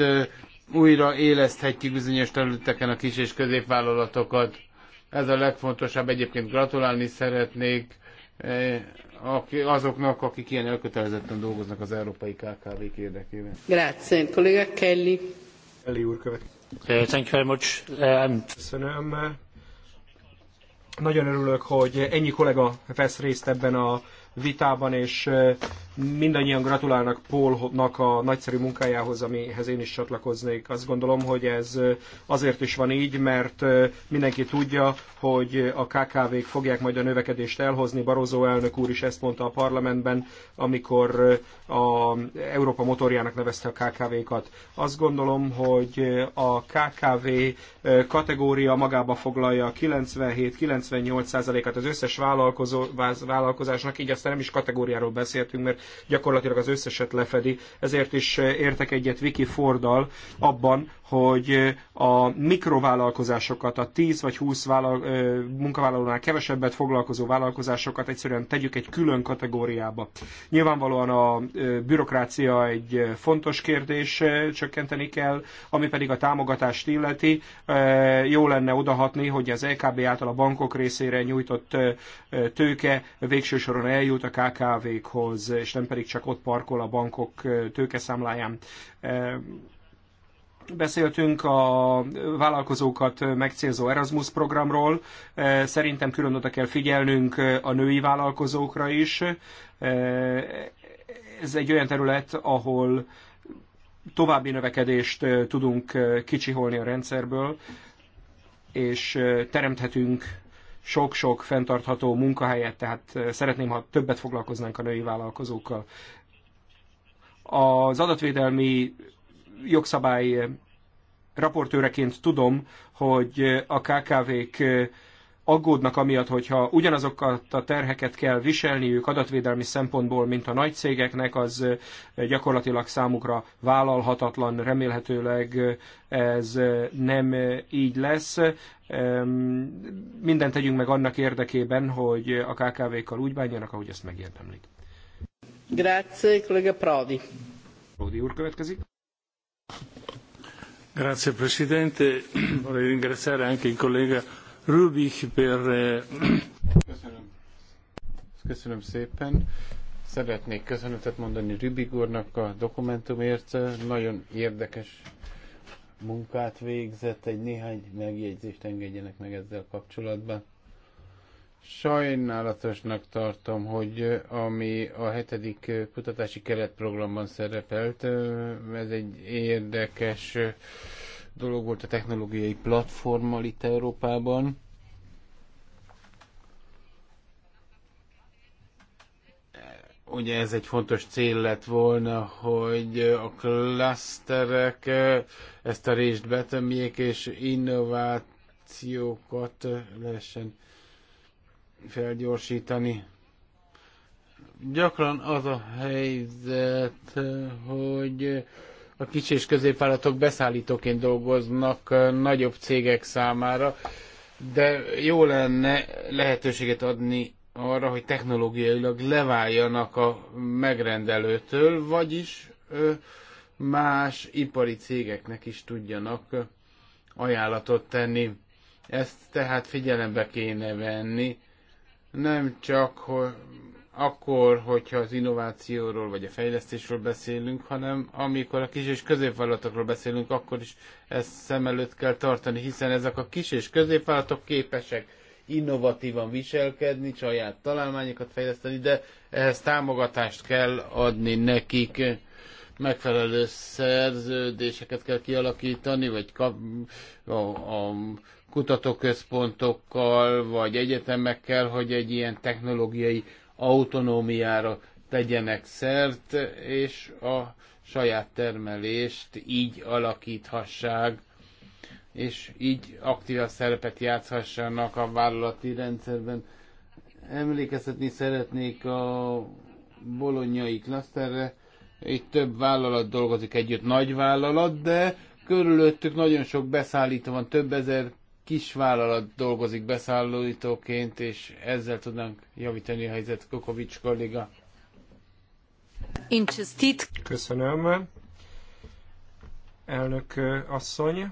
Speaker 2: újra éleszthetjük bizonyos területeken a kis és középvállalatokat. Ez a legfontosabb. Egyébként gratulálni szeretnék eh, azoknak, akik ilyen elkötelezetten dolgoznak az európai KKV-k érdekében.
Speaker 4: Grazie, kolléga Kelly. Kelly úr követ. Thank you very much. Um... Köszönöm. Nagyon örülök, hogy ennyi kollega vesz részt ebben a vitában, és mindannyian gratulálnak Paulnak a nagyszerű munkájához, amihez én is csatlakoznék. Azt gondolom, hogy ez azért is van így, mert mindenki tudja, hogy a KKV-k fogják majd a növekedést elhozni. Barozó elnök úr is ezt mondta a parlamentben, amikor a Európa motorjának nevezte a KKV-kat. Azt gondolom, hogy a KKV kategória magába foglalja 97-98%-át az összes vállalkozásnak, így a persze nem is kategóriáról beszéltünk, mert gyakorlatilag az összeset lefedi, ezért is eh, értek egyet Wiki Fordal abban, hogy eh, a mikrovállalkozásokat, a 10 vagy 20 vállal, eh, munkavállalónál kevesebbet foglalkozó vállalkozásokat egyszerűen tegyük egy külön kategóriába. Nyilvánvalóan a bürokrácia egy fontos kérdés, csökkenteni kell, ami pedig a támogatást illeti. Jó lenne odahatni, hogy az LKB e által a bankok részére nyújtott tőke végső soron eljut jut a KKV-khoz, és nem pedig csak ott parkol a bankok tőkeszámláján. Beszéltünk a vállalkozókat megcélzó Erasmus programról. Szerintem külön oda kell figyelnünk a női vállalkozókra is. Ez egy olyan terület, ahol további növekedést tudunk kicsiholni a rendszerből, és teremthetünk sok-sok fenntartható munkahelyet, tehát szeretném, ha többet foglalkoznánk a női vállalkozókkal. Az adatvédelmi jogszabály raportőreként tudom, hogy a KKV-k aggódnak amiatt, hogyha ugyanazokat a terheket kell viselniük adatvédelmi szempontból, mint a nagy cégeknek, az gyakorlatilag számukra vállalhatatlan, remélhetőleg ez nem így lesz. Mindent tegyünk meg annak érdekében, hogy a KKV-kkal úgy bánjanak, ahogy ezt megérdemlik. Grazie, kollega Prodi. Prodi úr következik.
Speaker 3: Grazie Presidente, vorrei ringraziare anche il collega Köszönöm.
Speaker 2: Köszönöm szépen. Szeretnék köszönetet mondani Rübig úrnak a dokumentumért. Nagyon érdekes munkát végzett, egy néhány megjegyzést engedjenek meg ezzel kapcsolatban. Sajnálatosnak tartom, hogy ami a hetedik kutatási keretprogramban szerepelt, ez egy érdekes dolog volt a technológiai platformmal itt Európában. Ugye ez egy fontos cél lett volna, hogy a klaszterek ezt a részt betömjék, és innovációkat lehessen felgyorsítani gyakran az a helyzet, hogy a kicsi és középvállalatok beszállítóként dolgoznak nagyobb cégek számára, de jó lenne lehetőséget adni arra, hogy technológiailag leváljanak a megrendelőtől, vagyis más ipari cégeknek is tudjanak ajánlatot tenni. Ezt tehát figyelembe kéne venni, nem csak hogy akkor, hogyha az innovációról vagy a fejlesztésről beszélünk, hanem amikor a kis és középvállalatokról beszélünk, akkor is ezt szem előtt kell tartani, hiszen ezek a kis és középvállalatok képesek innovatívan viselkedni, saját találmányokat fejleszteni, de ehhez támogatást kell adni nekik, megfelelő szerződéseket kell kialakítani, vagy kap, a, a kutatóközpontokkal, vagy egyetemekkel, hogy egy ilyen technológiai autonómiára tegyenek szert, és a saját termelést így alakíthassák, és így aktív szerepet játszhassanak a vállalati rendszerben. Emlékeztetni szeretnék a bolonyai klaszterre, itt több vállalat dolgozik együtt, nagy vállalat, de körülöttük nagyon sok beszállító van, több ezer kisvállalat dolgozik beszállítóként, és ezzel tudnánk javítani a helyzet Kokovics
Speaker 4: kolléga. Köszönöm. Elnök asszony,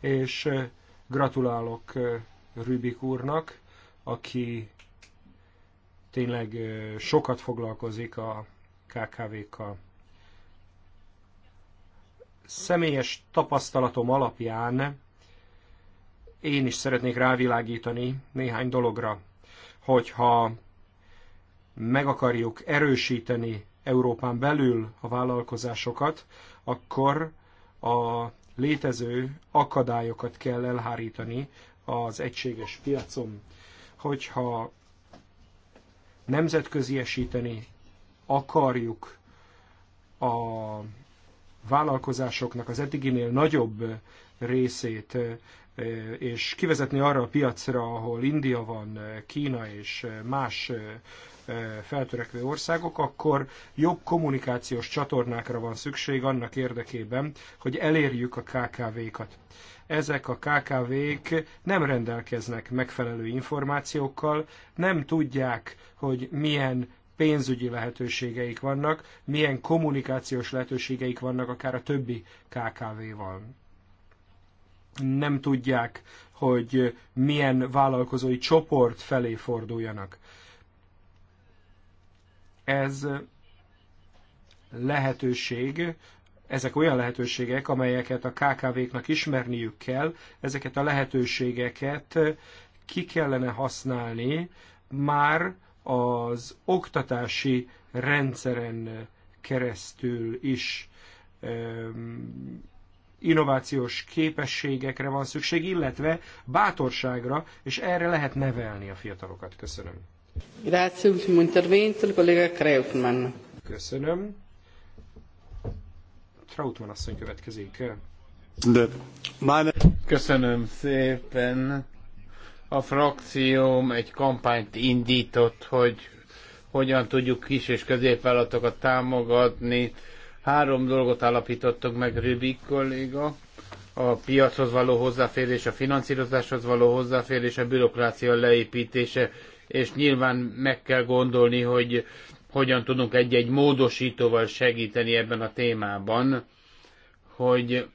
Speaker 4: és gratulálok Rübik úrnak, aki tényleg sokat foglalkozik a KKV-kkal. Személyes tapasztalatom alapján én is szeretnék rávilágítani néhány dologra, hogyha meg akarjuk erősíteni Európán belül a vállalkozásokat, akkor a létező akadályokat kell elhárítani az egységes piacon. Hogyha nemzetköziesíteni akarjuk a vállalkozásoknak az eddiginél nagyobb részét Eh, és kivezetni arra a piacra, ahol India van, eh, Kína és eh, más feltörekvő országok, akkor jobb kommunikációs csatornákra van szükség annak érdekében, hogy elérjük a KKV-kat. Ezek a KKV-k nem rendelkeznek megfelelő információkkal, nem tudják, hogy milyen pénzügyi lehetőségeik vannak, milyen kommunikációs lehetőségeik vannak akár a többi KKV-val nem tudják, hogy milyen vállalkozói csoport felé forduljanak. Ez lehetőség, ezek olyan lehetőségek, amelyeket a KKV-knak ismerniük kell, ezeket a lehetőségeket ki kellene használni már az oktatási rendszeren keresztül is innovációs képességekre van szükség, illetve bátorságra, és erre lehet nevelni a fiatalokat. Köszönöm. Grazie, ultimo intervento, il collega Kreutmann. Köszönöm. Trautmann asszony következik.
Speaker 2: De. Köszönöm szépen. A frakcióm egy kampányt indított, hogy hogyan tudjuk kis és középvállalatokat támogatni Három dolgot állapítottunk meg Rübik kolléga, a piachoz való hozzáférés, a finanszírozáshoz való hozzáférés, a bürokrácia leépítése, és nyilván meg kell gondolni, hogy hogyan tudunk egy-egy módosítóval segíteni ebben a témában, hogy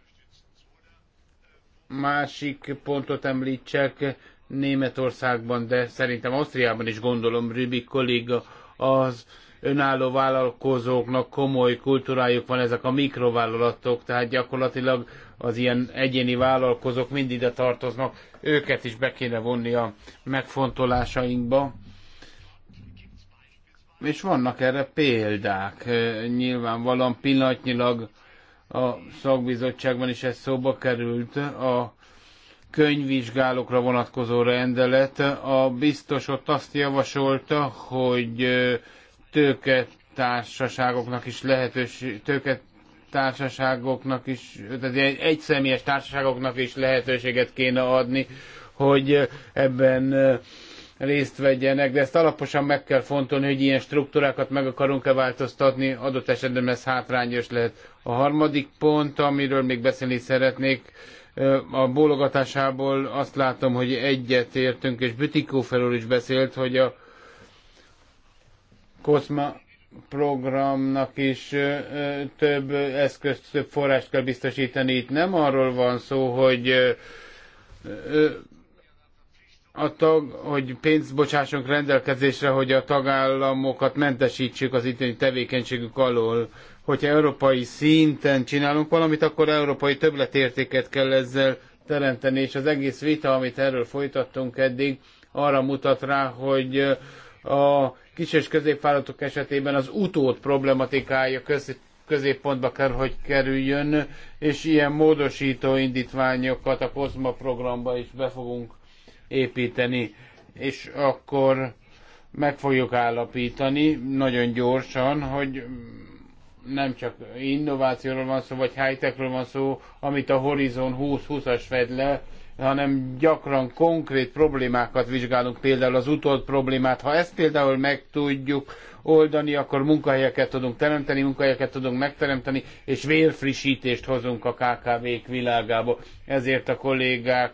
Speaker 2: másik pontot említsek Németországban, de szerintem Ausztriában is gondolom Rübik kolléga az önálló vállalkozóknak komoly kultúrájuk van, ezek a mikrovállalatok, tehát gyakorlatilag az ilyen egyéni vállalkozók mind ide tartoznak, őket is be kéne vonni a megfontolásainkba. És vannak erre példák. Nyilvánvalóan pillanatnyilag a szakbizottságban is ez szóba került, a könyvvizsgálókra vonatkozó rendelet. A biztos ott azt javasolta, hogy tőketársaságoknak társaságoknak is lehetőség, tőket társaságoknak is, tehát egy, egy személyes társaságoknak is lehetőséget kéne adni, hogy ebben részt vegyenek, de ezt alaposan meg kell fontolni, hogy ilyen struktúrákat meg akarunk-e változtatni, adott esetben ez hátrányos lehet. A harmadik pont, amiről még beszélni szeretnék, a bólogatásából azt látom, hogy egyet értünk, és Bütikó felől is beszélt, hogy a Kozma programnak is több eszközt, több forrást kell biztosítani. Itt nem arról van szó, hogy a tag, hogy pénzt bocsássunk rendelkezésre, hogy a tagállamokat mentesítsük az itteni tevékenységük alól. Hogyha európai szinten csinálunk valamit, akkor európai többletértéket kell ezzel teremteni, és az egész vita, amit erről folytattunk eddig, arra mutat rá, hogy a kis és középvállalatok esetében az utót problematikája köz, középpontba kell, hogy kerüljön, és ilyen módosító indítványokat a COSMA programba is be fogunk építeni, és akkor meg fogjuk állapítani nagyon gyorsan, hogy nem csak innovációról van szó, vagy high-techről van szó, amit a Horizon 2020-as fed le, hanem gyakran konkrét problémákat vizsgálunk, például az utolt problémát. Ha ezt például meg tudjuk oldani, akkor munkahelyeket tudunk teremteni, munkahelyeket tudunk megteremteni, és vérfrissítést hozunk a KKV-k világába. Ezért a kollégák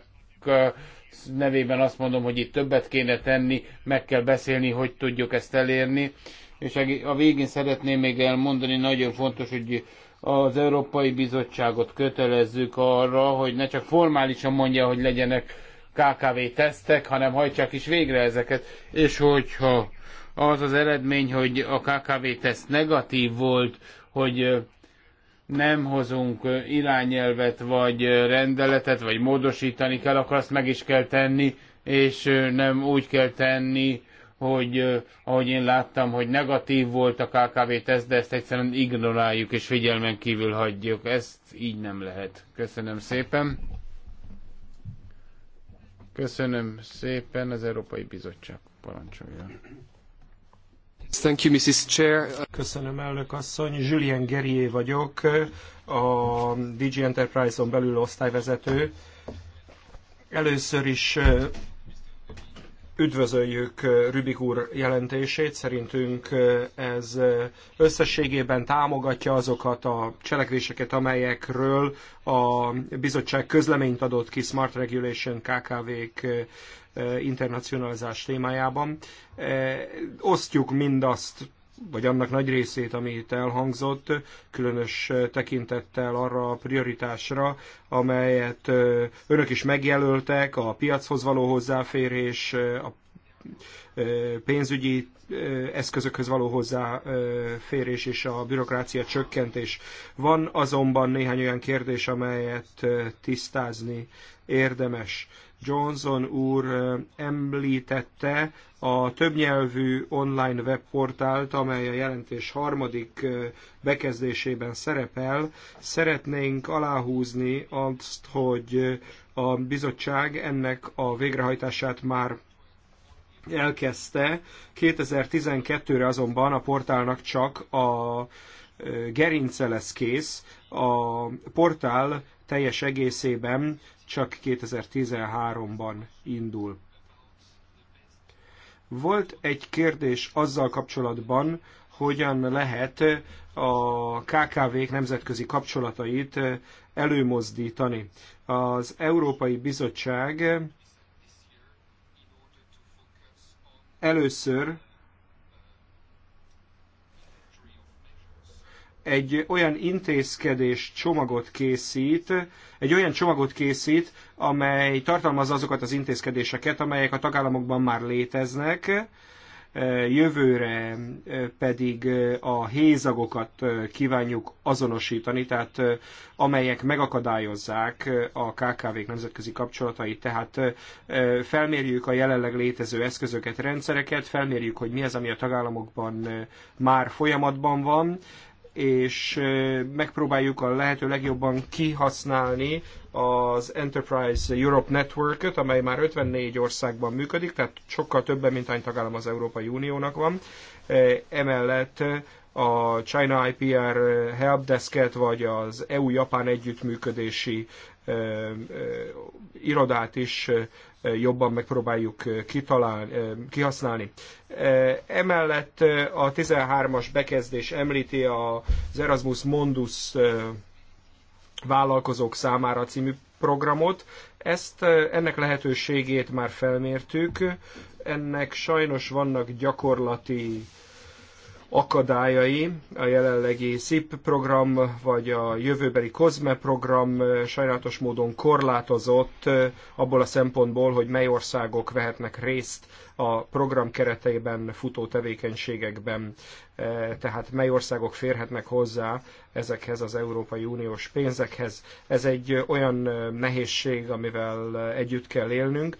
Speaker 2: nevében azt mondom, hogy itt többet kéne tenni, meg kell beszélni, hogy tudjuk ezt elérni. És a végén szeretném még elmondani, nagyon fontos, hogy az Európai Bizottságot kötelezzük arra, hogy ne csak formálisan mondja, hogy legyenek KKV-tesztek, hanem hajtsák is végre ezeket, és hogyha az az eredmény, hogy a KKV-teszt negatív volt, hogy nem hozunk irányelvet, vagy rendeletet, vagy módosítani kell, akkor azt meg is kell tenni, és nem úgy kell tenni, hogy ahogy én láttam, hogy negatív volt a KKV teszt, de ezt egyszerűen ignoráljuk és figyelmen kívül hagyjuk. Ezt így nem lehet. Köszönöm szépen. Köszönöm szépen az Európai Bizottság parancsolja.
Speaker 4: Thank you, Mrs. Chair. Köszönöm, elnök asszony. Julien Gerié vagyok, a DG Enterprise-on belül osztályvezető. Először is Üdvözöljük eh, Rübik úr jelentését, szerintünk eh, ez eh, összességében támogatja azokat a cselekvéseket, amelyekről a bizottság közleményt adott ki Smart Regulation KKV-k internacionalizás témájában. Osztjuk mindazt, vagy annak nagy részét, ami itt elhangzott, különös tekintettel arra a prioritásra, amelyet önök is megjelöltek, a piachoz való hozzáférés, a pénzügyi eszközökhöz való hozzáférés és a bürokrácia csökkentés. Van azonban néhány olyan kérdés, amelyet tisztázni érdemes. Johnson úr említette a többnyelvű online webportált, amely a jelentés harmadik bekezdésében szerepel. Szeretnénk aláhúzni azt, hogy a bizottság ennek a végrehajtását már elkezdte. 2012-re azonban a portálnak csak a gerince lesz kész. A portál teljes egészében csak 2013-ban indul. Volt egy kérdés azzal kapcsolatban, hogyan lehet a KKV-k nemzetközi kapcsolatait előmozdítani. Az Európai Bizottság először egy olyan intézkedés csomagot készít, egy olyan csomagot készít, amely tartalmazza azokat az intézkedéseket, amelyek a tagállamokban már léteznek, e, jövőre e, pedig e, a hézagokat kívánjuk azonosítani, tehát amelyek megakadályozzák a KKV-k nemzetközi kapcsolatait. Tehát felmérjük a jelenleg létező eszközöket, rendszereket, felmérjük, hogy mi az, ami a tagállamokban már folyamatban van, és megpróbáljuk a lehető legjobban kihasználni az Enterprise Europe Network-öt, amely már 54 országban működik, tehát sokkal többen, mint hány tagállam az Európai Uniónak van. Emellett a China IPR helpdesket, vagy az EU-Japán együttműködési irodát is jobban megpróbáljuk kitalálni, kihasználni. Emellett a 13-as bekezdés említi az Erasmus Mondus vállalkozók számára című programot. Ezt, ennek lehetőségét már felmértük. Ennek sajnos vannak gyakorlati akadályai, a jelenlegi SIP program, vagy a jövőbeli COSME program sajnálatos módon korlátozott abból a szempontból, hogy mely országok vehetnek részt a program keretében futó tevékenységekben, tehát mely országok férhetnek hozzá ezekhez az Európai Uniós pénzekhez. Ez egy olyan nehézség, amivel együtt kell élnünk.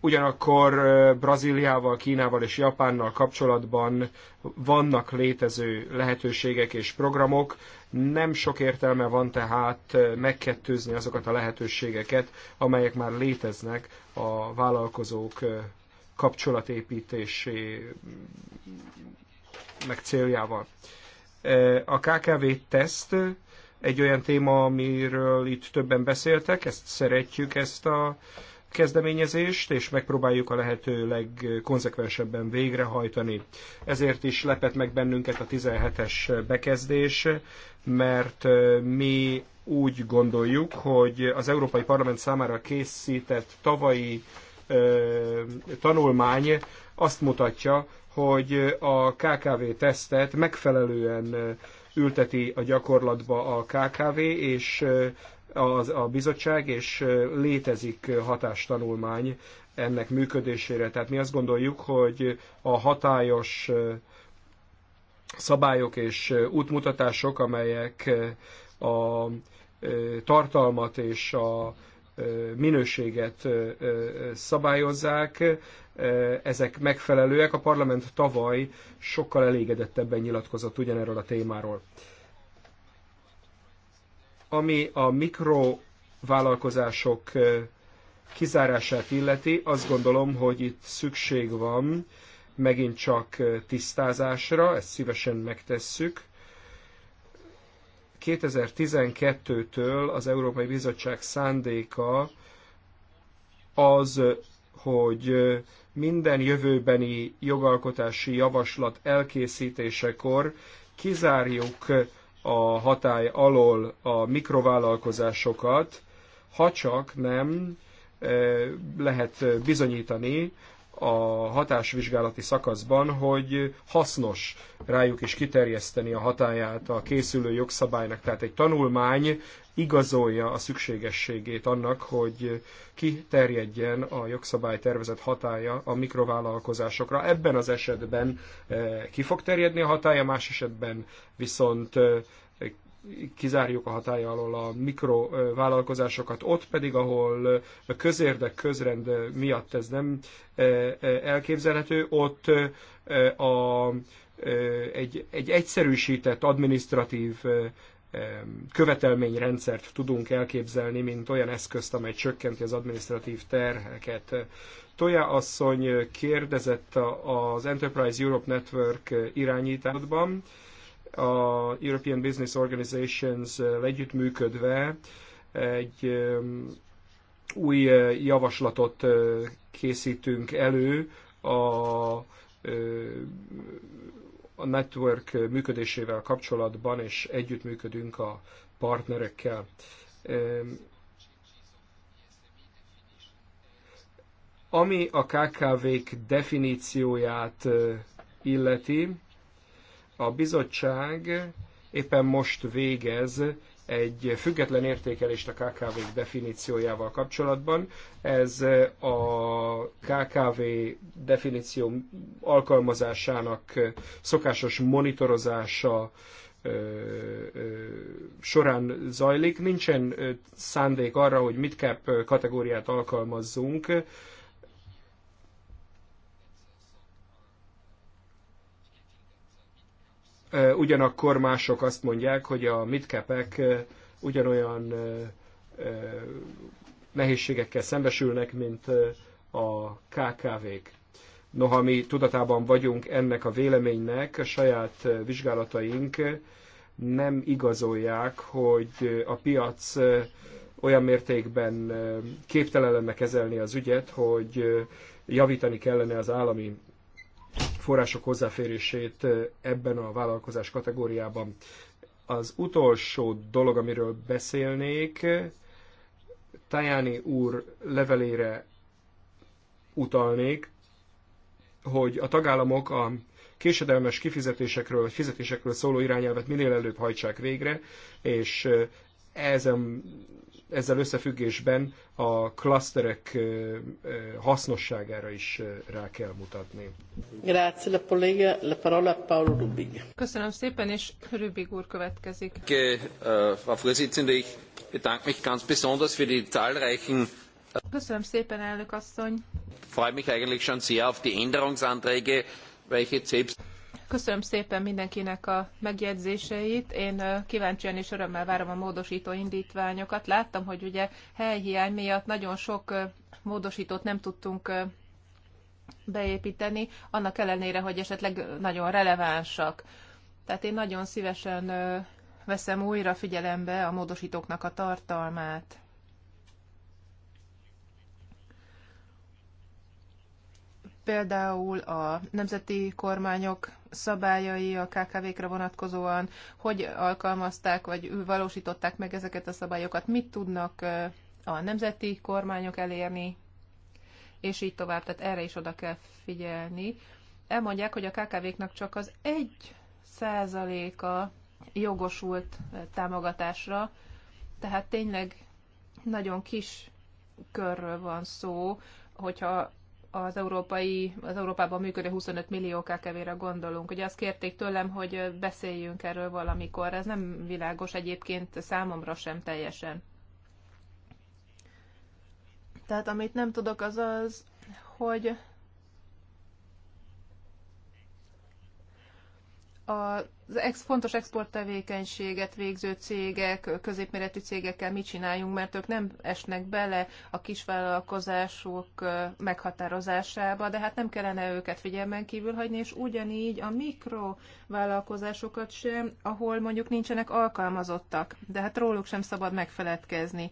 Speaker 4: Ugyanakkor Brazíliával, Kínával és Japánnal kapcsolatban vannak létező lehetőségek és programok. Nem sok értelme van tehát megkettőzni azokat a lehetőségeket, amelyek már léteznek a vállalkozók meg céljával. A KKV teszt egy olyan téma, amiről itt többen beszéltek, ezt szeretjük, ezt a kezdeményezést, és megpróbáljuk a lehető legkonzekvensebben végrehajtani. Ezért is lepett meg bennünket a 17-es bekezdés, mert mi úgy gondoljuk, hogy az Európai Parlament számára készített tavalyi ö, tanulmány azt mutatja, hogy a KKV tesztet megfelelően ülteti a gyakorlatba a KKV, és az, a bizottság, és létezik hatástanulmány ennek működésére. Tehát mi azt gondoljuk, hogy a hatályos szabályok és útmutatások, amelyek a tartalmat és a minőséget szabályozzák, ezek megfelelőek. A parlament tavaly sokkal elégedettebben nyilatkozott ugyanerről a témáról. Ami a mikrovállalkozások kizárását illeti, azt gondolom, hogy itt szükség van megint csak tisztázásra, ezt szívesen megtesszük. 2012-től az Európai Bizottság szándéka az, hogy minden jövőbeni jogalkotási javaslat elkészítésekor kizárjuk a hatály alól a mikrovállalkozásokat, ha csak nem e, lehet bizonyítani a hatásvizsgálati szakaszban, hogy hasznos rájuk is kiterjeszteni a hatáját a készülő jogszabálynak. Tehát egy tanulmány igazolja a szükségességét annak, hogy kiterjedjen a jogszabály tervezett hatája a mikrovállalkozásokra. Ebben az esetben eh, ki fog terjedni a hatája, más esetben viszont eh, kizárjuk a hatája alól a mikrovállalkozásokat, ott pedig, ahol a közérdek, közrend miatt ez nem eh, elképzelhető, ott a, egy, egy egyszerűsített adminisztratív követelményrendszert tudunk elképzelni, mint olyan eszközt, amely csökkenti az administratív terheket. Toja asszony kérdezett az Enterprise Europe Network irányításban, a European Business Organizations együttműködve egy új javaslatot készítünk elő a a network működésével kapcsolatban, és együttműködünk a partnerekkel. Ami a KKV-k definícióját illeti, a bizottság éppen most végez egy független értékelést a kkv definíciójával kapcsolatban. Ez a KKV definíció alkalmazásának szokásos monitorozása során zajlik. Nincsen szándék arra, hogy midcap kategóriát alkalmazzunk ugyanakkor mások azt mondják, hogy a midcapek ugyanolyan nehézségekkel szembesülnek, mint a KKV-k. Noha mi tudatában vagyunk ennek a véleménynek, a saját vizsgálataink nem igazolják, hogy a piac olyan mértékben képtelen lenne kezelni az ügyet, hogy javítani kellene az állami források hozzáférését ebben a vállalkozás kategóriában. Az utolsó dolog, amiről beszélnék, Tajani úr levelére utalnék, hogy a tagállamok a késedelmes kifizetésekről vagy fizetésekről szóló irányelvet minél előbb hajtsák végre, és ezen ezzel összefüggésben a klaszterek hasznosságára is rá kell mutatni. Grazie, la collega, la parola Paolo Rubig.
Speaker 1: Köszönöm szépen, és Rubig úr következik.
Speaker 4: Äh, Frau Vorsitzende, ich bedanke mich ganz besonders für die zahlreichen
Speaker 1: äh, Köszönöm szépen, elnök asszony.
Speaker 4: Freue mich eigentlich schon sehr auf die Änderungsanträge,
Speaker 3: welche selbst
Speaker 1: Köszönöm szépen mindenkinek a megjegyzéseit. Én kíváncsian és örömmel várom a módosító indítványokat. Láttam, hogy ugye helyhiány miatt nagyon sok módosítót nem tudtunk beépíteni, annak ellenére, hogy esetleg nagyon relevánsak. Tehát én nagyon szívesen veszem újra figyelembe a módosítóknak a tartalmát. Például a nemzeti kormányok szabályai a KKV-kra vonatkozóan, hogy alkalmazták vagy valósították meg ezeket a szabályokat, mit tudnak a nemzeti kormányok elérni, és így tovább, tehát erre is oda kell figyelni. Elmondják, hogy a KKV-knak csak az egy százaléka jogosult támogatásra, tehát tényleg nagyon kis körről van szó, hogyha az, európai, az Európában működő 25 millió kkv gondolunk. Ugye azt kérték tőlem, hogy beszéljünk erről valamikor. Ez nem világos egyébként számomra sem teljesen. Tehát amit nem tudok az az, hogy az ex, fontos exporttevékenységet végző cégek, középméretű cégekkel mit csináljunk, mert ők nem esnek bele a kisvállalkozások meghatározásába, de hát nem kellene őket figyelmen kívül hagyni, és ugyanígy a mikrovállalkozásokat sem, ahol mondjuk nincsenek alkalmazottak, de hát róluk sem szabad megfeledkezni.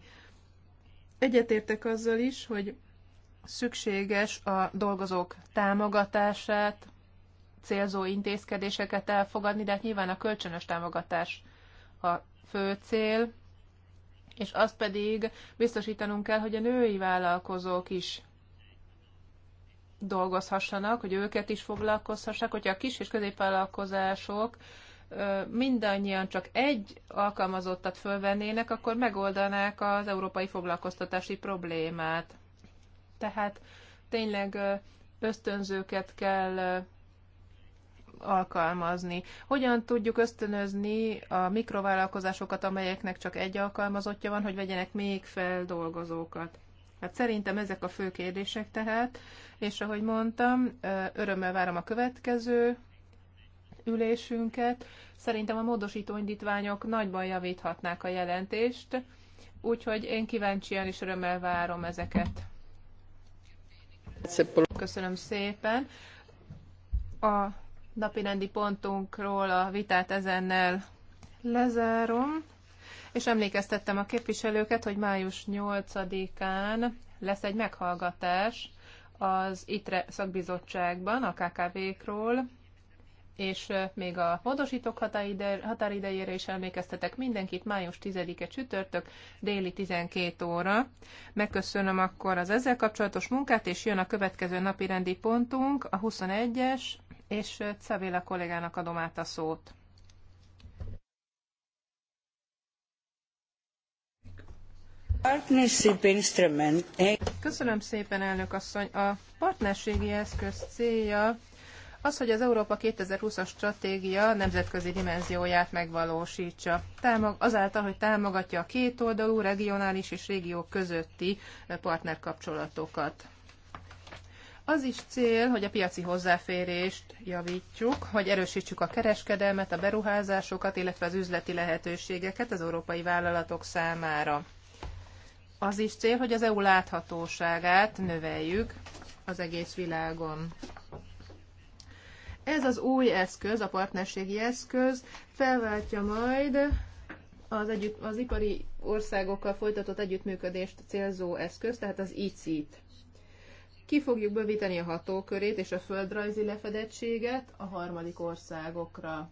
Speaker 1: Egyetértek azzal is, hogy szükséges a dolgozók támogatását célzó intézkedéseket elfogadni, de hát nyilván a kölcsönös támogatás a fő cél, és azt pedig biztosítanunk kell, hogy a női vállalkozók is dolgozhassanak, hogy őket is foglalkozhassák, hogyha a kis és középvállalkozások mindannyian csak egy alkalmazottat fölvennének, akkor megoldanák az európai foglalkoztatási problémát. Tehát tényleg ösztönzőket kell alkalmazni. Hogyan tudjuk ösztönözni a mikrovállalkozásokat, amelyeknek csak egy alkalmazottja van, hogy vegyenek még feldolgozókat? Hát szerintem ezek a fő kérdések tehát, és ahogy mondtam, örömmel várom a következő ülésünket. Szerintem a módosító indítványok nagyban javíthatnák a jelentést, úgyhogy én kíváncsian is örömmel várom ezeket. Köszönöm szépen. A napirendi pontunkról a vitát ezennel lezárom, és emlékeztettem a képviselőket, hogy május 8-án lesz egy meghallgatás az ITRE szakbizottságban a KKV-król, és még a módosítók határidejére is emlékeztetek mindenkit, május 10-e csütörtök, déli 12 óra. Megköszönöm akkor az ezzel kapcsolatos munkát, és jön a következő napi rendi pontunk, a 21-es, és Cavilla kollégának adom át a szót. Köszönöm szépen, elnök asszony. A partnerségi eszköz célja az, hogy az Európa 2020-as stratégia nemzetközi dimenzióját megvalósítsa, azáltal, hogy támogatja a kétoldalú, regionális és régiók közötti partnerkapcsolatokat. Az is cél, hogy a piaci hozzáférést javítjuk, hogy erősítsük a kereskedelmet, a beruházásokat, illetve az üzleti lehetőségeket az európai vállalatok számára. Az is cél, hogy az EU láthatóságát növeljük az egész világon. Ez az új eszköz, a partnerségi eszköz felváltja majd az, együtt, az ipari országokkal folytatott együttműködést célzó eszköz, tehát az ICIT. Ki fogjuk bővíteni a hatókörét és a földrajzi lefedettséget a harmadik országokra.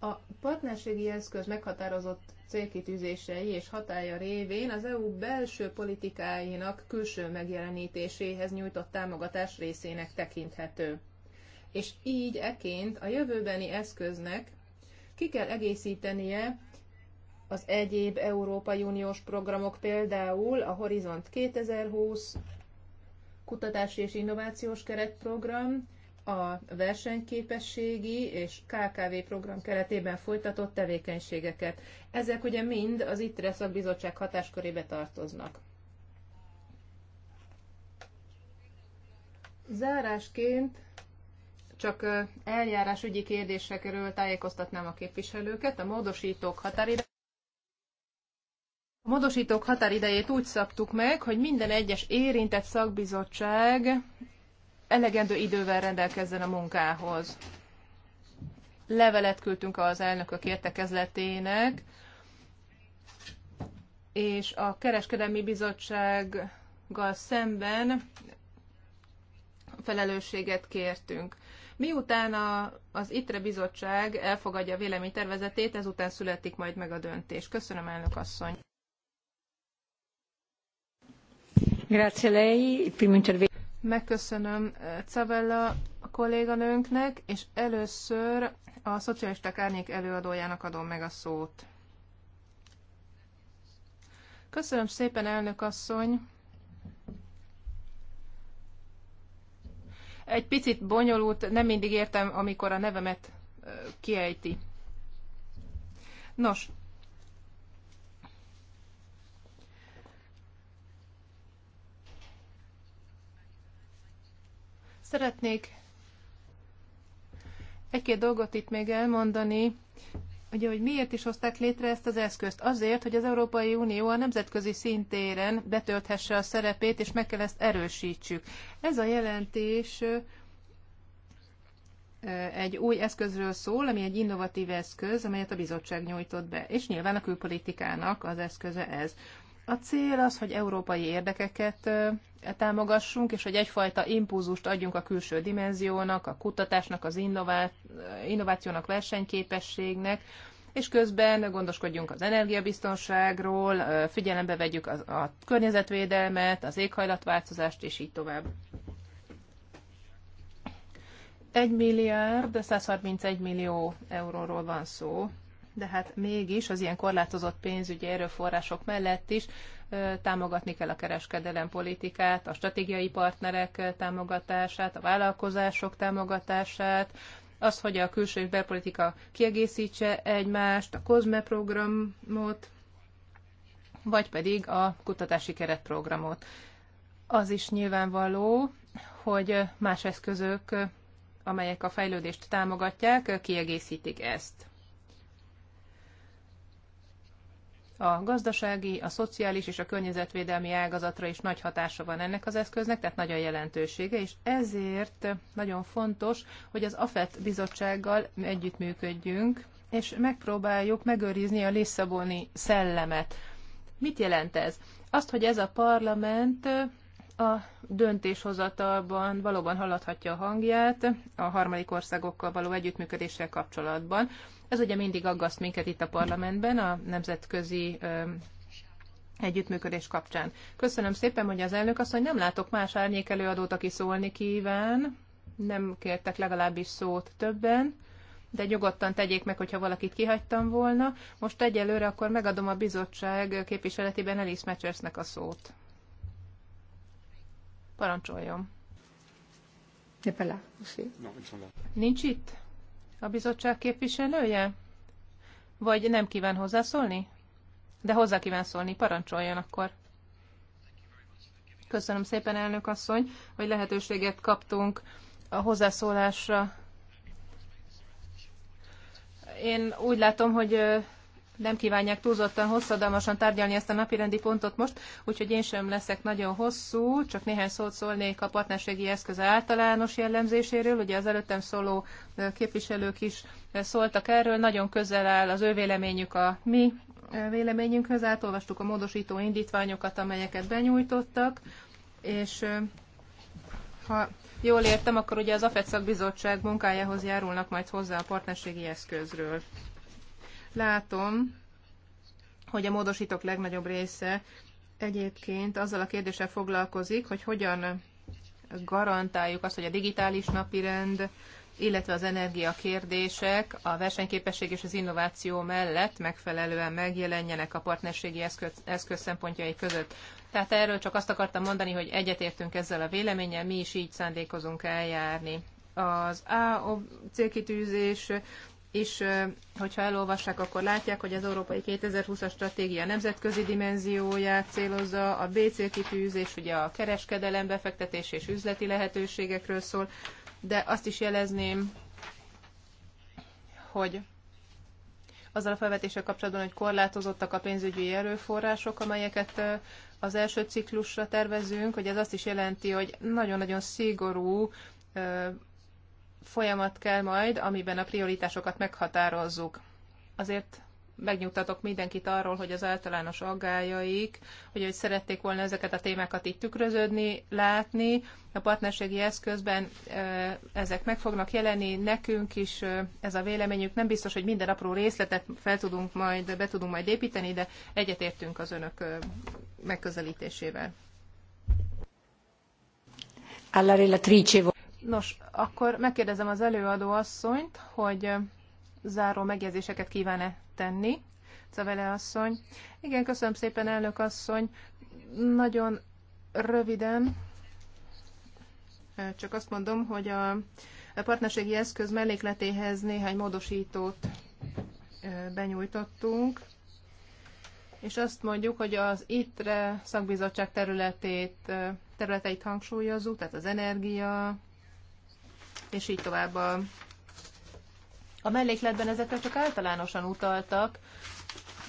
Speaker 1: A partnerségi eszköz meghatározott célkitűzései és hatája révén az EU belső politikáinak külső megjelenítéséhez nyújtott támogatás részének tekinthető. És így eként a jövőbeni eszköznek ki kell egészítenie az egyéb Európai Uniós programok, például a Horizont 2020, kutatási és innovációs keretprogram, a versenyképességi és KKV program keretében folytatott tevékenységeket. Ezek ugye mind az ITRE szakbizottság hatáskörébe tartoznak. Zárásként csak eljárásügyi kérdésekről tájékoztatnám a képviselőket. A módosítók határidő módosítók határidejét úgy szabtuk meg, hogy minden egyes érintett szakbizottság elegendő idővel rendelkezzen a munkához. Levelet küldtünk az elnökök értekezletének, és a kereskedelmi bizottsággal szemben felelősséget kértünk. Miután a, az ITRE bizottság elfogadja a véleménytervezetét, ezután születik majd meg a döntés. Köszönöm, elnök asszony! Megköszönöm tzavela eh, kolléganőnknek, és először a szocialisták árnyék előadójának adom meg a szót. Köszönöm szépen, elnök asszony! Egy picit bonyolult, nem mindig értem, amikor a nevemet eh, kiejti. Nos, Szeretnék egy-két dolgot itt még elmondani, ugye, hogy miért is hozták létre ezt az eszközt? Azért, hogy az Európai Unió a nemzetközi szintéren betölthesse a szerepét, és meg kell ezt erősítsük. Ez a jelentés egy új eszközről szól, ami egy innovatív eszköz, amelyet a bizottság nyújtott be, és nyilván a külpolitikának az eszköze ez. A cél az, hogy európai érdekeket támogassunk, és hogy egyfajta impulzust adjunk a külső dimenziónak, a kutatásnak, az innová... innovációnak, versenyképességnek, és közben gondoskodjunk az energiabiztonságról, figyelembe vegyük a, a környezetvédelmet, az éghajlatváltozást, és így tovább. 1 milliárd 131 millió euróról van szó de hát mégis az ilyen korlátozott pénzügyi erőforrások mellett is támogatni kell a kereskedelem politikát, a stratégiai partnerek támogatását, a vállalkozások támogatását, az, hogy a külső és belpolitika kiegészítse egymást, a COSME programot, vagy pedig a kutatási keretprogramot. Az is nyilvánvaló, hogy más eszközök, amelyek a fejlődést támogatják, kiegészítik ezt. a gazdasági, a szociális és a környezetvédelmi ágazatra is nagy hatása van ennek az eszköznek, tehát nagy a jelentősége, és ezért nagyon fontos, hogy az AFET bizottsággal együttműködjünk, és megpróbáljuk megőrizni a Lisszaboni szellemet. Mit jelent ez? Azt, hogy ez a parlament a döntéshozatalban valóban hallathatja a hangját a harmadik országokkal való együttműködéssel kapcsolatban. Ez ugye mindig aggaszt minket itt a parlamentben, a nemzetközi együttműködés kapcsán. Köszönöm szépen, hogy az elnök azt, hogy nem látok más árnyékelőadót, aki szólni kíván. Nem kértek legalábbis szót többen, de nyugodtan tegyék meg, hogyha valakit kihagytam volna. Most egyelőre akkor megadom a bizottság képviseletében Elis Matchersnek a szót. Parancsoljon. Nincs itt? a bizottság képviselője? Vagy nem kíván hozzászólni? De hozzá kíván szólni, parancsoljon akkor. Köszönöm szépen, elnök asszony, hogy lehetőséget kaptunk a hozzászólásra. Én úgy látom, hogy nem kívánják túlzottan hosszadalmasan tárgyalni ezt a napirendi pontot most, úgyhogy én sem leszek nagyon hosszú, csak néhány szót szólnék a partnerségi eszköz általános jellemzéséről. Ugye az előttem szóló képviselők is szóltak erről, nagyon közel áll az ő véleményük a mi véleményünkhöz. Átolvastuk a módosító indítványokat, amelyeket benyújtottak, és ha jól értem, akkor ugye az AFET szakbizottság munkájához járulnak majd hozzá a partnerségi eszközről Látom, hogy a módosítók legnagyobb része egyébként azzal a kérdéssel foglalkozik, hogy hogyan garantáljuk azt, hogy a digitális napirend, illetve az energia kérdések a versenyképesség és az innováció mellett megfelelően megjelenjenek a partnerségi eszköz, eszköz szempontjai között. Tehát erről csak azt akartam mondani, hogy egyetértünk ezzel a véleménnyel, mi is így szándékozunk eljárni. Az A célkitűzés és hogyha elolvassák, akkor látják, hogy az Európai 2020-as stratégia nemzetközi dimenzióját célozza, a BC kitűzés, ugye a kereskedelem, befektetés és üzleti lehetőségekről szól, de azt is jelezném, hogy azzal a felvetéssel kapcsolatban, hogy korlátozottak a pénzügyi erőforrások, amelyeket az első ciklusra tervezünk, hogy ez azt is jelenti, hogy nagyon-nagyon szigorú folyamat kell majd, amiben a prioritásokat meghatározzuk. Azért megnyugtatok mindenkit arról, hogy az általános aggájaik, hogy, hogy szerették volna ezeket a témákat itt tükröződni, látni. A partnerségi eszközben ezek meg fognak jelenni, nekünk is ez a véleményük. Nem biztos, hogy minden apró részletet fel tudunk majd, be tudunk majd építeni, de egyetértünk az önök megközelítésével. Alla relatrice. Nos, akkor megkérdezem az előadó asszonyt, hogy záró megjegyzéseket kíván-e tenni. Cavele asszony. Igen, köszönöm szépen, elnök asszony. Nagyon röviden, csak azt mondom, hogy a partnerségi eszköz mellékletéhez néhány módosítót benyújtottunk, és azt mondjuk, hogy az ITRE szakbizottság területét, területeit hangsúlyozunk, tehát az energia, és így tovább. A, a mellékletben ezekre csak általánosan utaltak,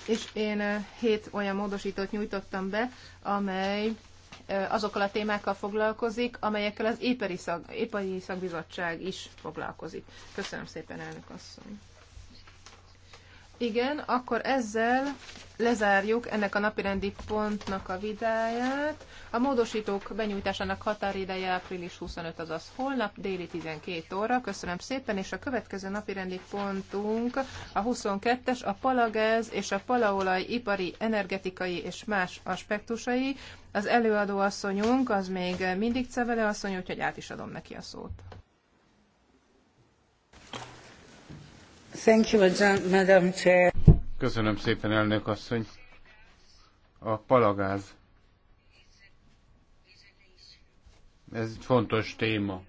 Speaker 1: és én eh, hét olyan módosítót nyújtottam be, amely eh, azokkal a témákkal foglalkozik, amelyekkel az Éperi, Szag, Éperi szakbizottság is foglalkozik. Köszönöm szépen, elnök asszony! Igen, akkor ezzel lezárjuk ennek a napirendi pontnak a vidáját. A módosítók benyújtásának határideje április 25, azaz holnap déli 12 óra. Köszönöm szépen, és a következő napirendi pontunk a 22-es, a palagáz és a palaolaj ipari, energetikai és más aspektusai. Az előadó asszonyunk az még mindig Cevele asszony, úgyhogy át is adom neki a szót.
Speaker 2: Köszönöm szépen, elnök asszony. A palagáz. Ez egy fontos téma.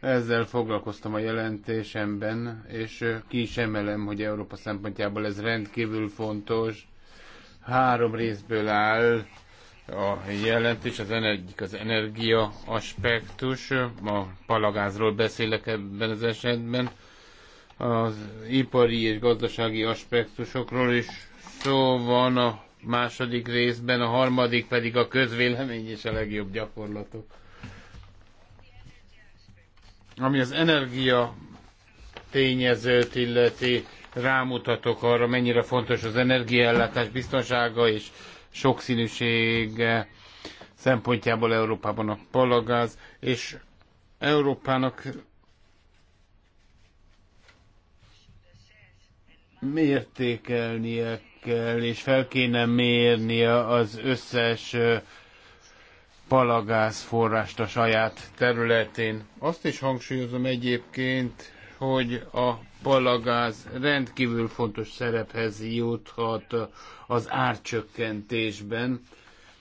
Speaker 2: Ezzel foglalkoztam a jelentésemben, és ki is emelem, hogy Európa szempontjából ez rendkívül fontos. Három részből áll a jelentés, az egyik az energia aspektus, a palagázról beszélek ebben az esetben, az ipari és gazdasági aspektusokról is szó van a második részben, a harmadik pedig a közvélemény és a legjobb gyakorlatok. Ami az energia tényezőt illeti, rámutatok arra, mennyire fontos az energiaellátás biztonsága és sokszínűsége szempontjából Európában a palagáz, és Európának mértékelnie kell, és fel kéne mérnie az összes palagáz forrást a saját területén. Azt is hangsúlyozom egyébként, hogy a palagáz rendkívül fontos szerephez juthat az árcsökkentésben.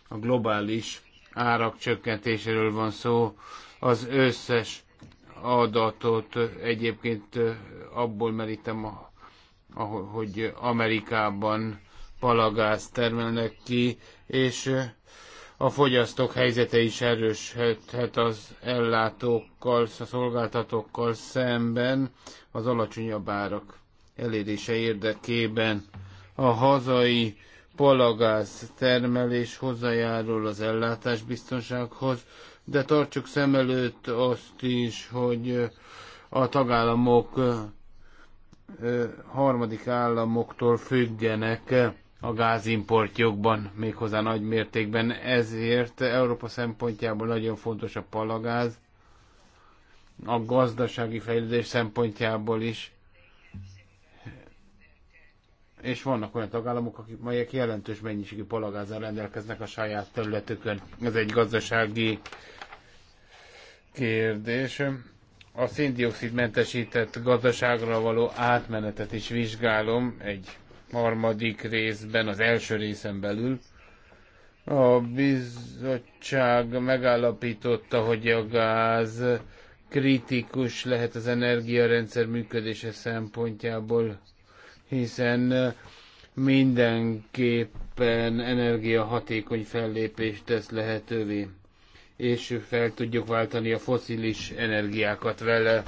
Speaker 2: A globális árak csökkentéséről van szó. Az összes adatot egyébként abból merítem a hogy Amerikában palagázt termelnek ki, és a fogyasztók helyzete is erősödhet az ellátókkal, a szolgáltatókkal szemben az alacsonyabb árak elérése érdekében. A hazai palagáz termelés hozzájárul az ellátás biztonsághoz, de tartsuk szem előtt azt is, hogy a tagállamok harmadik államoktól függenek a gázimportjukban, méghozzá nagy mértékben. Ezért Európa szempontjából nagyon fontos a palagáz, a gazdasági fejlődés szempontjából is. És vannak olyan tagállamok, akik, melyek jelentős mennyiségű palagázzal rendelkeznek a saját területükön. Ez egy gazdasági kérdés a széndiokszidmentesített gazdaságra való átmenetet is vizsgálom egy harmadik részben, az első részen belül. A bizottság megállapította, hogy a gáz kritikus lehet az energiarendszer működése szempontjából, hiszen mindenképpen energiahatékony fellépést tesz lehetővé és fel tudjuk váltani a foszilis energiákat vele,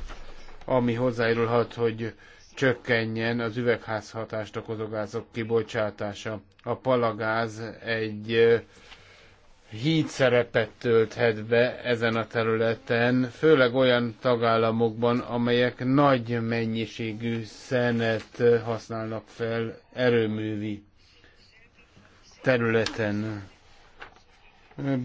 Speaker 2: ami hozzájárulhat, hogy csökkenjen az üvegházhatást okozó gázok kibocsátása. A palagáz egy híd szerepet tölthet be ezen a területen, főleg olyan tagállamokban, amelyek nagy mennyiségű szenet használnak fel erőművi területen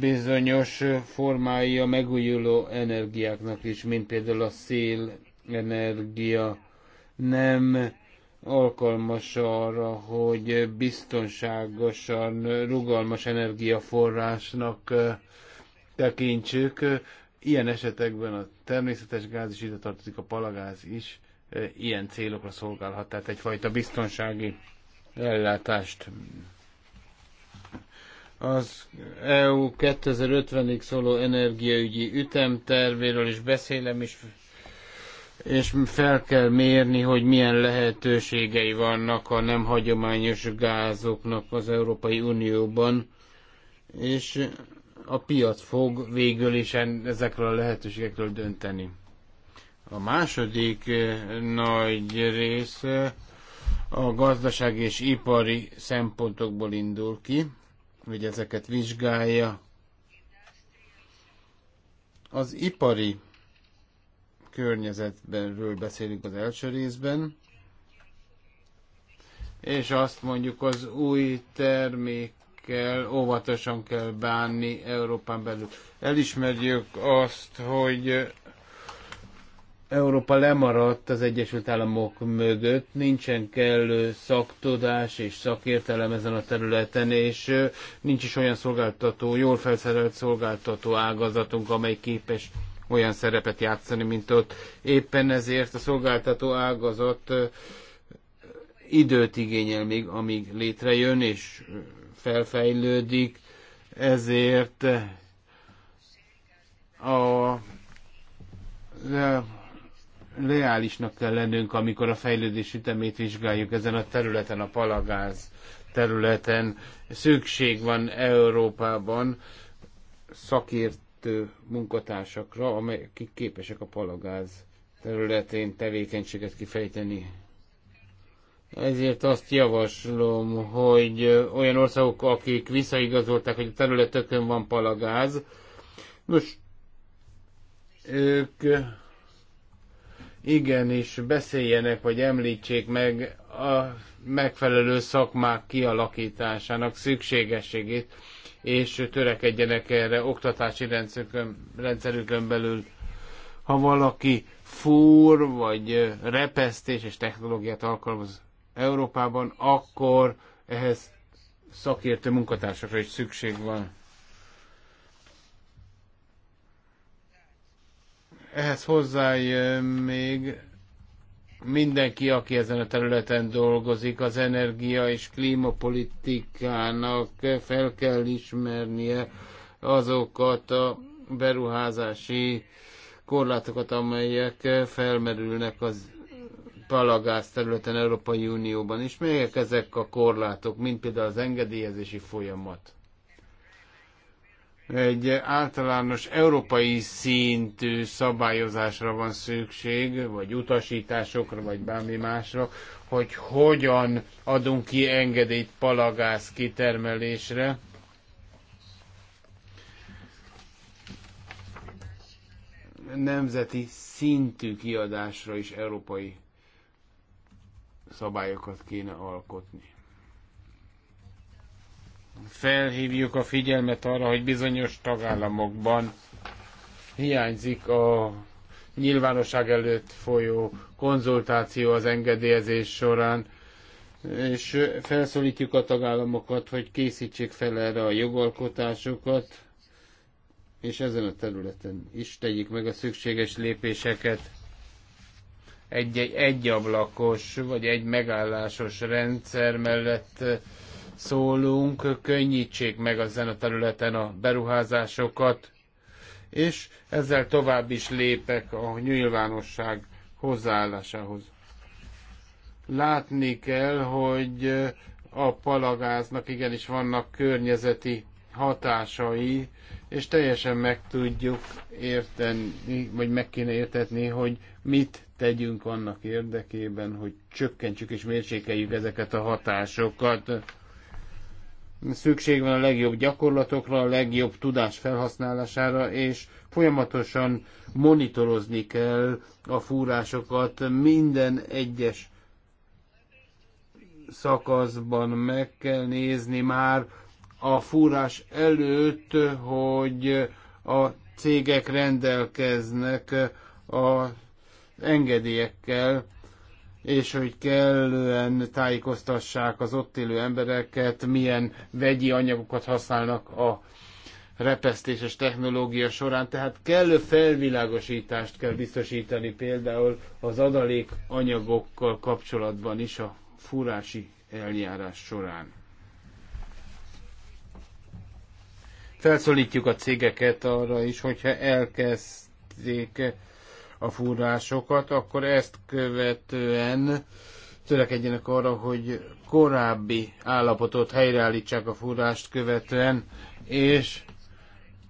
Speaker 2: bizonyos formái a megújuló energiáknak is, mint például a szélenergia nem alkalmas arra, hogy biztonságosan, rugalmas energiaforrásnak eh, tekintsük. Ilyen esetekben a természetes gáz is ide tartozik, a palagáz is eh, ilyen célokra szolgálhat, tehát egyfajta biztonsági ellátást az EU 2050-ig szóló energiaügyi ütemtervéről is beszélem, és, és fel kell mérni, hogy milyen lehetőségei vannak a nem hagyományos gázoknak az Európai Unióban, és a piac fog végül is ezekről a lehetőségekről dönteni. A második eh, nagy rész eh, a gazdaság és ipari szempontokból indul ki vagy ezeket vizsgálja. Az ipari környezetbenről beszélünk az első részben, és azt mondjuk az új termékkel óvatosan kell bánni Európán belül. Elismerjük azt, hogy Európa lemaradt az Egyesült Államok mögött, nincsen kellő szaktudás és szakértelem ezen a területen, és nincs is olyan szolgáltató, jól felszerelt szolgáltató ágazatunk, amely képes olyan szerepet játszani, mint ott. Éppen ezért a szolgáltató ágazat időt igényel még, amíg létrejön és felfejlődik, ezért a reálisnak kell lennünk, amikor a fejlődés ütemét vizsgáljuk ezen a területen, a palagáz területen. Szükség van Európában szakértő munkatársakra, akik képesek a palagáz területén tevékenységet kifejteni. Ezért azt javaslom, hogy olyan országok, akik visszaigazolták, hogy a területökön van palagáz, most ők igenis beszéljenek vagy említsék meg a megfelelő szakmák kialakításának szükségességét, és törekedjenek erre oktatási rendszerükön, rendszerükön belül. Ha valaki fúr vagy repesztés és technológiát alkalmaz Európában, akkor ehhez szakértő munkatársakra is szükség van. Ehhez hozzájön még mindenki, aki ezen a területen dolgozik, az energia és klímapolitikának fel kell ismernie azokat a beruházási korlátokat, amelyek felmerülnek az palagáz területen Európai Unióban is. Melyek ezek a korlátok, mint például az engedélyezési folyamat? egy általános európai szintű szabályozásra van szükség, vagy utasításokra, vagy bármi másra, hogy hogyan adunk ki engedélyt palagáz kitermelésre. Nemzeti szintű kiadásra is európai szabályokat kéne alkotni felhívjuk a figyelmet arra, hogy bizonyos tagállamokban hiányzik a nyilvánosság előtt folyó konzultáció az engedélyezés során, és felszólítjuk a tagállamokat, hogy készítsék fel erre a jogalkotásokat, és ezen a területen is tegyék meg a szükséges lépéseket. Egy, egy, egy ablakos vagy egy megállásos rendszer mellett szólunk, könnyítsék meg ezen a területen a beruházásokat, és ezzel tovább is lépek a nyilvánosság hozzáállásához. Látni kell, hogy a palagáznak igenis vannak környezeti hatásai, és teljesen meg tudjuk érteni, vagy meg kéne értetni, hogy mit tegyünk annak érdekében, hogy csökkentsük és mérsékeljük ezeket a hatásokat. Szükség van a legjobb gyakorlatokra, a legjobb tudás felhasználására, és folyamatosan monitorozni kell a fúrásokat minden egyes szakaszban meg kell nézni már a fúrás előtt, hogy a cégek rendelkeznek a engedélyekkel, és hogy kellően tájékoztassák az ott élő embereket, milyen vegyi anyagokat használnak a repesztéses technológia során, tehát kellő felvilágosítást kell biztosítani például az adalék anyagokkal kapcsolatban is a fúrási eljárás során. Felszólítjuk a cégeket arra is, hogyha elkezdték a forrásokat, akkor ezt követően törekedjenek arra, hogy korábbi állapotot helyreállítsák a forrást követően, és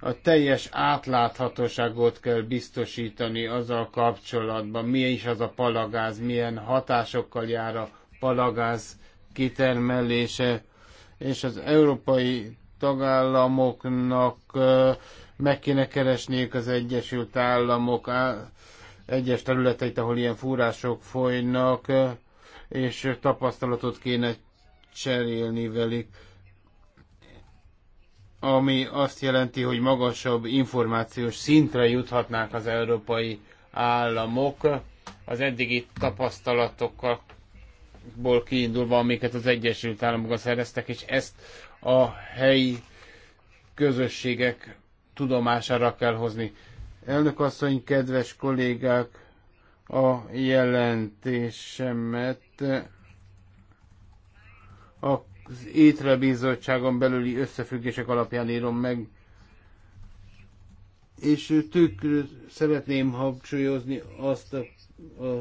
Speaker 2: a teljes átláthatóságot kell biztosítani azzal kapcsolatban, mi is az a palagáz, milyen hatásokkal jár a palagáz kitermelése, és az európai tagállamoknak meg kéne keresniük az Egyesült Államok egyes területeit, ahol ilyen fúrások folynak, és tapasztalatot kéne cserélni velük ami azt jelenti, hogy magasabb információs szintre juthatnák az európai államok az eddigi tapasztalatokból kiindulva, amiket az Egyesült Államokban szereztek, és ezt a helyi közösségek tudomására kell hozni. Elnök asszony, kedves kollégák, a jelentésemet az Étre Bizottságon belüli összefüggések alapján írom meg, és tükröz, szeretném hangsúlyozni azt a, a,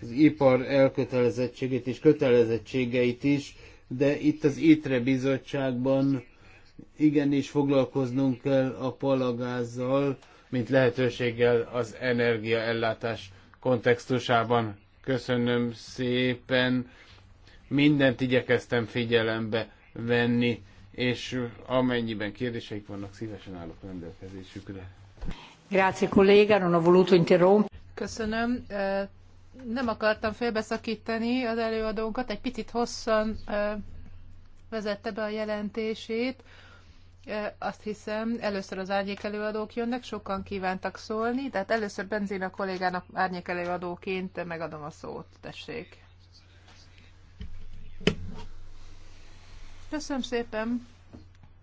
Speaker 2: az ipar elkötelezettségét és kötelezettségeit is, de itt az Étre Bizottságban igenis foglalkoznunk kell a palagázzal, mint lehetőséggel az energiaellátás kontextusában. Köszönöm szépen, mindent igyekeztem figyelembe venni, és amennyiben kérdéseik vannak, szívesen állok rendelkezésükre.
Speaker 1: Grazie collega, non ho voluto Köszönöm. Nem akartam félbeszakítani az előadónkat, egy picit hosszan vezette be a jelentését. Azt hiszem, először az árnyék előadók jönnek, sokan kívántak szólni, tehát először Benzin a kollégának árnyék előadóként megadom a szót, tessék. Köszönöm szépen,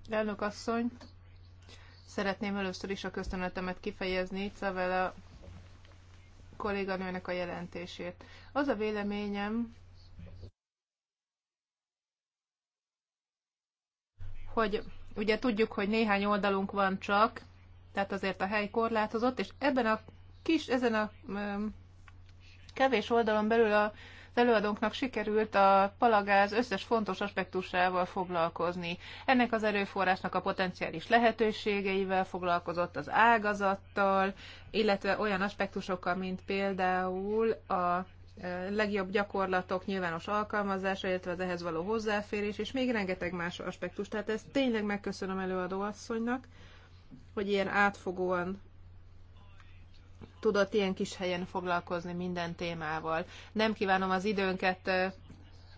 Speaker 1: elnök asszony. Szeretném először is a köszönetemet kifejezni a kolléganőnek a jelentését. Az a véleményem, hogy Ugye tudjuk, hogy néhány oldalunk van csak, tehát azért a hely korlátozott, és ebben a kis, ezen a kevés oldalon belül a az előadónknak sikerült a palagáz összes fontos aspektusával foglalkozni. Ennek az erőforrásnak a potenciális lehetőségeivel foglalkozott az ágazattal, illetve olyan aspektusokkal, mint például a legjobb gyakorlatok nyilvános alkalmazása, illetve az ehhez való hozzáférés, és még rengeteg más aspektus. Tehát ezt tényleg megköszönöm előadóasszonynak, hogy ilyen átfogóan tudott ilyen kis helyen foglalkozni minden témával. Nem kívánom az időnket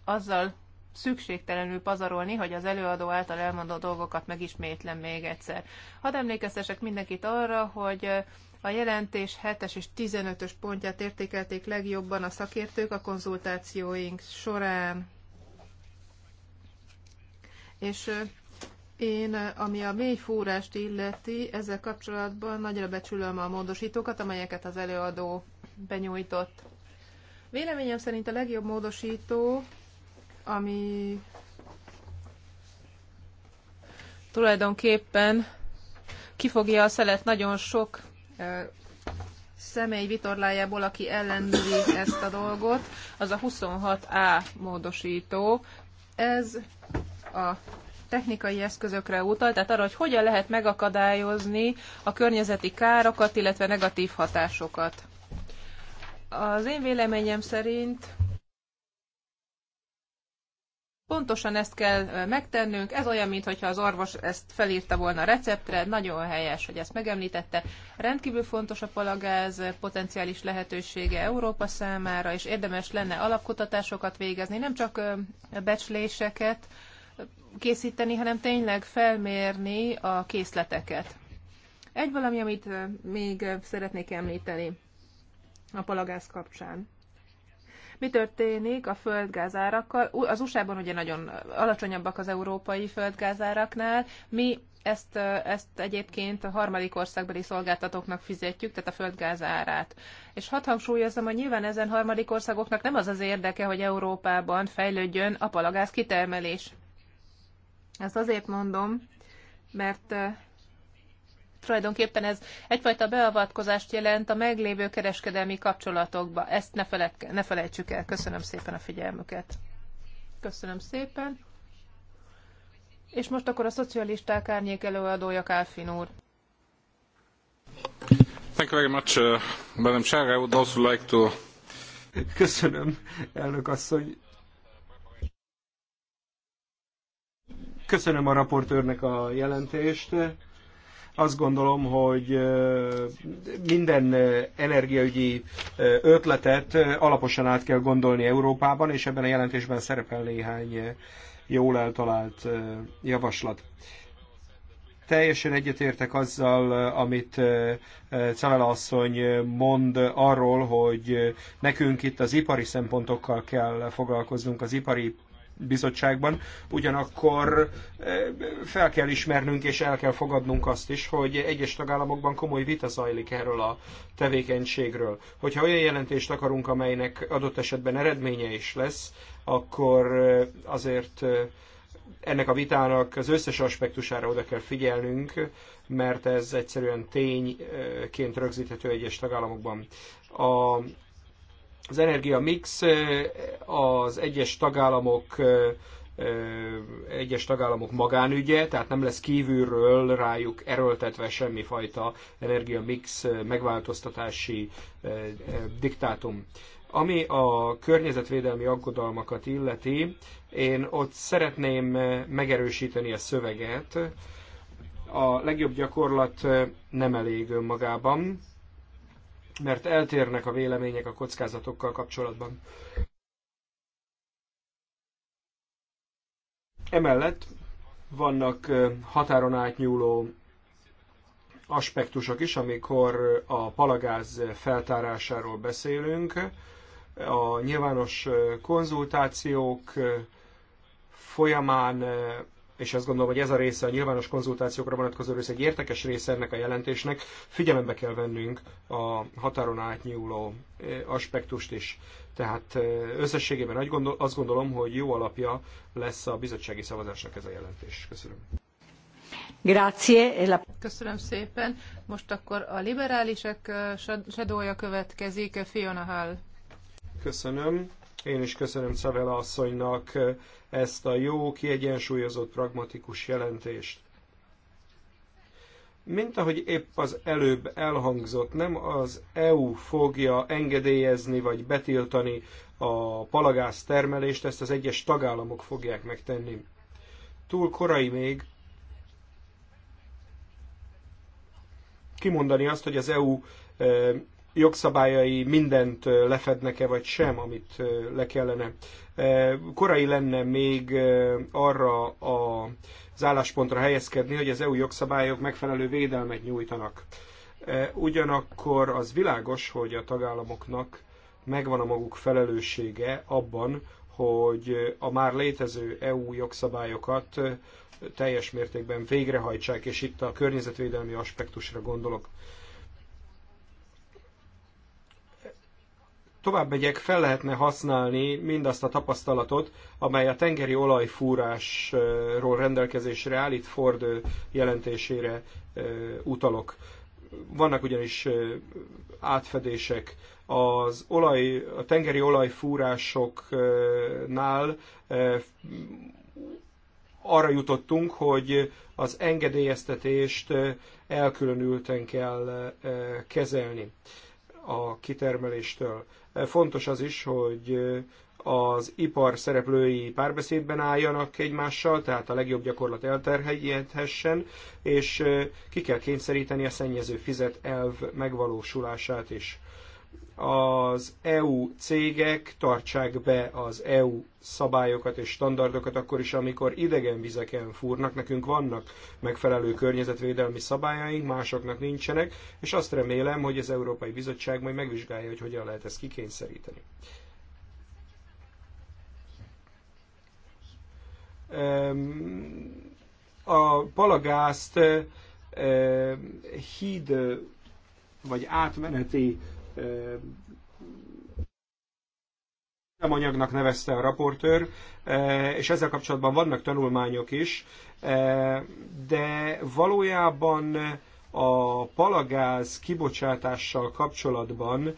Speaker 1: azzal szükségtelenül pazarolni, hogy az előadó által elmondott dolgokat megismétlem még egyszer. Hadd emlékeztesek mindenkit arra, hogy a jelentés 7-es és 15-ös pontját értékelték legjobban a szakértők a konzultációink során. És én, ami a mélyfúrást illeti, ezzel kapcsolatban nagyra becsülöm a módosítókat, amelyeket az előadó benyújtott. Véleményem szerint a legjobb módosító, ami tulajdonképpen kifogja a szelet nagyon sok személy vitorlájából, aki ellenzi ezt a dolgot, az a 26A módosító. Ez a technikai eszközökre utal, tehát arra, hogy hogyan lehet megakadályozni a környezeti károkat, illetve negatív hatásokat. Az én véleményem szerint Pontosan ezt kell megtennünk, ez olyan, mintha az orvos ezt felírta volna a receptre, nagyon helyes, hogy ezt megemlítette. Rendkívül fontos a palagáz potenciális lehetősége Európa számára, és érdemes lenne alapkutatásokat végezni, nem csak becsléseket készíteni, hanem tényleg felmérni a készleteket. Egy valami, amit még szeretnék említeni a palagáz kapcsán. Mi történik a földgázárakkal? Az USA-ban ugye nagyon alacsonyabbak az európai földgázáraknál. Mi ezt, ezt egyébként a harmadik országbeli szolgáltatóknak fizetjük, tehát a földgáz árát. És hadd hangsúlyozom, hogy nyilván ezen harmadik országoknak nem az az érdeke, hogy Európában fejlődjön a palagáz kitermelés. Ezt azért mondom, mert tulajdonképpen ez egyfajta beavatkozást jelent a meglévő kereskedelmi kapcsolatokba. Ezt ne, feled, ne felejtsük el. Köszönöm szépen a figyelmüket. Köszönöm szépen. És most akkor a szocialisták árnyék előadója Kálfin úr.
Speaker 3: Thank you very much, uh, Madam Chair. I would also like to...
Speaker 4: Köszönöm, elnök asszony. Köszönöm a raportőrnek a jelentést. Azt gondolom, hogy minden energiaügyi ötletet alaposan át kell gondolni Európában, és ebben a jelentésben szerepel néhány jól eltalált javaslat teljesen egyetértek azzal, amit Cavela asszony mond arról, hogy nekünk itt az ipari szempontokkal kell foglalkoznunk, az ipari bizottságban, ugyanakkor eh, fel kell ismernünk és el kell fogadnunk azt is, hogy egyes tagállamokban komoly vita zajlik erről a tevékenységről. Hogyha olyan jelentést akarunk, amelynek adott esetben eredménye is lesz, akkor eh, azért eh, ennek a vitának az összes aspektusára oda kell figyelnünk, mert ez egyszerűen tényként rögzíthető egyes tagállamokban. A az energia mix az egyes tagállamok egyes tagállamok magánügye, tehát nem lesz kívülről rájuk erőltetve semmifajta energiamix megváltoztatási diktátum. Ami a környezetvédelmi aggodalmakat illeti, én ott szeretném megerősíteni a szöveget. A legjobb gyakorlat nem elég önmagában, mert eltérnek a vélemények a kockázatokkal kapcsolatban. Emellett vannak határon átnyúló aspektusok is, amikor a palagáz feltárásáról beszélünk. A nyilvános konzultációk folyamán és azt gondolom, hogy ez a része a nyilvános konzultációkra vonatkozó része egy értekes része ennek a jelentésnek, figyelembe kell vennünk a határon átnyúló aspektust is. Tehát összességében azt, gondolom, hogy jó alapja lesz a bizottsági szavazásnak ez a jelentés. Köszönöm.
Speaker 1: Grazie. E Köszönöm szépen. Most akkor a liberálisek shadowja következik, Fiona Hall.
Speaker 4: Köszönöm. Én is köszönöm Szavela asszonynak ezt a jó, kiegyensúlyozott, pragmatikus jelentést. Mint ahogy épp az előbb elhangzott, nem az EU fogja engedélyezni vagy betiltani a palagáz termelést, ezt az egyes tagállamok fogják megtenni. Túl korai még kimondani azt, hogy az EU eh, jogszabályai mindent lefednek-e vagy sem, amit le kellene. Korai lenne még arra az álláspontra helyezkedni, hogy az EU jogszabályok megfelelő védelmet nyújtanak. Ugyanakkor az világos, hogy a tagállamoknak megvan a maguk felelőssége abban, hogy a már létező EU jogszabályokat teljes mértékben végrehajtsák, és itt a környezetvédelmi aspektusra gondolok. tovább megyek, fel lehetne használni mindazt a tapasztalatot, amely a tengeri olajfúrásról rendelkezésre áll, itt Ford jelentésére utalok. Vannak ugyanis átfedések az olaj, a tengeri olajfúrásoknál arra jutottunk, hogy az engedélyeztetést elkülönülten kell kezelni a kitermeléstől. Fontos az is, hogy az ipar szereplői párbeszédben álljanak egymással, tehát a legjobb gyakorlat elterhelhessen, és ki kell kényszeríteni a szennyező fizet elv megvalósulását is az EU cégek tartsák be az EU szabályokat és standardokat, akkor is, amikor idegen vizeken fúrnak, nekünk vannak megfelelő környezetvédelmi szabályaink, másoknak nincsenek, és azt remélem, hogy az Európai Bizottság majd megvizsgálja, hogy hogyan lehet ezt kikényszeríteni. A palagázt híd vagy átmeneti nem anyagnak nevezte a raportőr, és ezzel kapcsolatban vannak tanulmányok is, de valójában a palagáz kibocsátással kapcsolatban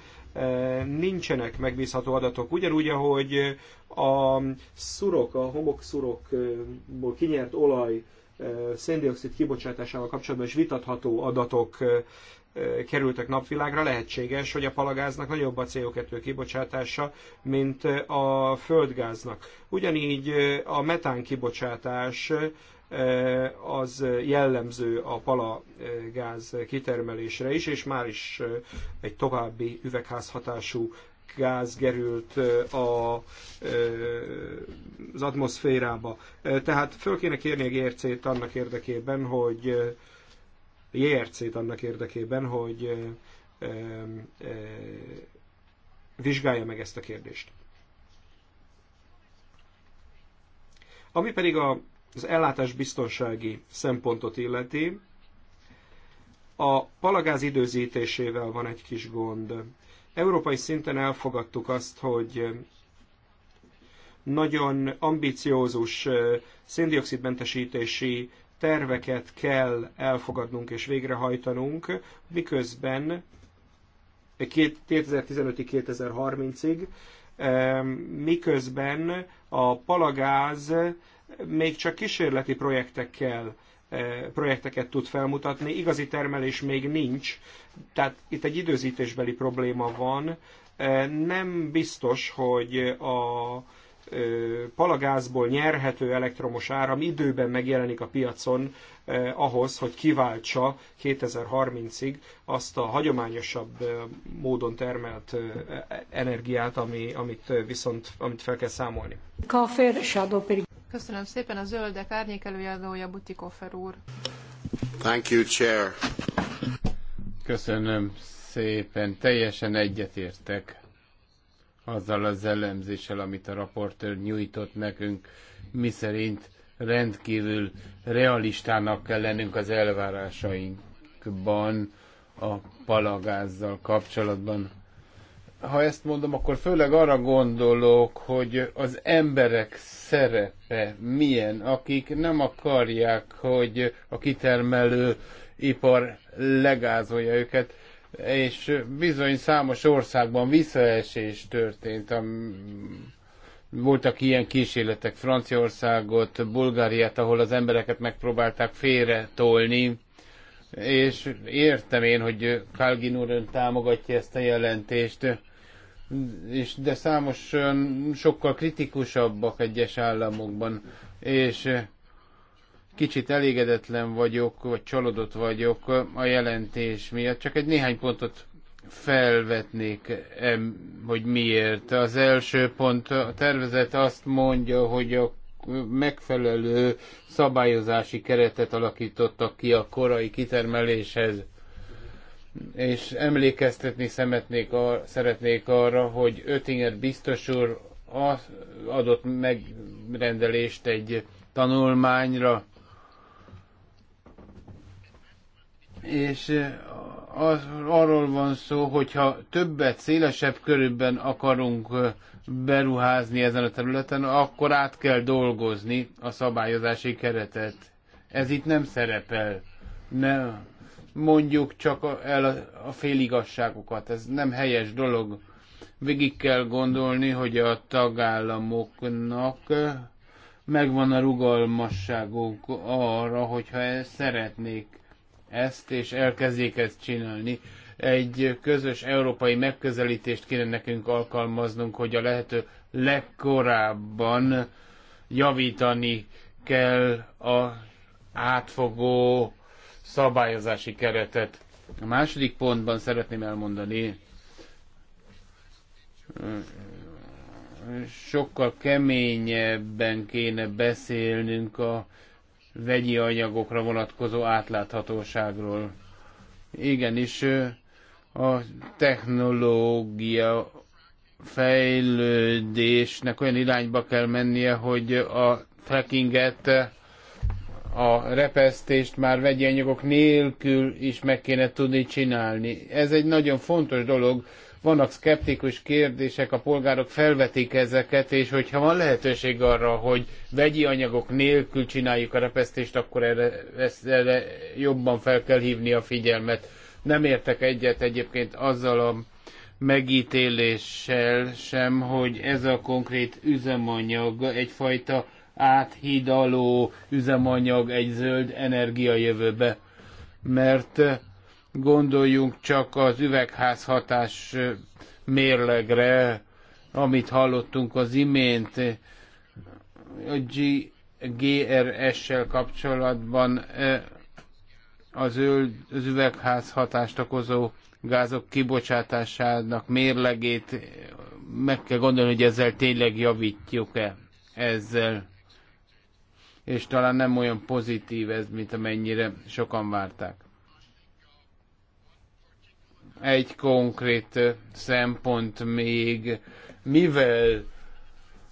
Speaker 4: nincsenek megbízható adatok. Ugyanúgy, ahogy a szurok, a homokszurokból kinyert olaj széndiokszid kibocsátásával kapcsolatban is vitatható adatok kerültek napvilágra, lehetséges, hogy a palagáznak nagyobb a CO2 kibocsátása, mint a földgáznak. Ugyanígy a metán kibocsátás az jellemző a palagáz kitermelésre is, és már is egy további üvegházhatású gáz gerült a, az atmoszférába. Tehát föl kéne kérni a grc annak érdekében, hogy JRC-t annak érdekében, hogy vizsgálja meg ezt a kérdést. Ami pedig a, az ellátás biztonsági szempontot illeti, a palagáz időzítésével van egy kis gond. Európai szinten elfogadtuk azt, hogy nagyon ambiciózus széndiokszidmentesítési terveket kell elfogadnunk és végrehajtanunk, miközben 2015-ig, 2030-ig, miközben a palagáz még csak kísérleti projektekkel eh, projekteket tud felmutatni, igazi termelés még nincs, tehát itt egy időzítésbeli probléma van, eh, nem biztos, hogy a palagázból nyerhető elektromos áram időben megjelenik a piacon ahhoz, hogy kiváltsa 2030-ig azt a hagyományosabb módon termelt energiát, ami, amit viszont amit fel kell számolni.
Speaker 1: Köszönöm szépen a zöldek árnyékelőjelzója Butikoffer úr.
Speaker 4: Thank
Speaker 2: you, Chair. Köszönöm szépen, teljesen egyetértek azzal az elemzéssel, amit a raportőr nyújtott nekünk, mi szerint rendkívül realistának kell lennünk az elvárásainkban a palagázzal kapcsolatban. Ha ezt mondom, akkor főleg arra gondolok, hogy az emberek szerepe milyen, akik nem akarják, hogy a kitermelő ipar legázolja őket és bizony számos országban visszaesés történt. Voltak ilyen kísérletek Franciaországot, Bulgáriát, ahol az embereket megpróbálták félretolni, és értem én, hogy Kálgin úr ön támogatja ezt a jelentést, és de számos sokkal kritikusabbak egyes államokban, és Kicsit elégedetlen vagyok, vagy csalódott vagyok a jelentés miatt. Csak egy néhány pontot felvetnék, hogy miért. Az első pont, a tervezet azt mondja, hogy a megfelelő szabályozási keretet alakítottak ki a korai kitermeléshez. És emlékeztetni szemetnék ar- szeretnék arra, hogy Öttinger biztos úr adott megrendelést egy tanulmányra, és az, arról van szó, hogyha többet, szélesebb körülben akarunk beruházni ezen a területen, akkor át kell dolgozni a szabályozási keretet. Ez itt nem szerepel. Ne mondjuk csak el a, a féligasságokat. Ez nem helyes dolog. Végig kell gondolni, hogy a tagállamoknak megvan a rugalmasságuk arra, hogyha szeretnék ezt, és elkezdjék ezt csinálni. Egy közös európai megközelítést kéne nekünk alkalmaznunk, hogy a lehető legkorábban javítani kell a átfogó szabályozási keretet. A második pontban szeretném elmondani, sokkal keményebben kéne beszélnünk a vegyi anyagokra vonatkozó átláthatóságról. Igenis, a technológia fejlődésnek olyan irányba kell mennie, hogy a trekkinget, a repesztést már vegyi anyagok nélkül is meg kéne tudni csinálni. Ez egy nagyon fontos dolog, vannak szkeptikus kérdések, a polgárok felvetik ezeket, és hogyha van lehetőség arra, hogy vegyi anyagok nélkül csináljuk a repesztést, akkor erre, erre jobban fel kell hívni a figyelmet. Nem értek egyet egyébként azzal a megítéléssel sem, hogy ez a konkrét üzemanyag egyfajta áthidaló üzemanyag egy zöld energiajövőbe. Mert Gondoljunk csak az üvegházhatás mérlegre, amit hallottunk az imént, a GRS-sel kapcsolatban e, az, öld, az üvegház hatást okozó gázok kibocsátásának mérlegét meg kell gondolni, hogy ezzel tényleg javítjuk-e ezzel. És talán nem olyan pozitív ez, mint amennyire sokan várták. Egy konkrét szempont még, mivel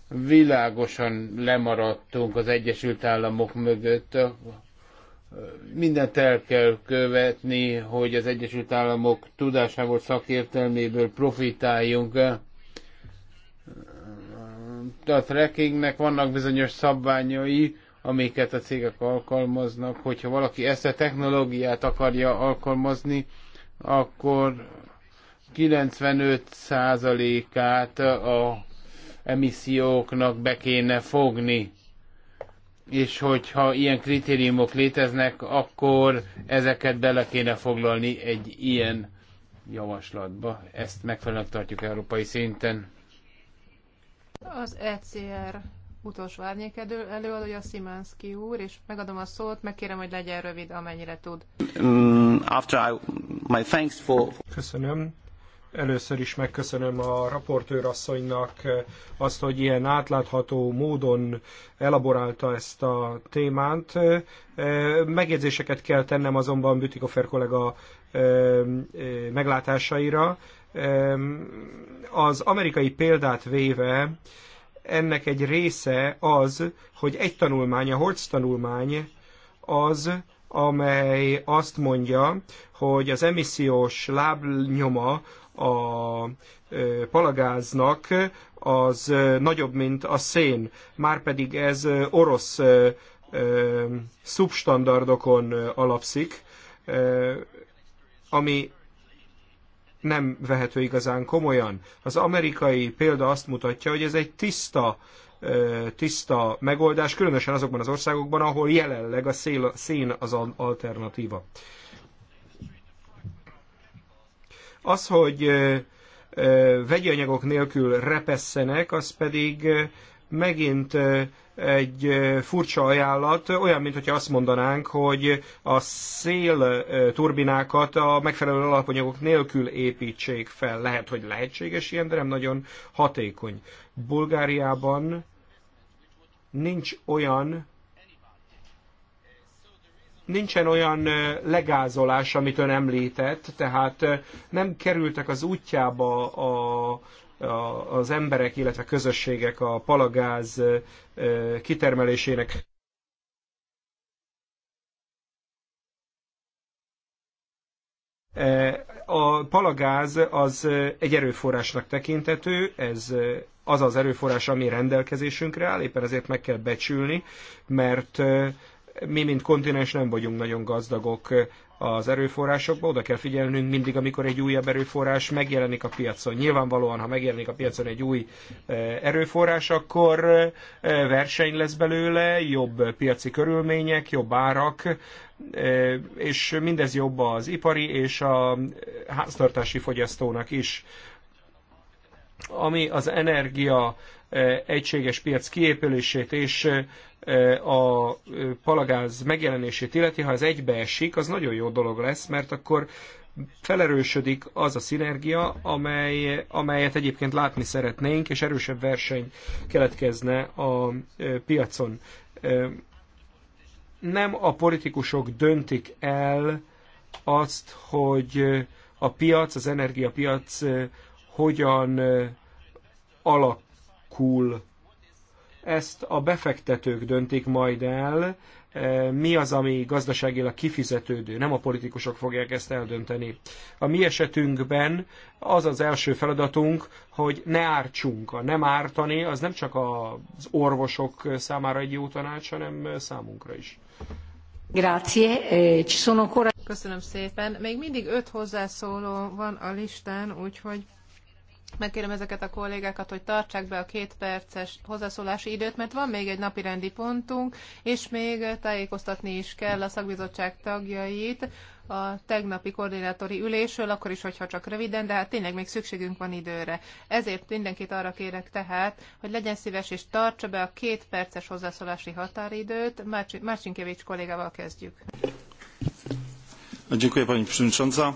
Speaker 2: világosan lemaradtunk az Egyesült Államok mögött, mindent el kell követni, hogy az Egyesült Államok tudásából, szakértelméből profitáljunk. A trekkingnek vannak bizonyos szabványai, amiket a cégek alkalmaznak, hogyha valaki ezt a technológiát akarja alkalmazni, akkor 95%-át a emisszióknak be kéne fogni. És hogyha ilyen kritériumok léteznek, akkor ezeket bele kéne foglalni egy ilyen javaslatba. Ezt megfelelően tartjuk európai szinten.
Speaker 1: Az ECR utolsó árnyék előadója Szimánszki úr, és megadom a szót, megkérem, hogy legyen rövid, amennyire tud.
Speaker 4: Mm, after I, my thanks for... Köszönöm. Először is megköszönöm a raportőr asszonynak azt, hogy ilyen átlátható módon elaborálta ezt a témát. E, megjegyzéseket kell tennem azonban Bütikofer kollega e, e, meglátásaira. Az amerikai példát véve ennek egy része az, hogy egy tanulmány, a Holz tanulmány az, amely azt mondja, hogy az emissziós lábnyoma a palagáznak az nagyobb, mint a szén. Márpedig ez orosz szubstandardokon alapszik, ami nem vehető igazán komolyan. Az amerikai példa azt mutatja, hogy ez egy tiszta, tiszta megoldás, különösen azokban az országokban, ahol jelenleg a szél, szén az alternatíva. Az, hogy vegyi anyagok nélkül repesszenek, az pedig megint egy furcsa ajánlat, olyan, mintha azt mondanánk, hogy a szél turbinákat a megfelelő alapanyagok nélkül építsék fel. Lehet, hogy lehetséges ilyen, de nem nagyon hatékony. Bulgáriában nincs olyan nincsen olyan legázolás, amit ön említett, tehát nem kerültek az útjába a az emberek, illetve közösségek a palagáz kitermelésének A palagáz az egy erőforrásnak tekintető, ez az az erőforrás, ami rendelkezésünkre áll, éppen ezért meg kell becsülni, mert mi, mint kontinens nem vagyunk nagyon gazdagok az erőforrásokba, oda kell figyelnünk mindig, amikor egy újabb erőforrás megjelenik a piacon. Nyilvánvalóan, ha megjelenik a piacon egy új e, erőforrás, akkor e, verseny lesz belőle, jobb piaci körülmények, jobb árak, e, és mindez jobb az ipari és a háztartási fogyasztónak is ami az energia egységes piac kiépülését és a palagáz megjelenését illeti, ha ez egybeesik, az nagyon jó dolog lesz, mert akkor felerősödik az a szinergia, amely, amelyet egyébként látni szeretnénk, és erősebb verseny keletkezne a piacon. Nem a politikusok döntik el azt, hogy a piac, az energiapiac hogyan alak cool. Ezt a befektetők döntik majd el, e, mi az, ami gazdaságilag kifizetődő, nem a politikusok fogják ezt eldönteni. A mi esetünkben az az első feladatunk, hogy ne ártsunk. A nem ártani az nem csak az orvosok számára egy jó tanács, hanem számunkra is.
Speaker 1: Grazie. E, Köszönöm szépen. Még mindig öt hozzászóló van a listán, úgyhogy Megkérem ezeket a kollégákat, hogy tartsák be a két perces hozzászólási időt, mert van még egy napi rendi pontunk, és még tájékoztatni is kell a szakbizottság tagjait a tegnapi koordinátori ülésről, akkor is, hogyha csak röviden, de hát tényleg még szükségünk van időre. Ezért mindenkit arra kérek tehát, hogy legyen szíves és tartsa be a két perces hozzászólási határidőt. Márcsinkévics kollégával kezdjük.
Speaker 3: Dziękuję Pani Przewodnicząca.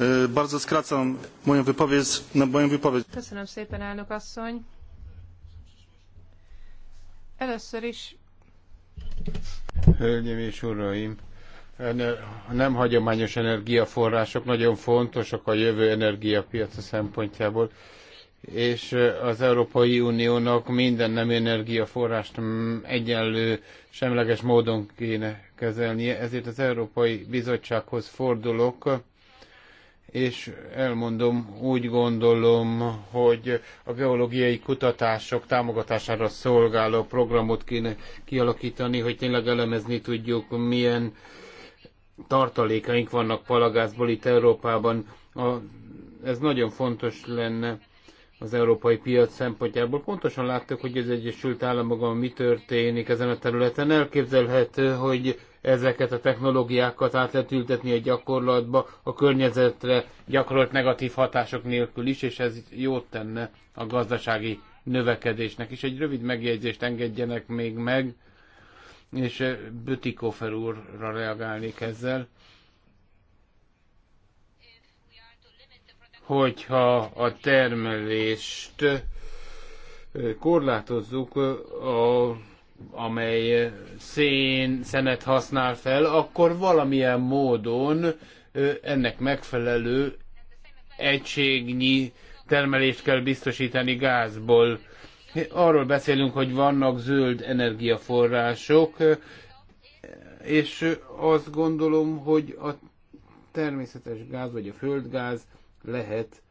Speaker 3: E, bardzo skracam moją wypowiedź, na moją wypowiedź.
Speaker 1: Köszönöm szépen, elnök asszony. Először
Speaker 2: is... Hölgyeim és uraim, a nem hagyományos energiaforrások nagyon fontosak a jövő energiapiaca szempontjából, és az Európai Uniónak minden nem energiaforrást mm, egyenlő, semleges módon kéne kezelnie, ezért az Európai Bizottsághoz fordulok, és elmondom, úgy gondolom, hogy a geológiai kutatások támogatására szolgáló programot kéne kialakítani, hogy tényleg elemezni tudjuk, milyen tartalékaink vannak palagázból itt Európában. A, ez nagyon fontos lenne az európai piac szempontjából. Pontosan láttuk, hogy az Egyesült Államokban mi történik ezen a területen. Elképzelhető, hogy ezeket a technológiákat át lehet ültetni a gyakorlatba a környezetre gyakorolt negatív hatások nélkül is, és ez jót tenne a gazdasági növekedésnek is. Egy rövid megjegyzést engedjenek még meg, és eh, Bütikofer úrra reagálnék ezzel. Hogyha a termelést eh, korlátozzuk, eh, a amely szén, szenet használ fel, akkor valamilyen módon ennek megfelelő egységnyi termelést kell biztosítani gázból. Arról beszélünk, hogy vannak zöld energiaforrások, és azt gondolom, hogy a természetes gáz vagy a földgáz lehet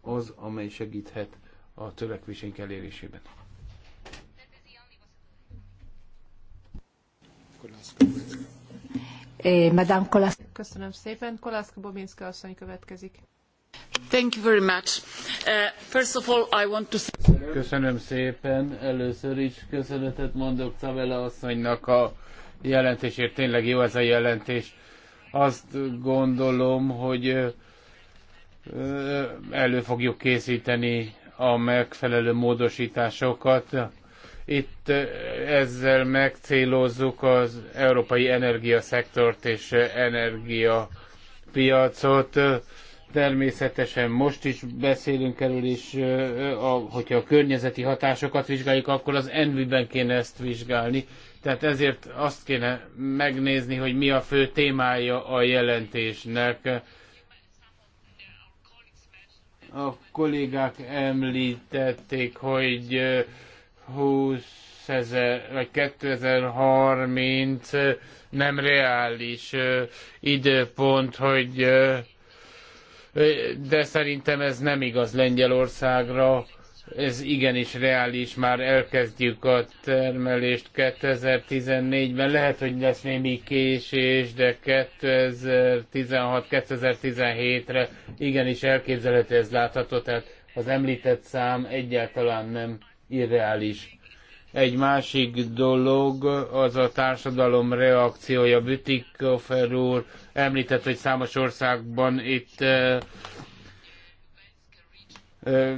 Speaker 2: az, amely segíthet a törekvésénk elérésében.
Speaker 1: Eh, Köszönöm szépen. Kolaszka Bobinska asszony következik.
Speaker 2: Thank you very much. Uh, first of all, I want to... Köszönöm szépen. Először is köszönetet mondok Tavela asszonynak a jelentésért. Tényleg jó ez a jelentés. Azt gondolom, hogy eh, elő fogjuk készíteni a megfelelő módosításokat. Itt ezzel megcélozzuk az európai energiaszektort és energiapiacot. Természetesen most is beszélünk erről, és a, hogyha a környezeti hatásokat vizsgáljuk, akkor az envi kéne ezt vizsgálni. Tehát ezért azt kéne megnézni, hogy mi a fő témája a jelentésnek. A kollégák említették, hogy 20 ezer, vagy 2030 nem reális időpont, hogy de szerintem ez nem igaz Lengyelországra ez igenis reális, már elkezdjük a termelést 2014-ben, lehet, hogy lesz némi késés, de 2016-2017-re igenis elképzelhető ez látható, tehát az említett szám egyáltalán nem irreális. Egy másik dolog az a társadalom reakciója. Bütikofer úr említett, hogy számos országban itt eh, eh,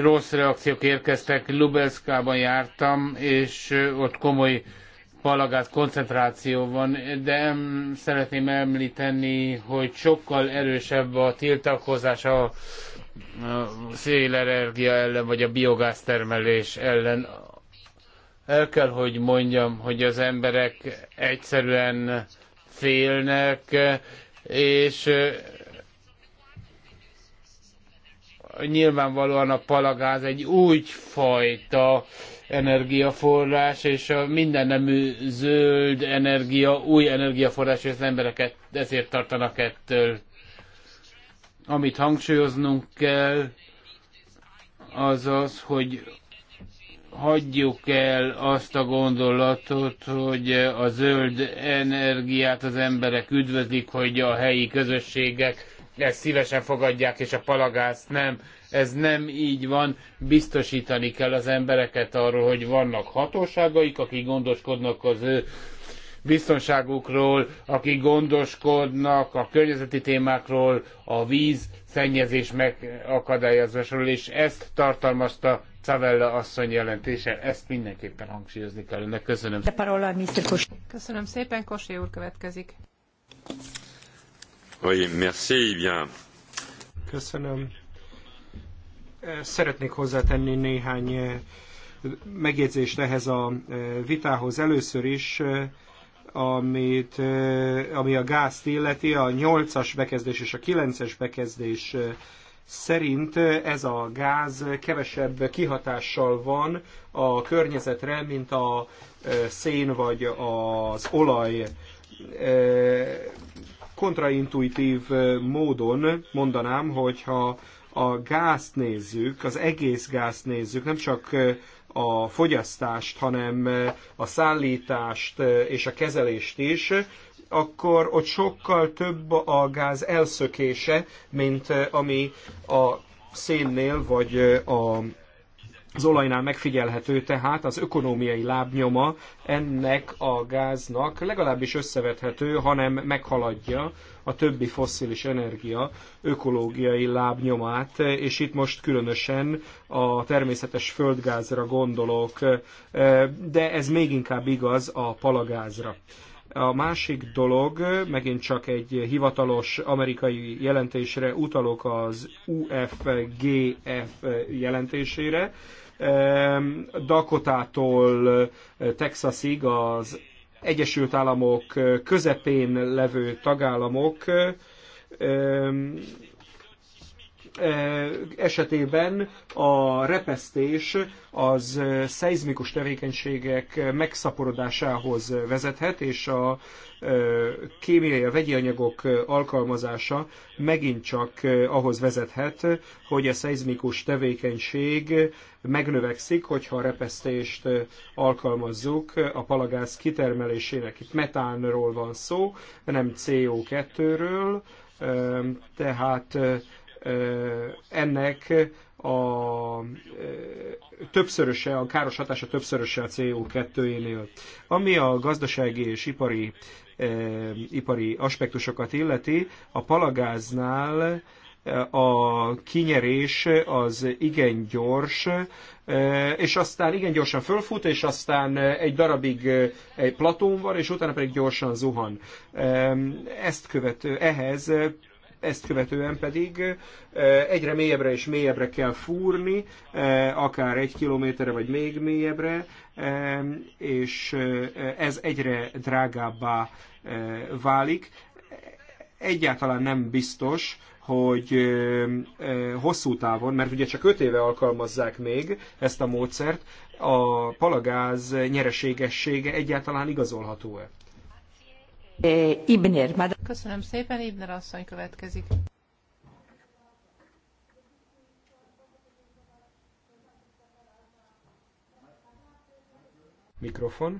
Speaker 2: rossz reakciók érkeztek. Lubelszkában jártam, és eh, ott komoly palagát koncentráció van, de szeretném említeni, hogy sokkal erősebb a tiltakozás a szélenergia ellen, vagy a biogáz termelés ellen. El kell, hogy mondjam, hogy az emberek egyszerűen félnek, és nyilvánvalóan a palagáz egy új fajta energiaforrás, és a mindennemű zöld energia, új energiaforrás, és az embereket ezért tartanak ettől amit hangsúlyoznunk kell, az az, hogy hagyjuk el azt a gondolatot, hogy a zöld energiát az emberek üdvözlik, hogy a helyi közösségek ezt szívesen fogadják, és a palagász nem. Ez nem így van. Biztosítani kell az embereket arról, hogy vannak hatóságaik, akik gondoskodnak az ő biztonságukról, akik gondoskodnak a környezeti témákról, a víz szennyezés megakadályozásról, és ezt tartalmazta Cavella asszony jelentése. Ezt mindenképpen hangsúlyozni kellene. Köszönöm.
Speaker 1: Köszönöm szépen, Kosé úr következik.
Speaker 3: Oui, merci, bien. Köszönöm.
Speaker 4: Szeretnék hozzátenni néhány eh, megjegyzést ehhez a eh, vitához. Először is eh, amit, ami a gázt illeti, a 8-as bekezdés és a 9-es bekezdés szerint ez a gáz kevesebb kihatással van a környezetre, mint a szén vagy az olaj kontraintuitív módon mondanám, hogyha a gázt nézzük, az egész gázt nézzük, nem csak a fogyasztást, hanem a szállítást és a kezelést is, akkor ott sokkal több a gáz elszökése, mint ami a szénnél vagy a, az olajnál megfigyelhető, tehát az ökonómiai lábnyoma ennek a gáznak legalábbis összevethető, hanem meghaladja a többi fosszilis energia ökológiai lábnyomát, és itt most különösen a természetes földgázra gondolok, de ez még inkább igaz a palagázra. A másik dolog, megint csak egy hivatalos amerikai jelentésre utalok az UFGF jelentésére, Dakotától Texasig az Egyesült Államok közepén levő tagállamok esetében a repesztés az szeizmikus tevékenységek megszaporodásához vezethet, és a kémiai, a vegyi anyagok alkalmazása megint csak ahhoz vezethet, hogy a szeizmikus tevékenység megnövekszik, hogyha a repesztést alkalmazzuk a palagáz kitermelésének. Itt metánról van szó, nem CO2-ről, tehát ennek a többszöröse, a káros hatása többszöröse a CO2-énél. Ami a gazdasági és ipari, ipari aspektusokat illeti, a palagáznál a kinyerés az igen gyors, és aztán igen gyorsan fölfut, és aztán egy darabig egy platón van, és utána pedig gyorsan zuhan. Ezt követő, ehhez ezt követően pedig egyre mélyebbre és mélyebbre kell fúrni, akár egy kilométerre vagy még mélyebbre, és ez egyre drágábbá válik. Egyáltalán nem biztos, hogy hosszú távon, mert ugye csak 5 éve alkalmazzák még ezt a módszert, a palagáz nyereségessége egyáltalán igazolható-e? Eh, Ibner.
Speaker 1: Köszönöm szépen, Ibner asszony következik.
Speaker 4: Mikrofon.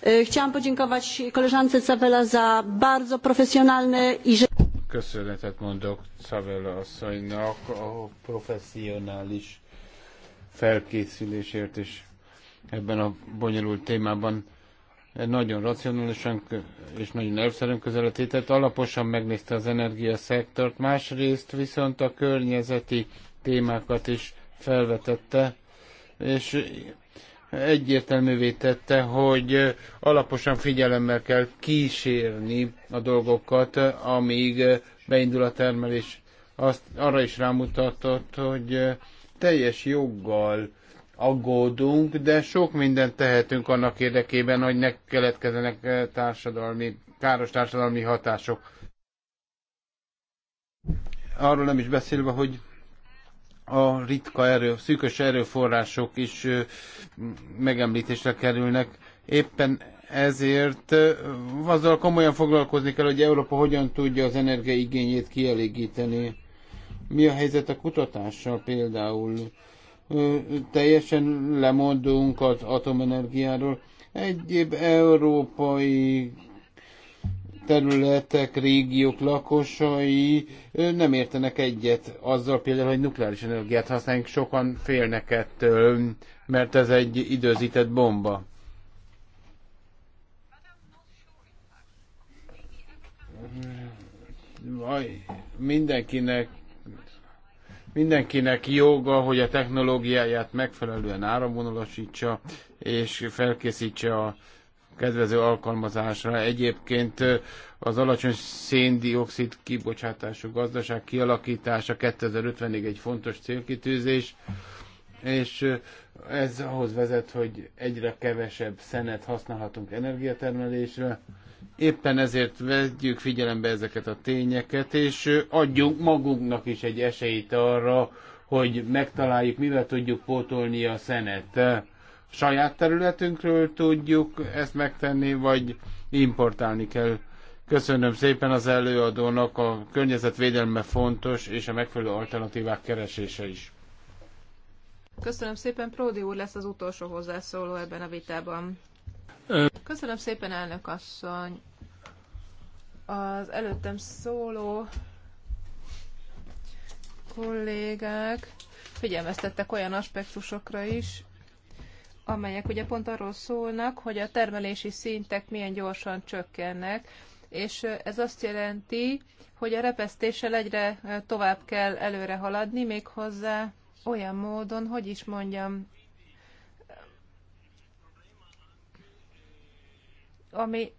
Speaker 2: Eh, chciałam podziękować koleżance Cavela za bardzo profesjonalne i Köszönetet mondok Cavela asszonynak a professzionális felkészülésért és ebben a bonyolult témában nagyon racionálisan és nagyon elvszerűen közelítített, alaposan megnézte az energiaszektort, másrészt viszont a környezeti témákat is felvetette, és egyértelművé tette, hogy alaposan figyelemmel kell kísérni a dolgokat, amíg beindul a termelés. Azt arra is rámutatott, hogy teljes joggal aggódunk, de sok mindent tehetünk annak érdekében, hogy ne keletkezenek eh, társadalmi, káros társadalmi hatások. Arról nem is beszélve, hogy a ritka erő, szűkös erőforrások is eh, megemlítésre kerülnek. Éppen ezért eh, azzal komolyan foglalkozni kell, hogy Európa hogyan tudja az energiaigényét kielégíteni. Mi a helyzet a kutatással például? teljesen lemondunk az atomenergiáról. Egyéb európai területek, régiók lakosai nem értenek egyet azzal például, hogy nukleáris energiát használjunk, sokan félnek ettől, mert ez egy időzített bomba. Vaj, mindenkinek mindenkinek joga, hogy a technológiáját megfelelően áramvonalasítsa, és felkészítse a kedvező alkalmazásra. Egyébként az alacsony széndiokszid kibocsátású gazdaság kialakítása 2050-ig egy fontos célkitűzés, és ez ahhoz vezet, hogy egyre kevesebb szenet használhatunk energiatermelésre, Éppen ezért vegyük figyelembe ezeket a tényeket, és adjunk magunknak is egy esélyt arra, hogy megtaláljuk, mivel tudjuk pótolni a szenet. Saját területünkről tudjuk ezt megtenni, vagy importálni kell. Köszönöm szépen az előadónak, a környezetvédelme fontos, és a megfelelő alternatívák keresése is.
Speaker 1: Köszönöm szépen, Pródi úr lesz az utolsó hozzászóló ebben a vitában. Köszönöm szépen, elnök asszony. Az előttem szóló kollégák figyelmeztettek olyan aspektusokra is, amelyek ugye pont arról szólnak, hogy a termelési szintek milyen gyorsan csökkennek, és ez azt jelenti, hogy a repesztéssel egyre tovább kell előre haladni, méghozzá olyan módon, hogy is mondjam, ami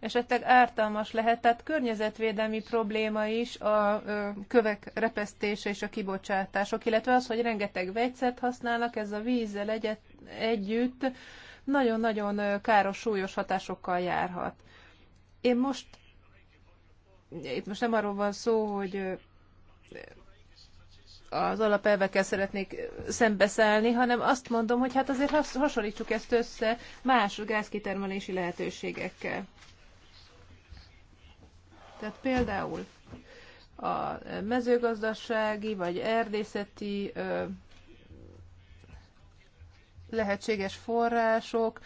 Speaker 1: esetleg ártalmas lehet, tehát környezetvédelmi probléma is a kövek repesztése és a kibocsátások, illetve az, hogy rengeteg vegyszert használnak, ez a vízzel egyet, együtt nagyon-nagyon káros, súlyos hatásokkal járhat. Én most, itt most nem arról van szó, hogy az alapelvekkel szeretnék szembeszállni, hanem azt mondom, hogy hát azért hasonlítsuk ezt össze más gázkitermelési lehetőségekkel. Tehát például a mezőgazdasági vagy erdészeti lehetséges források,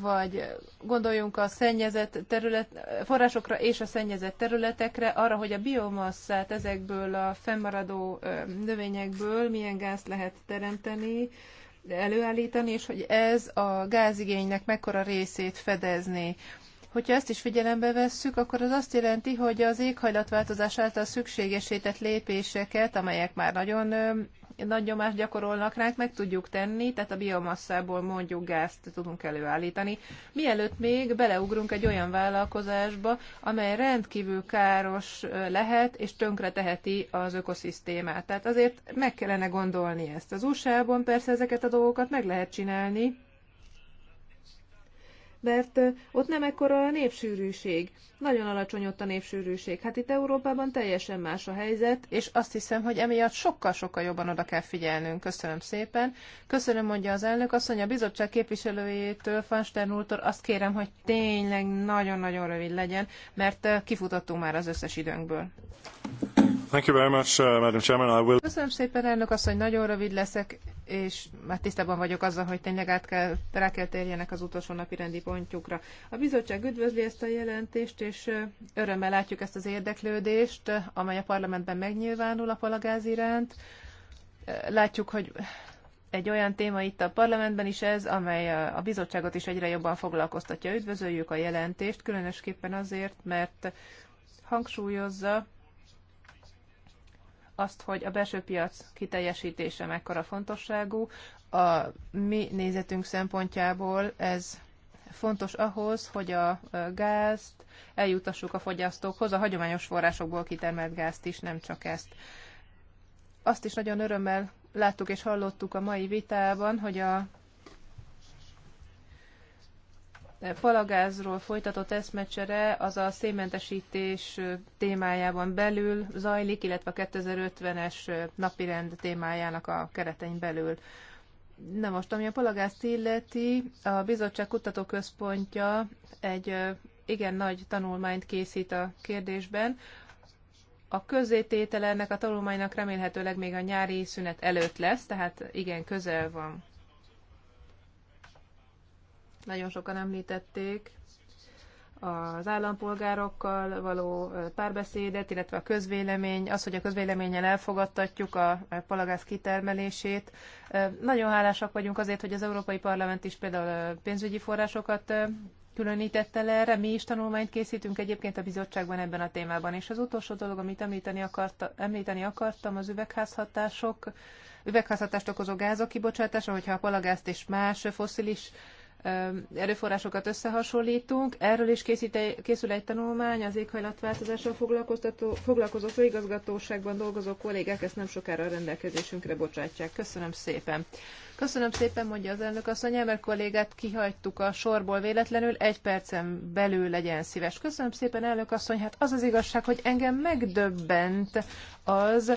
Speaker 1: vagy gondoljunk a szennyezett terület, forrásokra és a szennyezett területekre, arra, hogy a biomasszát ezekből a fennmaradó növényekből milyen gáz lehet teremteni, előállítani, és hogy ez a gázigénynek mekkora részét fedezni. Hogyha ezt is figyelembe vesszük, akkor az azt jelenti, hogy az éghajlatváltozás által szükségesített lépéseket, amelyek már nagyon nagy nyomást gyakorolnak ránk, meg tudjuk tenni, tehát a biomasszából mondjuk gázt tudunk előállítani. Mielőtt még beleugrunk egy olyan vállalkozásba, amely rendkívül káros lehet, és tönkre teheti az ökoszisztémát. Tehát azért meg kellene gondolni ezt. Az USA-ban persze ezeket a dolgokat meg lehet csinálni, mert ott nem ekkora a népsűrűség. Nagyon alacsony ott a népsűrűség. Hát itt Európában teljesen más a helyzet, és azt hiszem, hogy emiatt sokkal-sokkal jobban oda kell figyelnünk. Köszönöm szépen. Köszönöm, mondja az elnök asszony, a bizottság képviselőjétől, Fanstern úrtól azt kérem, hogy tényleg nagyon-nagyon rövid legyen, mert kifutottunk már az összes időnkből.
Speaker 3: Thank you very much, uh, Madam Chairman. I will...
Speaker 1: Köszönöm szépen, elnök asszony, nagyon rövid leszek, és már tisztában vagyok azzal, hogy tényleg át kell, rá kell térjenek az utolsó napi rendi pontjukra. A bizottság üdvözli ezt a jelentést, és örömmel látjuk ezt az érdeklődést, amely a parlamentben megnyilvánul a palagáz iránt. Látjuk, hogy egy olyan téma itt a parlamentben is ez, amely a bizottságot is egyre jobban foglalkoztatja. Üdvözöljük a jelentést, különösképpen azért, mert hangsúlyozza, azt, hogy a belső piac kiteljesítése mekkora fontosságú. A mi nézetünk szempontjából ez fontos ahhoz, hogy a gázt eljutassuk a fogyasztókhoz, a hagyományos forrásokból kitermelt gázt is, nem csak ezt. Azt is nagyon örömmel láttuk és hallottuk a mai vitában, hogy a palagázról folytatott eszmecsere az a szénmentesítés témájában belül zajlik, illetve a 2050-es napirend témájának a keretein belül. Na most, ami a palagázt illeti, a Bizottság Kutatóközpontja egy igen nagy tanulmányt készít a kérdésben. A közzététel ennek a tanulmánynak remélhetőleg még a nyári szünet előtt lesz, tehát igen közel van nagyon sokan említették, az állampolgárokkal való párbeszédet, illetve a közvélemény, az, hogy a közvéleményen elfogadtatjuk a palagáz kitermelését. Nagyon hálásak vagyunk azért, hogy az Európai Parlament is például pénzügyi forrásokat különítette le erre. Mi is tanulmányt készítünk egyébként a bizottságban ebben a témában. És az utolsó dolog, amit említeni, akarta, említeni akartam, az üvegházhatások, üvegházhatást okozó gázok kibocsátása, hogyha a palagázt és más foszilis erőforrásokat összehasonlítunk. Erről is készül egy tanulmány az éghajlatváltozással foglalkozó főigazgatóságban dolgozó kollégák ezt nem sokára a rendelkezésünkre bocsátják. Köszönöm szépen. Köszönöm szépen, mondja az elnök asszony, mert kollégát kihagytuk a sorból véletlenül, egy percen belül legyen szíves. Köszönöm szépen, elnök asszony, hát az az igazság, hogy engem megdöbbent az,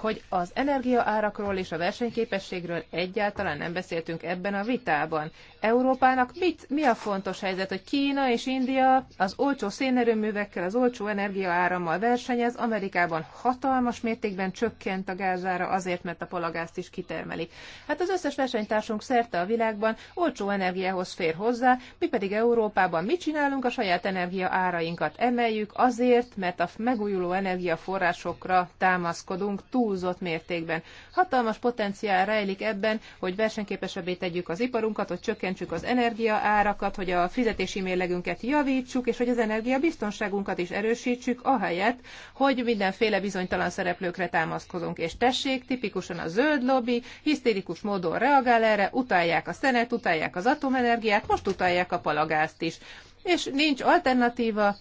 Speaker 1: hogy az energiaárakról és a versenyképességről egyáltalán nem beszéltünk ebben a vitában. Európának mit, mi a fontos helyzet, hogy Kína és India az olcsó szénerőművekkel, az olcsó energiaárammal versenyez, Amerikában hatalmas mértékben csökkent a gázára azért, mert a palagázt is kitermeli. Hát az összes versenytársunk szerte a világban olcsó energiához fér hozzá, mi pedig Európában mit csinálunk, a saját energiaárainkat emeljük azért, mert a megújuló energiaforrásokra támaszkodunk túl túlzott mértékben. Hatalmas potenciál rejlik ebben, hogy versenyképesebbé tegyük az iparunkat, hogy csökkentsük az energiaárakat, hogy a fizetési mérlegünket javítsuk, és hogy az energiabiztonságunkat is erősítsük, ahelyett, hogy mindenféle bizonytalan szereplőkre támaszkodunk. És tessék, tipikusan a zöld lobby hisztérikus módon reagál erre, utálják a szenet, utálják az atomenergiát, most utálják a palagázt is és nincs alternatíva,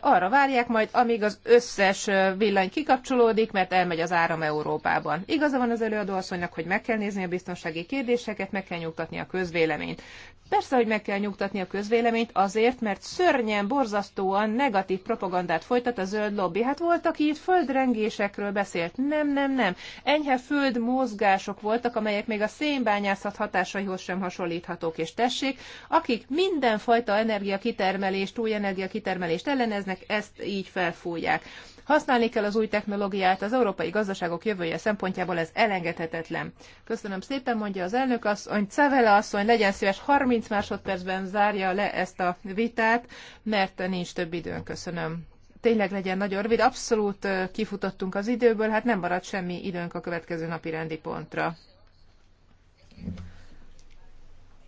Speaker 1: arra várják majd, amíg az összes villany kikapcsolódik, mert elmegy az áram Európában. Igaza van az előadó asszonynak, hogy meg kell nézni a biztonsági kérdéseket, meg kell nyugtatni a közvéleményt. Persze, hogy meg kell nyugtatni a közvéleményt azért, mert szörnyen, borzasztóan negatív propagandát folytat a zöld lobby. Hát volt, aki itt földrengésekről beszélt. Nem, nem, nem. Enyhe földmozgások voltak, amelyek még a szénbányászat hatásaihoz sem hasonlíthatók. És tessék, akik mindenfajta energia kitermelést, új kitermelést elleneznek, ezt így felfújják. Használni kell az új technológiát, az európai gazdaságok jövője szempontjából ez elengedhetetlen. Köszönöm szépen, mondja az elnök asszony. Cevele asszony, legyen szíves, 30 másodpercben zárja le ezt a vitát, mert nincs több időn. Köszönöm. Tényleg legyen nagyon rövid. Abszolút kifutottunk az időből, hát nem marad semmi időnk a következő napi rendi pontra.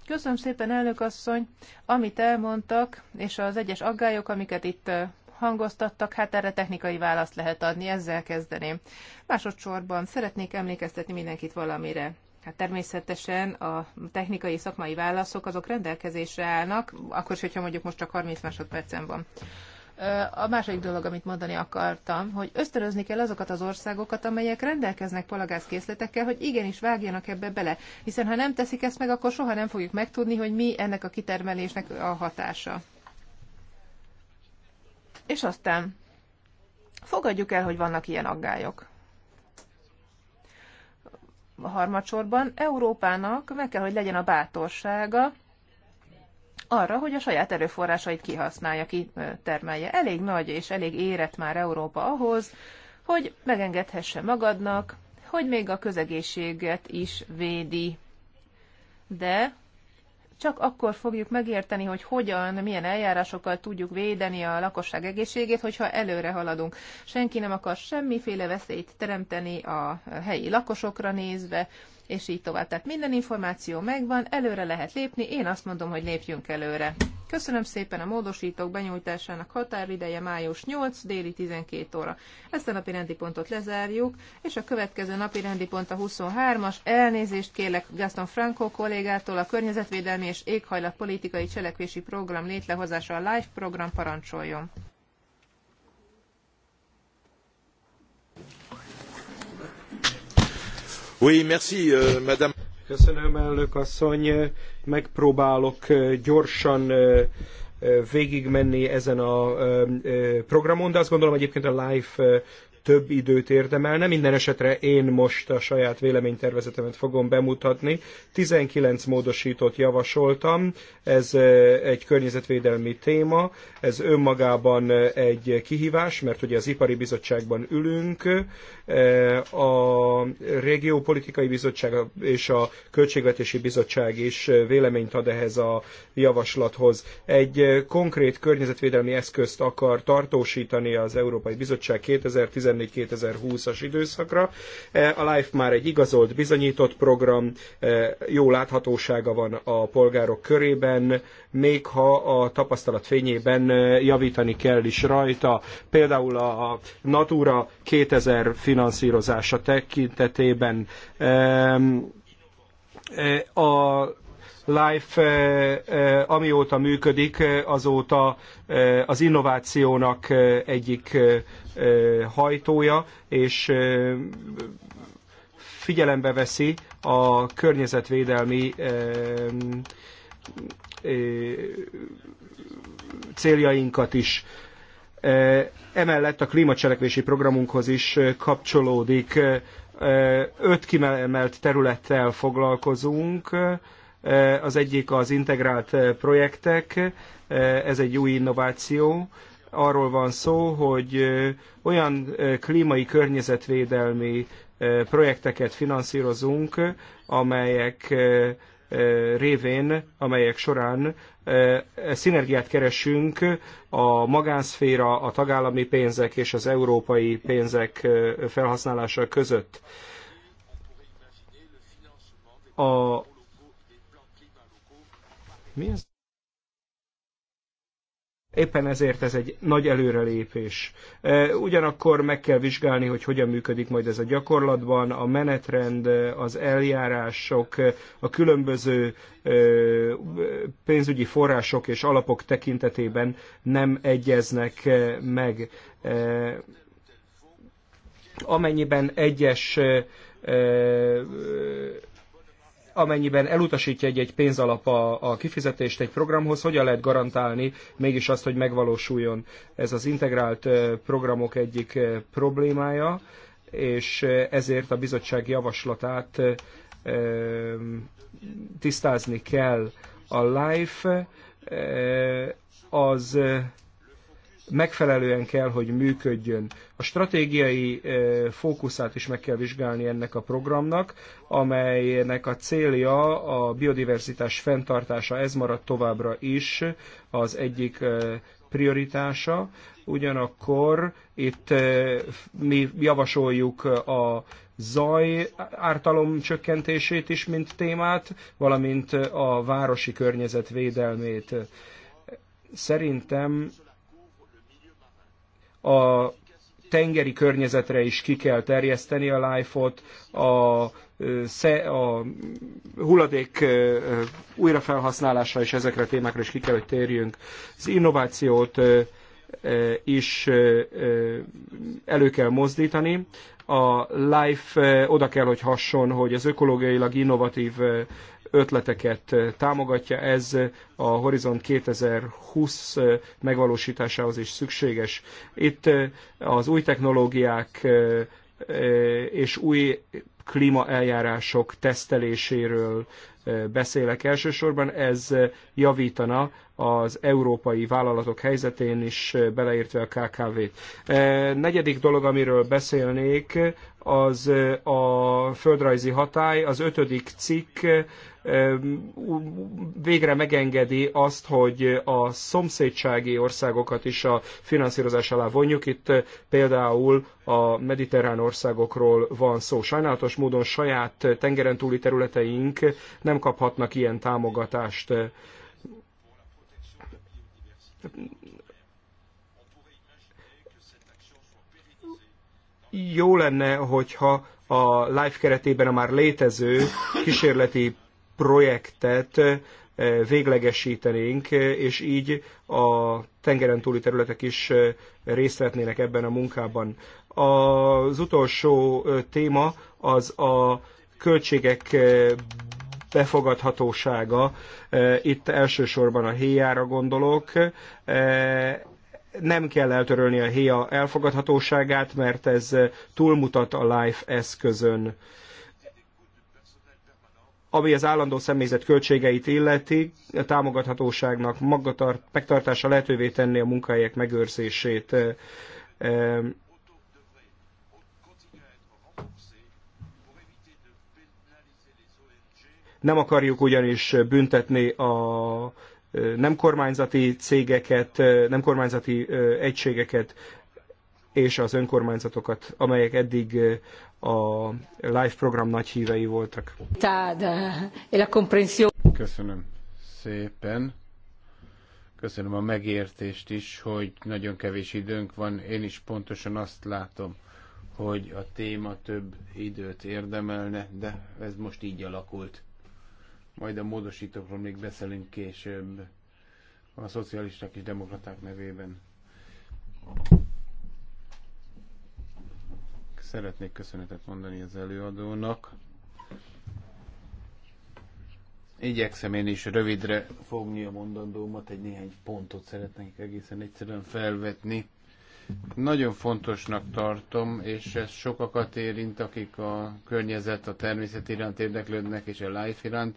Speaker 1: Köszönöm szépen, elnök asszony, amit elmondtak, és az egyes aggályok, amiket itt hangoztattak, hát erre technikai választ lehet adni, ezzel kezdeném. Másodszorban szeretnék emlékeztetni mindenkit valamire. Hát természetesen a technikai szakmai válaszok azok rendelkezésre állnak, akkor is, hogyha mondjuk most csak 30 másodpercen van. A második dolog, amit mondani akartam, hogy ösztönözni kell azokat az országokat, amelyek rendelkeznek palagászkészletekkel, hogy igenis vágjanak ebbe bele. Hiszen ha nem teszik ezt meg, akkor soha nem fogjuk megtudni, hogy mi ennek a kitermelésnek a hatása. És aztán fogadjuk el, hogy vannak ilyen aggályok A harmadsorban Európának meg kell, hogy legyen a bátorsága, arra, hogy a saját erőforrásait kihasználja, ki termelje. Elég nagy és elég érett már Európa ahhoz, hogy megengedhesse magadnak, hogy még a közegészséget is védi. De csak akkor fogjuk megérteni, hogy hogyan, milyen eljárásokkal tudjuk védeni a lakosság egészségét, hogyha előre haladunk. Senki nem akar semmiféle veszélyt teremteni a helyi lakosokra nézve, és így tovább. Tehát minden információ megvan, előre lehet lépni, én azt mondom, hogy lépjünk előre. Köszönöm szépen a módosítók benyújtásának határideje május 8, déli 12 óra. Ezt a napi rendi pontot lezárjuk, és a következő napi rendi pont a 23-as. Elnézést kérlek Gaston Franco kollégától a Környezetvédelmi és Éghajlatpolitikai Cselekvési Program létrehozása a LIFE program parancsoljon.
Speaker 4: Euh, Köszönöm, elnök asszony. Megpróbálok gyorsan végigmenni ezen a programon, de azt gondolom egyébként a live több időt érdemelne. Minden esetre én most a saját véleménytervezetemet fogom bemutatni. 19 módosítót javasoltam, ez eh, egy környezetvédelmi téma, ez önmagában eh, egy kihívás, mert ugye az Ipari Bizottságban ülünk, eh, a Régiópolitikai Bizottság és a Költségvetési Bizottság is véleményt ad ehhez a javaslathoz. Egy konkrét környezetvédelmi eszközt akar tartósítani az Európai Bizottság 2014 tenni 2020-as időszakra. E, a LIFE már egy igazolt, bizonyított program, e, jó láthatósága van a polgárok körében, még ha a tapasztalat fényében e, javítani kell is rajta. Például a Natura 2000 finanszírozása tekintetében a Life eh, eh, amióta működik, eh, azóta az innovációnak egyik hajtója, és figyelembe veszi a környezetvédelmi céljainkat is. Emellett a klímacselekvési programunkhoz is kapcsolódik. Öt kiemelt területtel foglalkozunk, az egyik az integrált eh, projektek, eh, ez egy új innováció. Arról van szó, hogy eh, olyan klímai környezetvédelmi projekteket finanszírozunk, amelyek révén, amelyek során szinergiát keresünk a magánszféra, a tagállami pénzek és az európai pénzek felhasználása között. A mi ez? Éppen ezért ez egy nagy előrelépés. E, ugyanakkor meg kell vizsgálni, hogy hogyan működik majd ez a gyakorlatban, a menetrend, az eljárások, a különböző e, pénzügyi források és alapok tekintetében nem egyeznek e, meg. Amennyiben egyes amennyiben elutasítja egy-egy pénzalap a, a kifizetést egy programhoz, hogyan lehet garantálni mégis azt, hogy megvalósuljon ez az integrált programok egyik problémája, és ezért a bizottság javaslatát tisztázni kell. A LIFE az megfelelően kell, hogy működjön. A stratégiai eh, fókuszát is meg kell vizsgálni ennek a programnak, amelynek a célja a biodiverzitás fenntartása, ez maradt továbbra is az egyik eh, prioritása, ugyanakkor itt eh, mi javasoljuk a zaj ártalom csökkentését is, mint témát, valamint a városi környezet védelmét. Szerintem a tengeri környezetre is ki kell terjeszteni a LIFE-ot, a, a hulladék újrafelhasználásra és ezekre a témákra is ki kell, hogy térjünk. Az innovációt is elő kell mozdítani. A LIFE oda kell, hogy hasson, hogy az ökológiailag innovatív ötleteket támogatja. Ez a Horizon 2020 megvalósításához is szükséges. Itt az új technológiák és új klímaeljárások teszteléséről beszélek elsősorban, ez javítana az európai vállalatok helyzetén is, beleértve a KKV-t. E, negyedik dolog, amiről beszélnék, az a földrajzi hatály, az ötödik cikk e, végre megengedi azt, hogy a szomszédsági országokat is a finanszírozás alá vonjuk. Itt például a mediterrán országokról van szó. Sajnálatos módon saját tengeren túli területeink nem nem kaphatnak ilyen támogatást. Jó lenne, hogyha a LIFE keretében a már létező kísérleti projektet eh, véglegesítenénk, és így a tengeren túli területek is eh, részt vetnének ebben a munkában. Az utolsó eh, téma az a költségek befogadhatósága, e, itt elsősorban a héjára gondolok, e, nem kell eltörölni a héja elfogadhatóságát, mert ez túlmutat a life eszközön. Ami az állandó személyzet költségeit illeti, a támogathatóságnak magatart, megtartása lehetővé tenni a munkahelyek megőrzését e, Nem akarjuk ugyanis büntetni a nem kormányzati cégeket, nem kormányzati egységeket és az önkormányzatokat, amelyek eddig a live program nagy hívei voltak. Köszönöm szépen.
Speaker 2: Köszönöm a megértést is, hogy nagyon kevés időnk van. Én is pontosan azt látom, hogy a téma több időt érdemelne, de ez most így alakult. Majd a módosítókról még beszélünk később a szocialisták és demokraták nevében. Szeretnék köszönetet mondani az előadónak. Igyekszem én is rövidre fogni a mondandómat, egy néhány pontot szeretnék egészen egyszerűen felvetni. Nagyon fontosnak tartom, és ez sokakat érint, akik a környezet, a természet iránt érdeklődnek, és a life iránt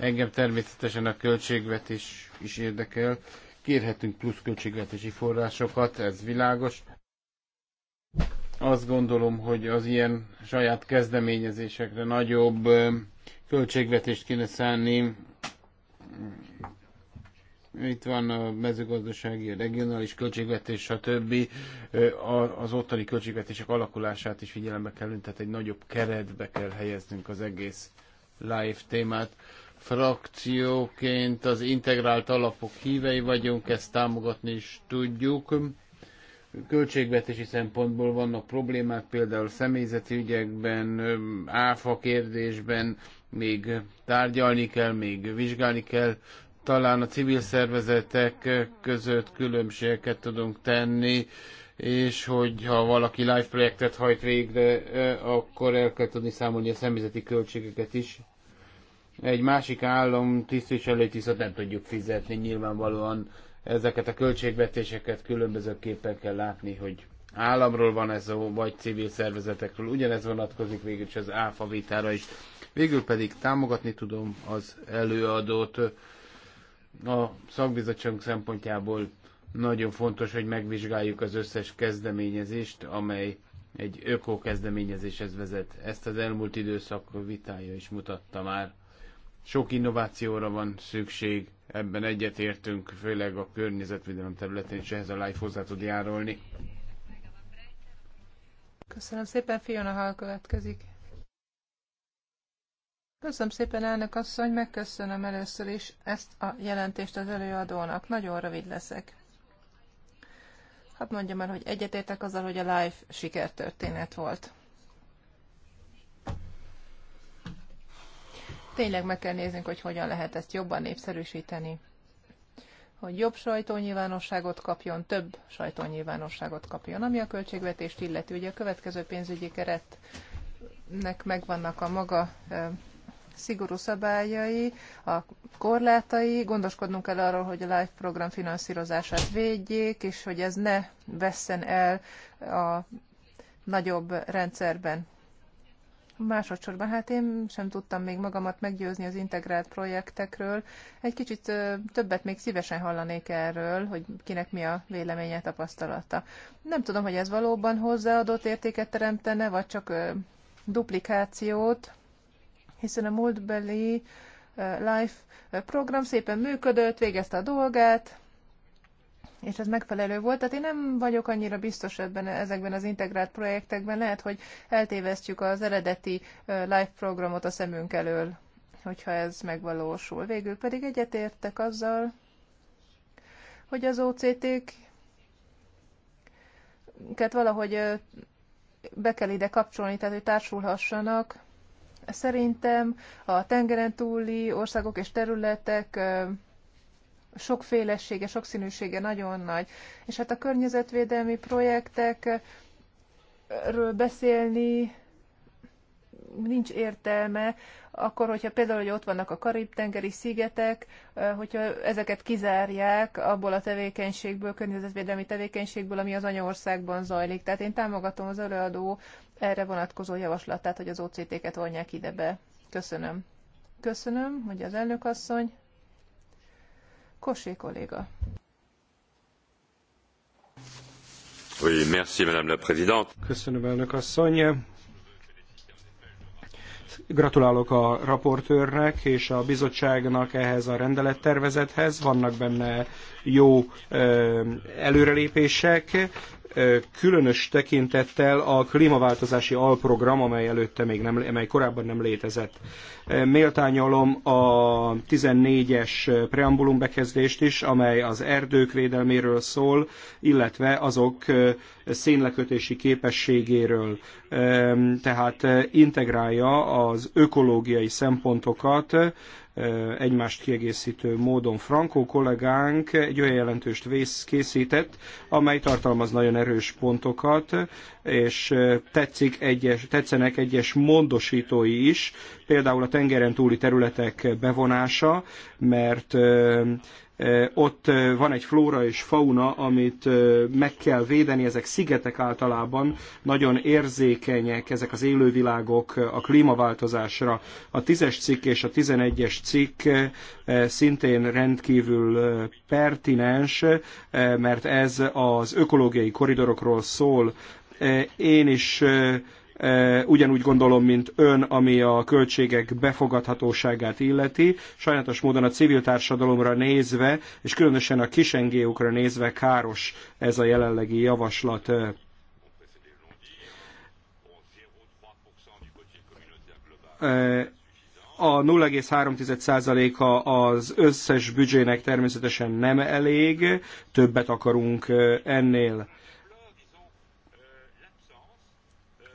Speaker 2: Engem természetesen a költségvetés is érdekel. Kérhetünk plusz költségvetési forrásokat, ez világos. Azt gondolom, hogy az ilyen saját kezdeményezésekre nagyobb költségvetést kéne szánni. Itt van a mezőgazdasági, a regionális költségvetés, stb. Az ottani költségvetések alakulását is figyelembe kell tehát egy nagyobb keretbe kell helyeznünk az egész live témát frakcióként az integrált alapok hívei vagyunk, ezt támogatni is tudjuk. Költségvetési szempontból vannak problémák, például személyzeti ügyekben, áfa kérdésben még tárgyalni kell, még vizsgálni kell. Talán a civil szervezetek között különbségeket tudunk tenni, és hogyha valaki live projektet hajt végre, akkor el kell tudni számolni a személyzeti költségeket is egy másik állam tisztviselői tisztet nem tudjuk fizetni, nyilvánvalóan ezeket a költségvetéseket különbözőképpen kell látni, hogy államról van ez vagy civil szervezetekről. Ugyanez vonatkozik végül is az áfa vitára is. Végül pedig támogatni tudom az előadót a szakbizottság szempontjából nagyon fontos, hogy megvizsgáljuk az összes kezdeményezést, amely egy öko kezdeményezéshez vezet. Ezt az elmúlt időszak vitája is mutatta már. Sok innovációra van szükség, ebben egyetértünk, főleg a környezetvédelem területén, és ehhez a LIFE hozzá tud járulni.
Speaker 1: Köszönöm szépen, Fiona Hall következik. Köszönöm szépen, elnök asszony, megköszönöm először is ezt a jelentést az előadónak. Nagyon rövid leszek. Hát mondjam el, hogy egyetértek azzal, hogy a live sikertörténet volt. Tényleg meg kell néznünk, hogy hogyan lehet ezt jobban népszerűsíteni. Hogy jobb sajtónyilvánosságot kapjon, több sajtónyilvánosságot kapjon, ami a költségvetést illeti. Ugye a következő pénzügyi keretnek megvannak a maga szigorú szabályai, a korlátai, gondoskodnunk kell arról, hogy a live program finanszírozását védjék, és hogy ez ne vesszen el a nagyobb rendszerben. Másodszorban, hát én sem tudtam még magamat meggyőzni az integrált projektekről. Egy kicsit többet még szívesen hallanék erről, hogy kinek mi a véleménye, tapasztalata. Nem tudom, hogy ez valóban hozzáadott értéket teremtene, vagy csak duplikációt, hiszen a múltbeli Life program szépen működött, végezte a dolgát, és ez megfelelő volt. Tehát én nem vagyok annyira biztos ebben ezekben az integrált projektekben. Lehet, hogy eltévesztjük az eredeti live programot a szemünk elől, hogyha ez megvalósul. Végül pedig egyetértek azzal, hogy az OCT-ket valahogy be kell ide kapcsolni, tehát hogy társulhassanak. Szerintem a tengeren túli országok és területek sokfélesége, sokszínűsége nagyon nagy. És hát a környezetvédelmi projektekről beszélni nincs értelme, akkor, hogyha például, hogy ott vannak a Karib-tengeri szigetek, hogyha ezeket kizárják abból a tevékenységből, környezetvédelmi tevékenységből, ami az anyaországban zajlik. Tehát én támogatom az előadó erre vonatkozó javaslatát, hogy az OCT-ket vonják ide be. Köszönöm. Köszönöm, hogy az elnök asszony. Kosé kolléga.
Speaker 4: Köszönöm, elnök asszony. Gratulálok a raportőrnek és a bizottságnak ehhez a rendelettervezethez. Vannak benne jó előrelépések különös tekintettel a klímaváltozási alprogram, amely előtte még nem, amely korábban nem létezett. Méltányolom a 14-es preambulum bekezdést is, amely az erdők védelméről szól, illetve azok szénlekötési képességéről. Tehát integrálja az ökológiai szempontokat egymást kiegészítő módon. Frankó kollégánk egy olyan jelentőst vész készített, amely tartalmaz nagyon erős pontokat, és tetszik egyes, tetszenek egyes mondosítói is, például a tengeren túli területek bevonása, mert ott van egy flóra és fauna, amit meg kell védeni, ezek szigetek általában, nagyon érzékenyek ezek az élővilágok a klímaváltozásra. A tízes cikk és a tizenegyes cikk szintén rendkívül pertinens, mert ez az ökológiai koridorokról szól. Én is E, ugyanúgy gondolom, mint ön, ami a költségek befogadhatóságát illeti. Sajnálatos módon a civil társadalomra nézve, és különösen a kisengéukra nézve káros ez a jelenlegi javaslat. E, a 0,3%-a az összes büdzsének természetesen nem elég, többet akarunk e, ennél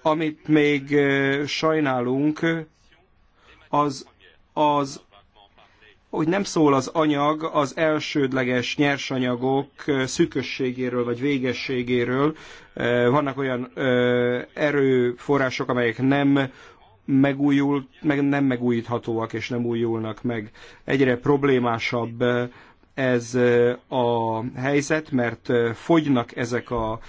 Speaker 4: Amit még sajnálunk, az, az hogy nem szól az anyag az elsődleges nyersanyagok szükösségéről vagy végességéről. Vannak olyan erőforrások, amelyek nem megújul, meg nem megújíthatóak és nem újulnak meg. Egyre problémásabb ez a helyzet, mert fogynak ezek a,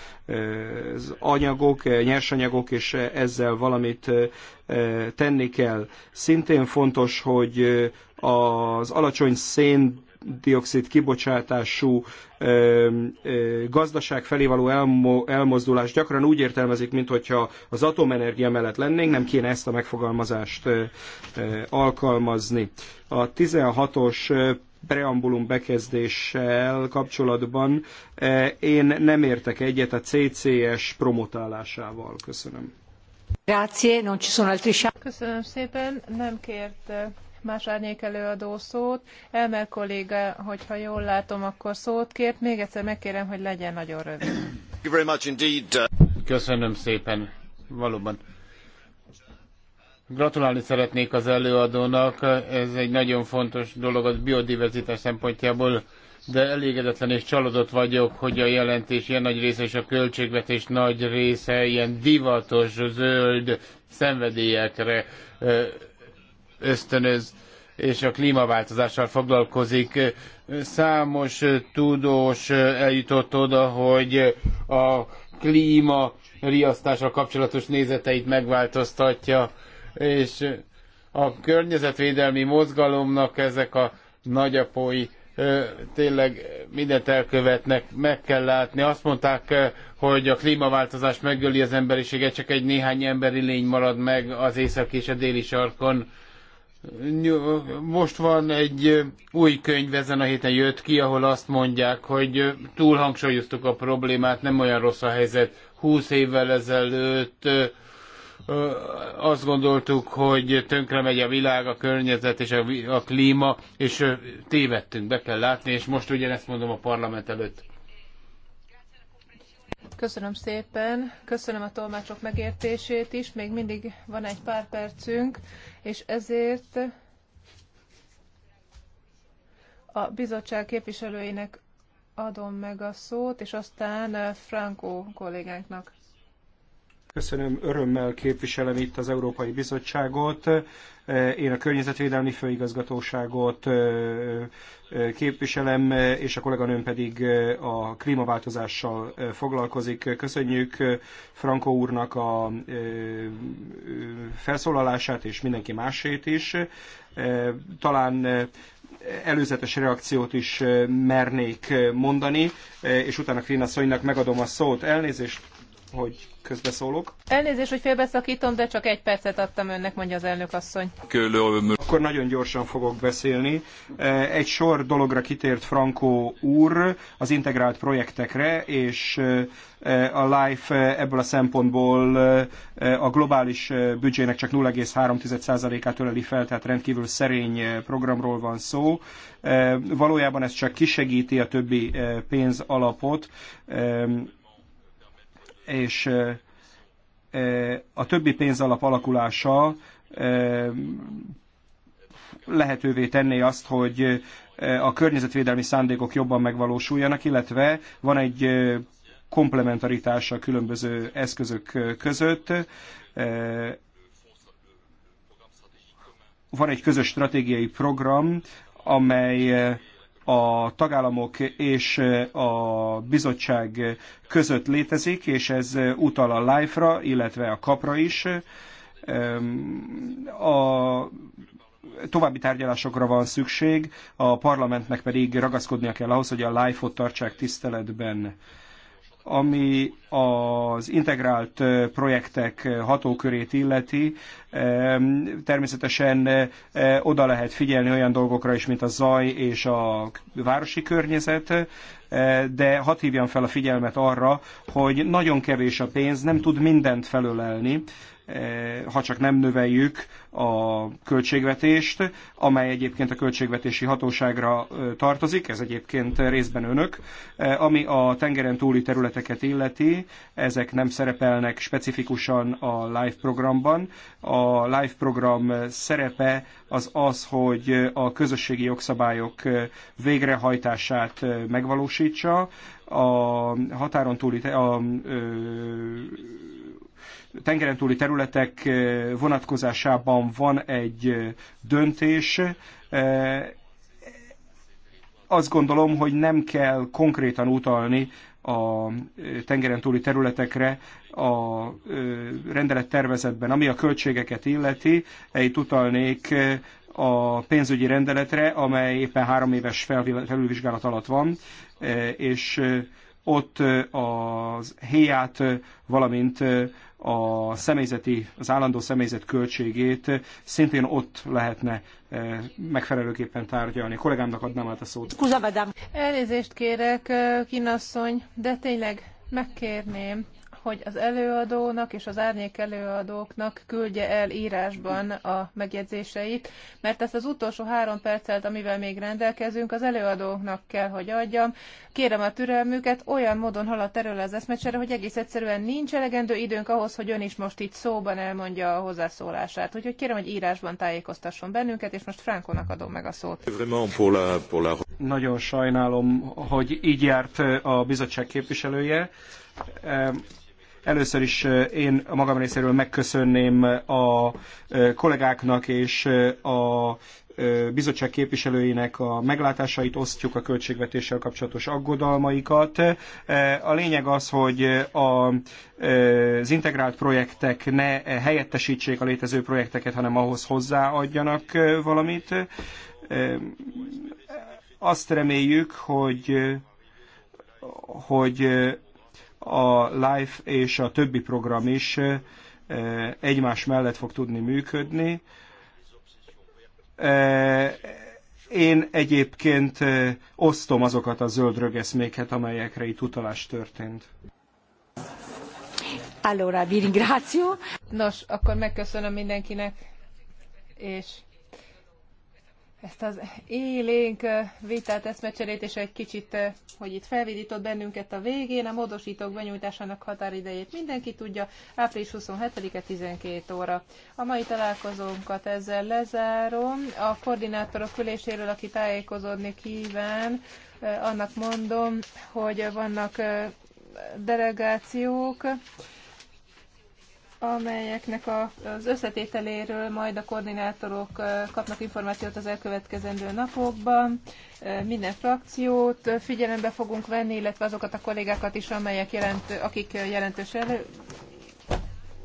Speaker 4: az anyagok, nyersanyagok, és ezzel valamit tenni kell. Szintén fontos, hogy az alacsony szén dioxid kibocsátású ö, ö, gazdaság felé való elmo, elmozdulás gyakran úgy értelmezik, mint hogyha az atomenergia mellett lennénk, nem kéne ezt a megfogalmazást ö, alkalmazni. A 16-os preambulum bekezdéssel kapcsolatban e, én nem értek egyet a CCS promotálásával. Köszönöm. Grazie,
Speaker 1: non ci sono altri Köszönöm szépen, nem kért e, más árnyék előadó szót. Elmer kolléga, hogyha jól látom, akkor szót kért. Még egyszer megkérem, hogy legyen nagyon rövid.
Speaker 2: Uh, Köszönöm szépen, valóban Gratulálni szeretnék az előadónak, ez egy nagyon fontos dolog a biodiverzitás szempontjából, de elégedetlen és csalódott vagyok, hogy a jelentés ilyen nagy része és a költségvetés nagy része ilyen divatos, zöld szenvedélyekre ösztönöz és a klímaváltozással foglalkozik. Számos tudós eljutott oda, hogy a klíma riasztással kapcsolatos nézeteit megváltoztatja és a környezetvédelmi mozgalomnak ezek a nagyapói tényleg mindent elkövetnek, meg kell látni. Azt mondták, hogy a klímaváltozás megöli az emberiséget, csak egy néhány emberi lény marad meg az észak és a déli sarkon. Most van egy új könyv, ezen a héten jött ki, ahol azt mondják, hogy hangsúlyoztuk a problémát, nem olyan rossz a helyzet. Húsz évvel ezelőtt azt gondoltuk, hogy tönkre megy a világ, a környezet és a, a klíma, és tévedtünk, be kell látni, és most ugyanezt mondom a parlament előtt.
Speaker 1: Köszönöm szépen, köszönöm a tolmácsok megértését is, még mindig van egy pár percünk, és ezért a bizottság képviselőinek adom meg a szót, és aztán Franco kollégánknak.
Speaker 4: Köszönöm, örömmel képviselem itt az Európai Bizottságot. Én a Környezetvédelmi Főigazgatóságot képviselem, és a kolléganőm pedig a klímaváltozással foglalkozik. Köszönjük Franco úrnak a felszólalását, és mindenki másét is. Talán előzetes reakciót is mernék mondani, és utána Krina Szonynak megadom a szót. Elnézést hogy közbeszólok.
Speaker 1: Elnézést, hogy félbeszakítom, de csak egy percet adtam önnek, mondja az elnök asszony.
Speaker 4: Akkor nagyon gyorsan fogok beszélni. E, egy sor dologra kitért Frankó úr az integrált projektekre, és e, a LIFE e, ebből a szempontból a globális büdzsének csak 0,3%-át öleli fel, tehát rendkívül szerény programról van szó. Valójában ez csak kisegíti a többi pénzalapot, és a többi pénzalap alakulása lehetővé tenné azt, hogy a környezetvédelmi szándékok jobban megvalósuljanak, illetve van egy komplementaritása a különböző eszközök között. Van egy közös stratégiai program, amely a tagállamok és a bizottság között létezik, és ez utal a LIFE-ra, illetve a kapra is. A további tárgyalásokra van szükség, a parlamentnek pedig ragaszkodnia kell ahhoz, hogy a LIFE-ot tartsák tiszteletben ami az integrált projektek hatókörét illeti, természetesen oda lehet figyelni olyan dolgokra is, mint a zaj és a városi környezet, de hadd hívjam fel a figyelmet arra, hogy nagyon kevés a pénz, nem tud mindent felölelni, Eh, ha csak nem növeljük a költségvetést, amely egyébként a költségvetési hatóságra eh, tartozik, ez egyébként részben önök, eh, ami a tengeren túli területeket illeti, ezek nem szerepelnek specifikusan a LIFE programban. A LIFE program szerepe az az, hogy a közösségi jogszabályok végrehajtását megvalósítsa, a határon túli, a, ö, tengeren túli területek eh, vonatkozásában van egy eh, döntés. Eh, azt gondolom, hogy nem kell konkrétan utalni a tengeren túli területekre a rendelet tervezetben. Ami a költségeket illeti, itt utalnék a pénzügyi rendeletre, amely éppen három éves felülvizsgálat alatt van, és ott az héját, valamint a személyzeti, az állandó személyzet költségét szintén ott lehetne eh, megfelelőképpen tárgyalni. A kollégámnak adnám át a szót.
Speaker 1: Elnézést kérek, eh, kínasszony, de tényleg megkérném, hogy az előadónak és az árnyék előadóknak küldje el írásban a megjegyzéseit, mert ezt az utolsó három percet, amivel még rendelkezünk, az előadóknak kell, hogy adjam. Kérem a türelmüket, olyan módon haladt erről az eszmecsere, hogy egész egyszerűen nincs elegendő időnk ahhoz, hogy ön is most itt szóban elmondja a hozzászólását. Úgyhogy kérem, hogy írásban tájékoztasson bennünket, és most Frankonak adom meg a szót.
Speaker 4: Nagyon sajnálom, hogy így járt a bizottság képviselője. Először is én a magam részéről megköszönném a kollégáknak és a bizottság képviselőinek a meglátásait, osztjuk a költségvetéssel kapcsolatos aggodalmaikat. A lényeg az, hogy a, az integrált projektek ne helyettesítsék a létező projekteket, hanem ahhoz hozzáadjanak valamit. Azt reméljük, hogy hogy a LIFE és a többi program is egymás mellett fog tudni működni. Én egyébként osztom azokat a zöld rögeszméket, amelyekre itt utalás történt.
Speaker 1: Allora, vi ringrazio. Nos, akkor megköszönöm mindenkinek, és ezt az élénk vitát, eszmecserét, és egy kicsit, hogy itt felvidított bennünket a végén, a módosítók benyújtásának határidejét mindenki tudja, április 27-e 12 óra. A mai találkozónkat ezzel lezárom. A koordinátorok üléséről, aki tájékozódni kíván, annak mondom, hogy vannak delegációk, amelyeknek a, az összetételéről majd a koordinátorok kapnak információt az elkövetkezendő napokban. Minden frakciót figyelembe fogunk venni, illetve azokat a kollégákat is, amelyek jelent, akik jelentős elő,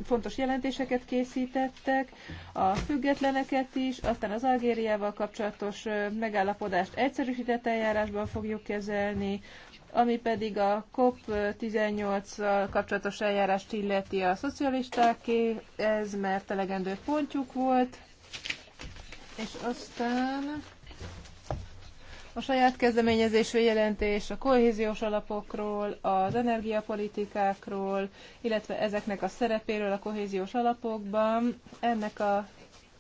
Speaker 1: fontos jelentéseket készítettek, a függetleneket is, aztán az Algériával kapcsolatos megállapodást egyszerűsített eljárásban fogjuk kezelni, ami pedig a cop 18 kapcsolatos eljárást illeti a szocialistáké, ez mert elegendő pontjuk volt, és aztán a saját kezdeményezésű jelentés a kohéziós alapokról, az energiapolitikákról, illetve ezeknek a szerepéről a kohéziós alapokban. Ennek a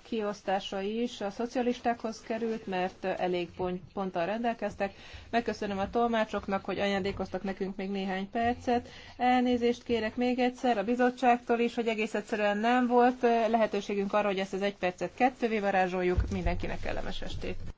Speaker 1: kiosztása is a szocialistákhoz került, mert elég ponttal rendelkeztek. Megköszönöm a tolmácsoknak, hogy ajándékoztak nekünk még néhány percet. Elnézést kérek még egyszer a bizottságtól is, hogy egész egyszerűen nem volt eh, lehetőségünk arra, hogy ezt az egy percet kettővé varázsoljuk. Mindenkinek
Speaker 3: kellemes estét!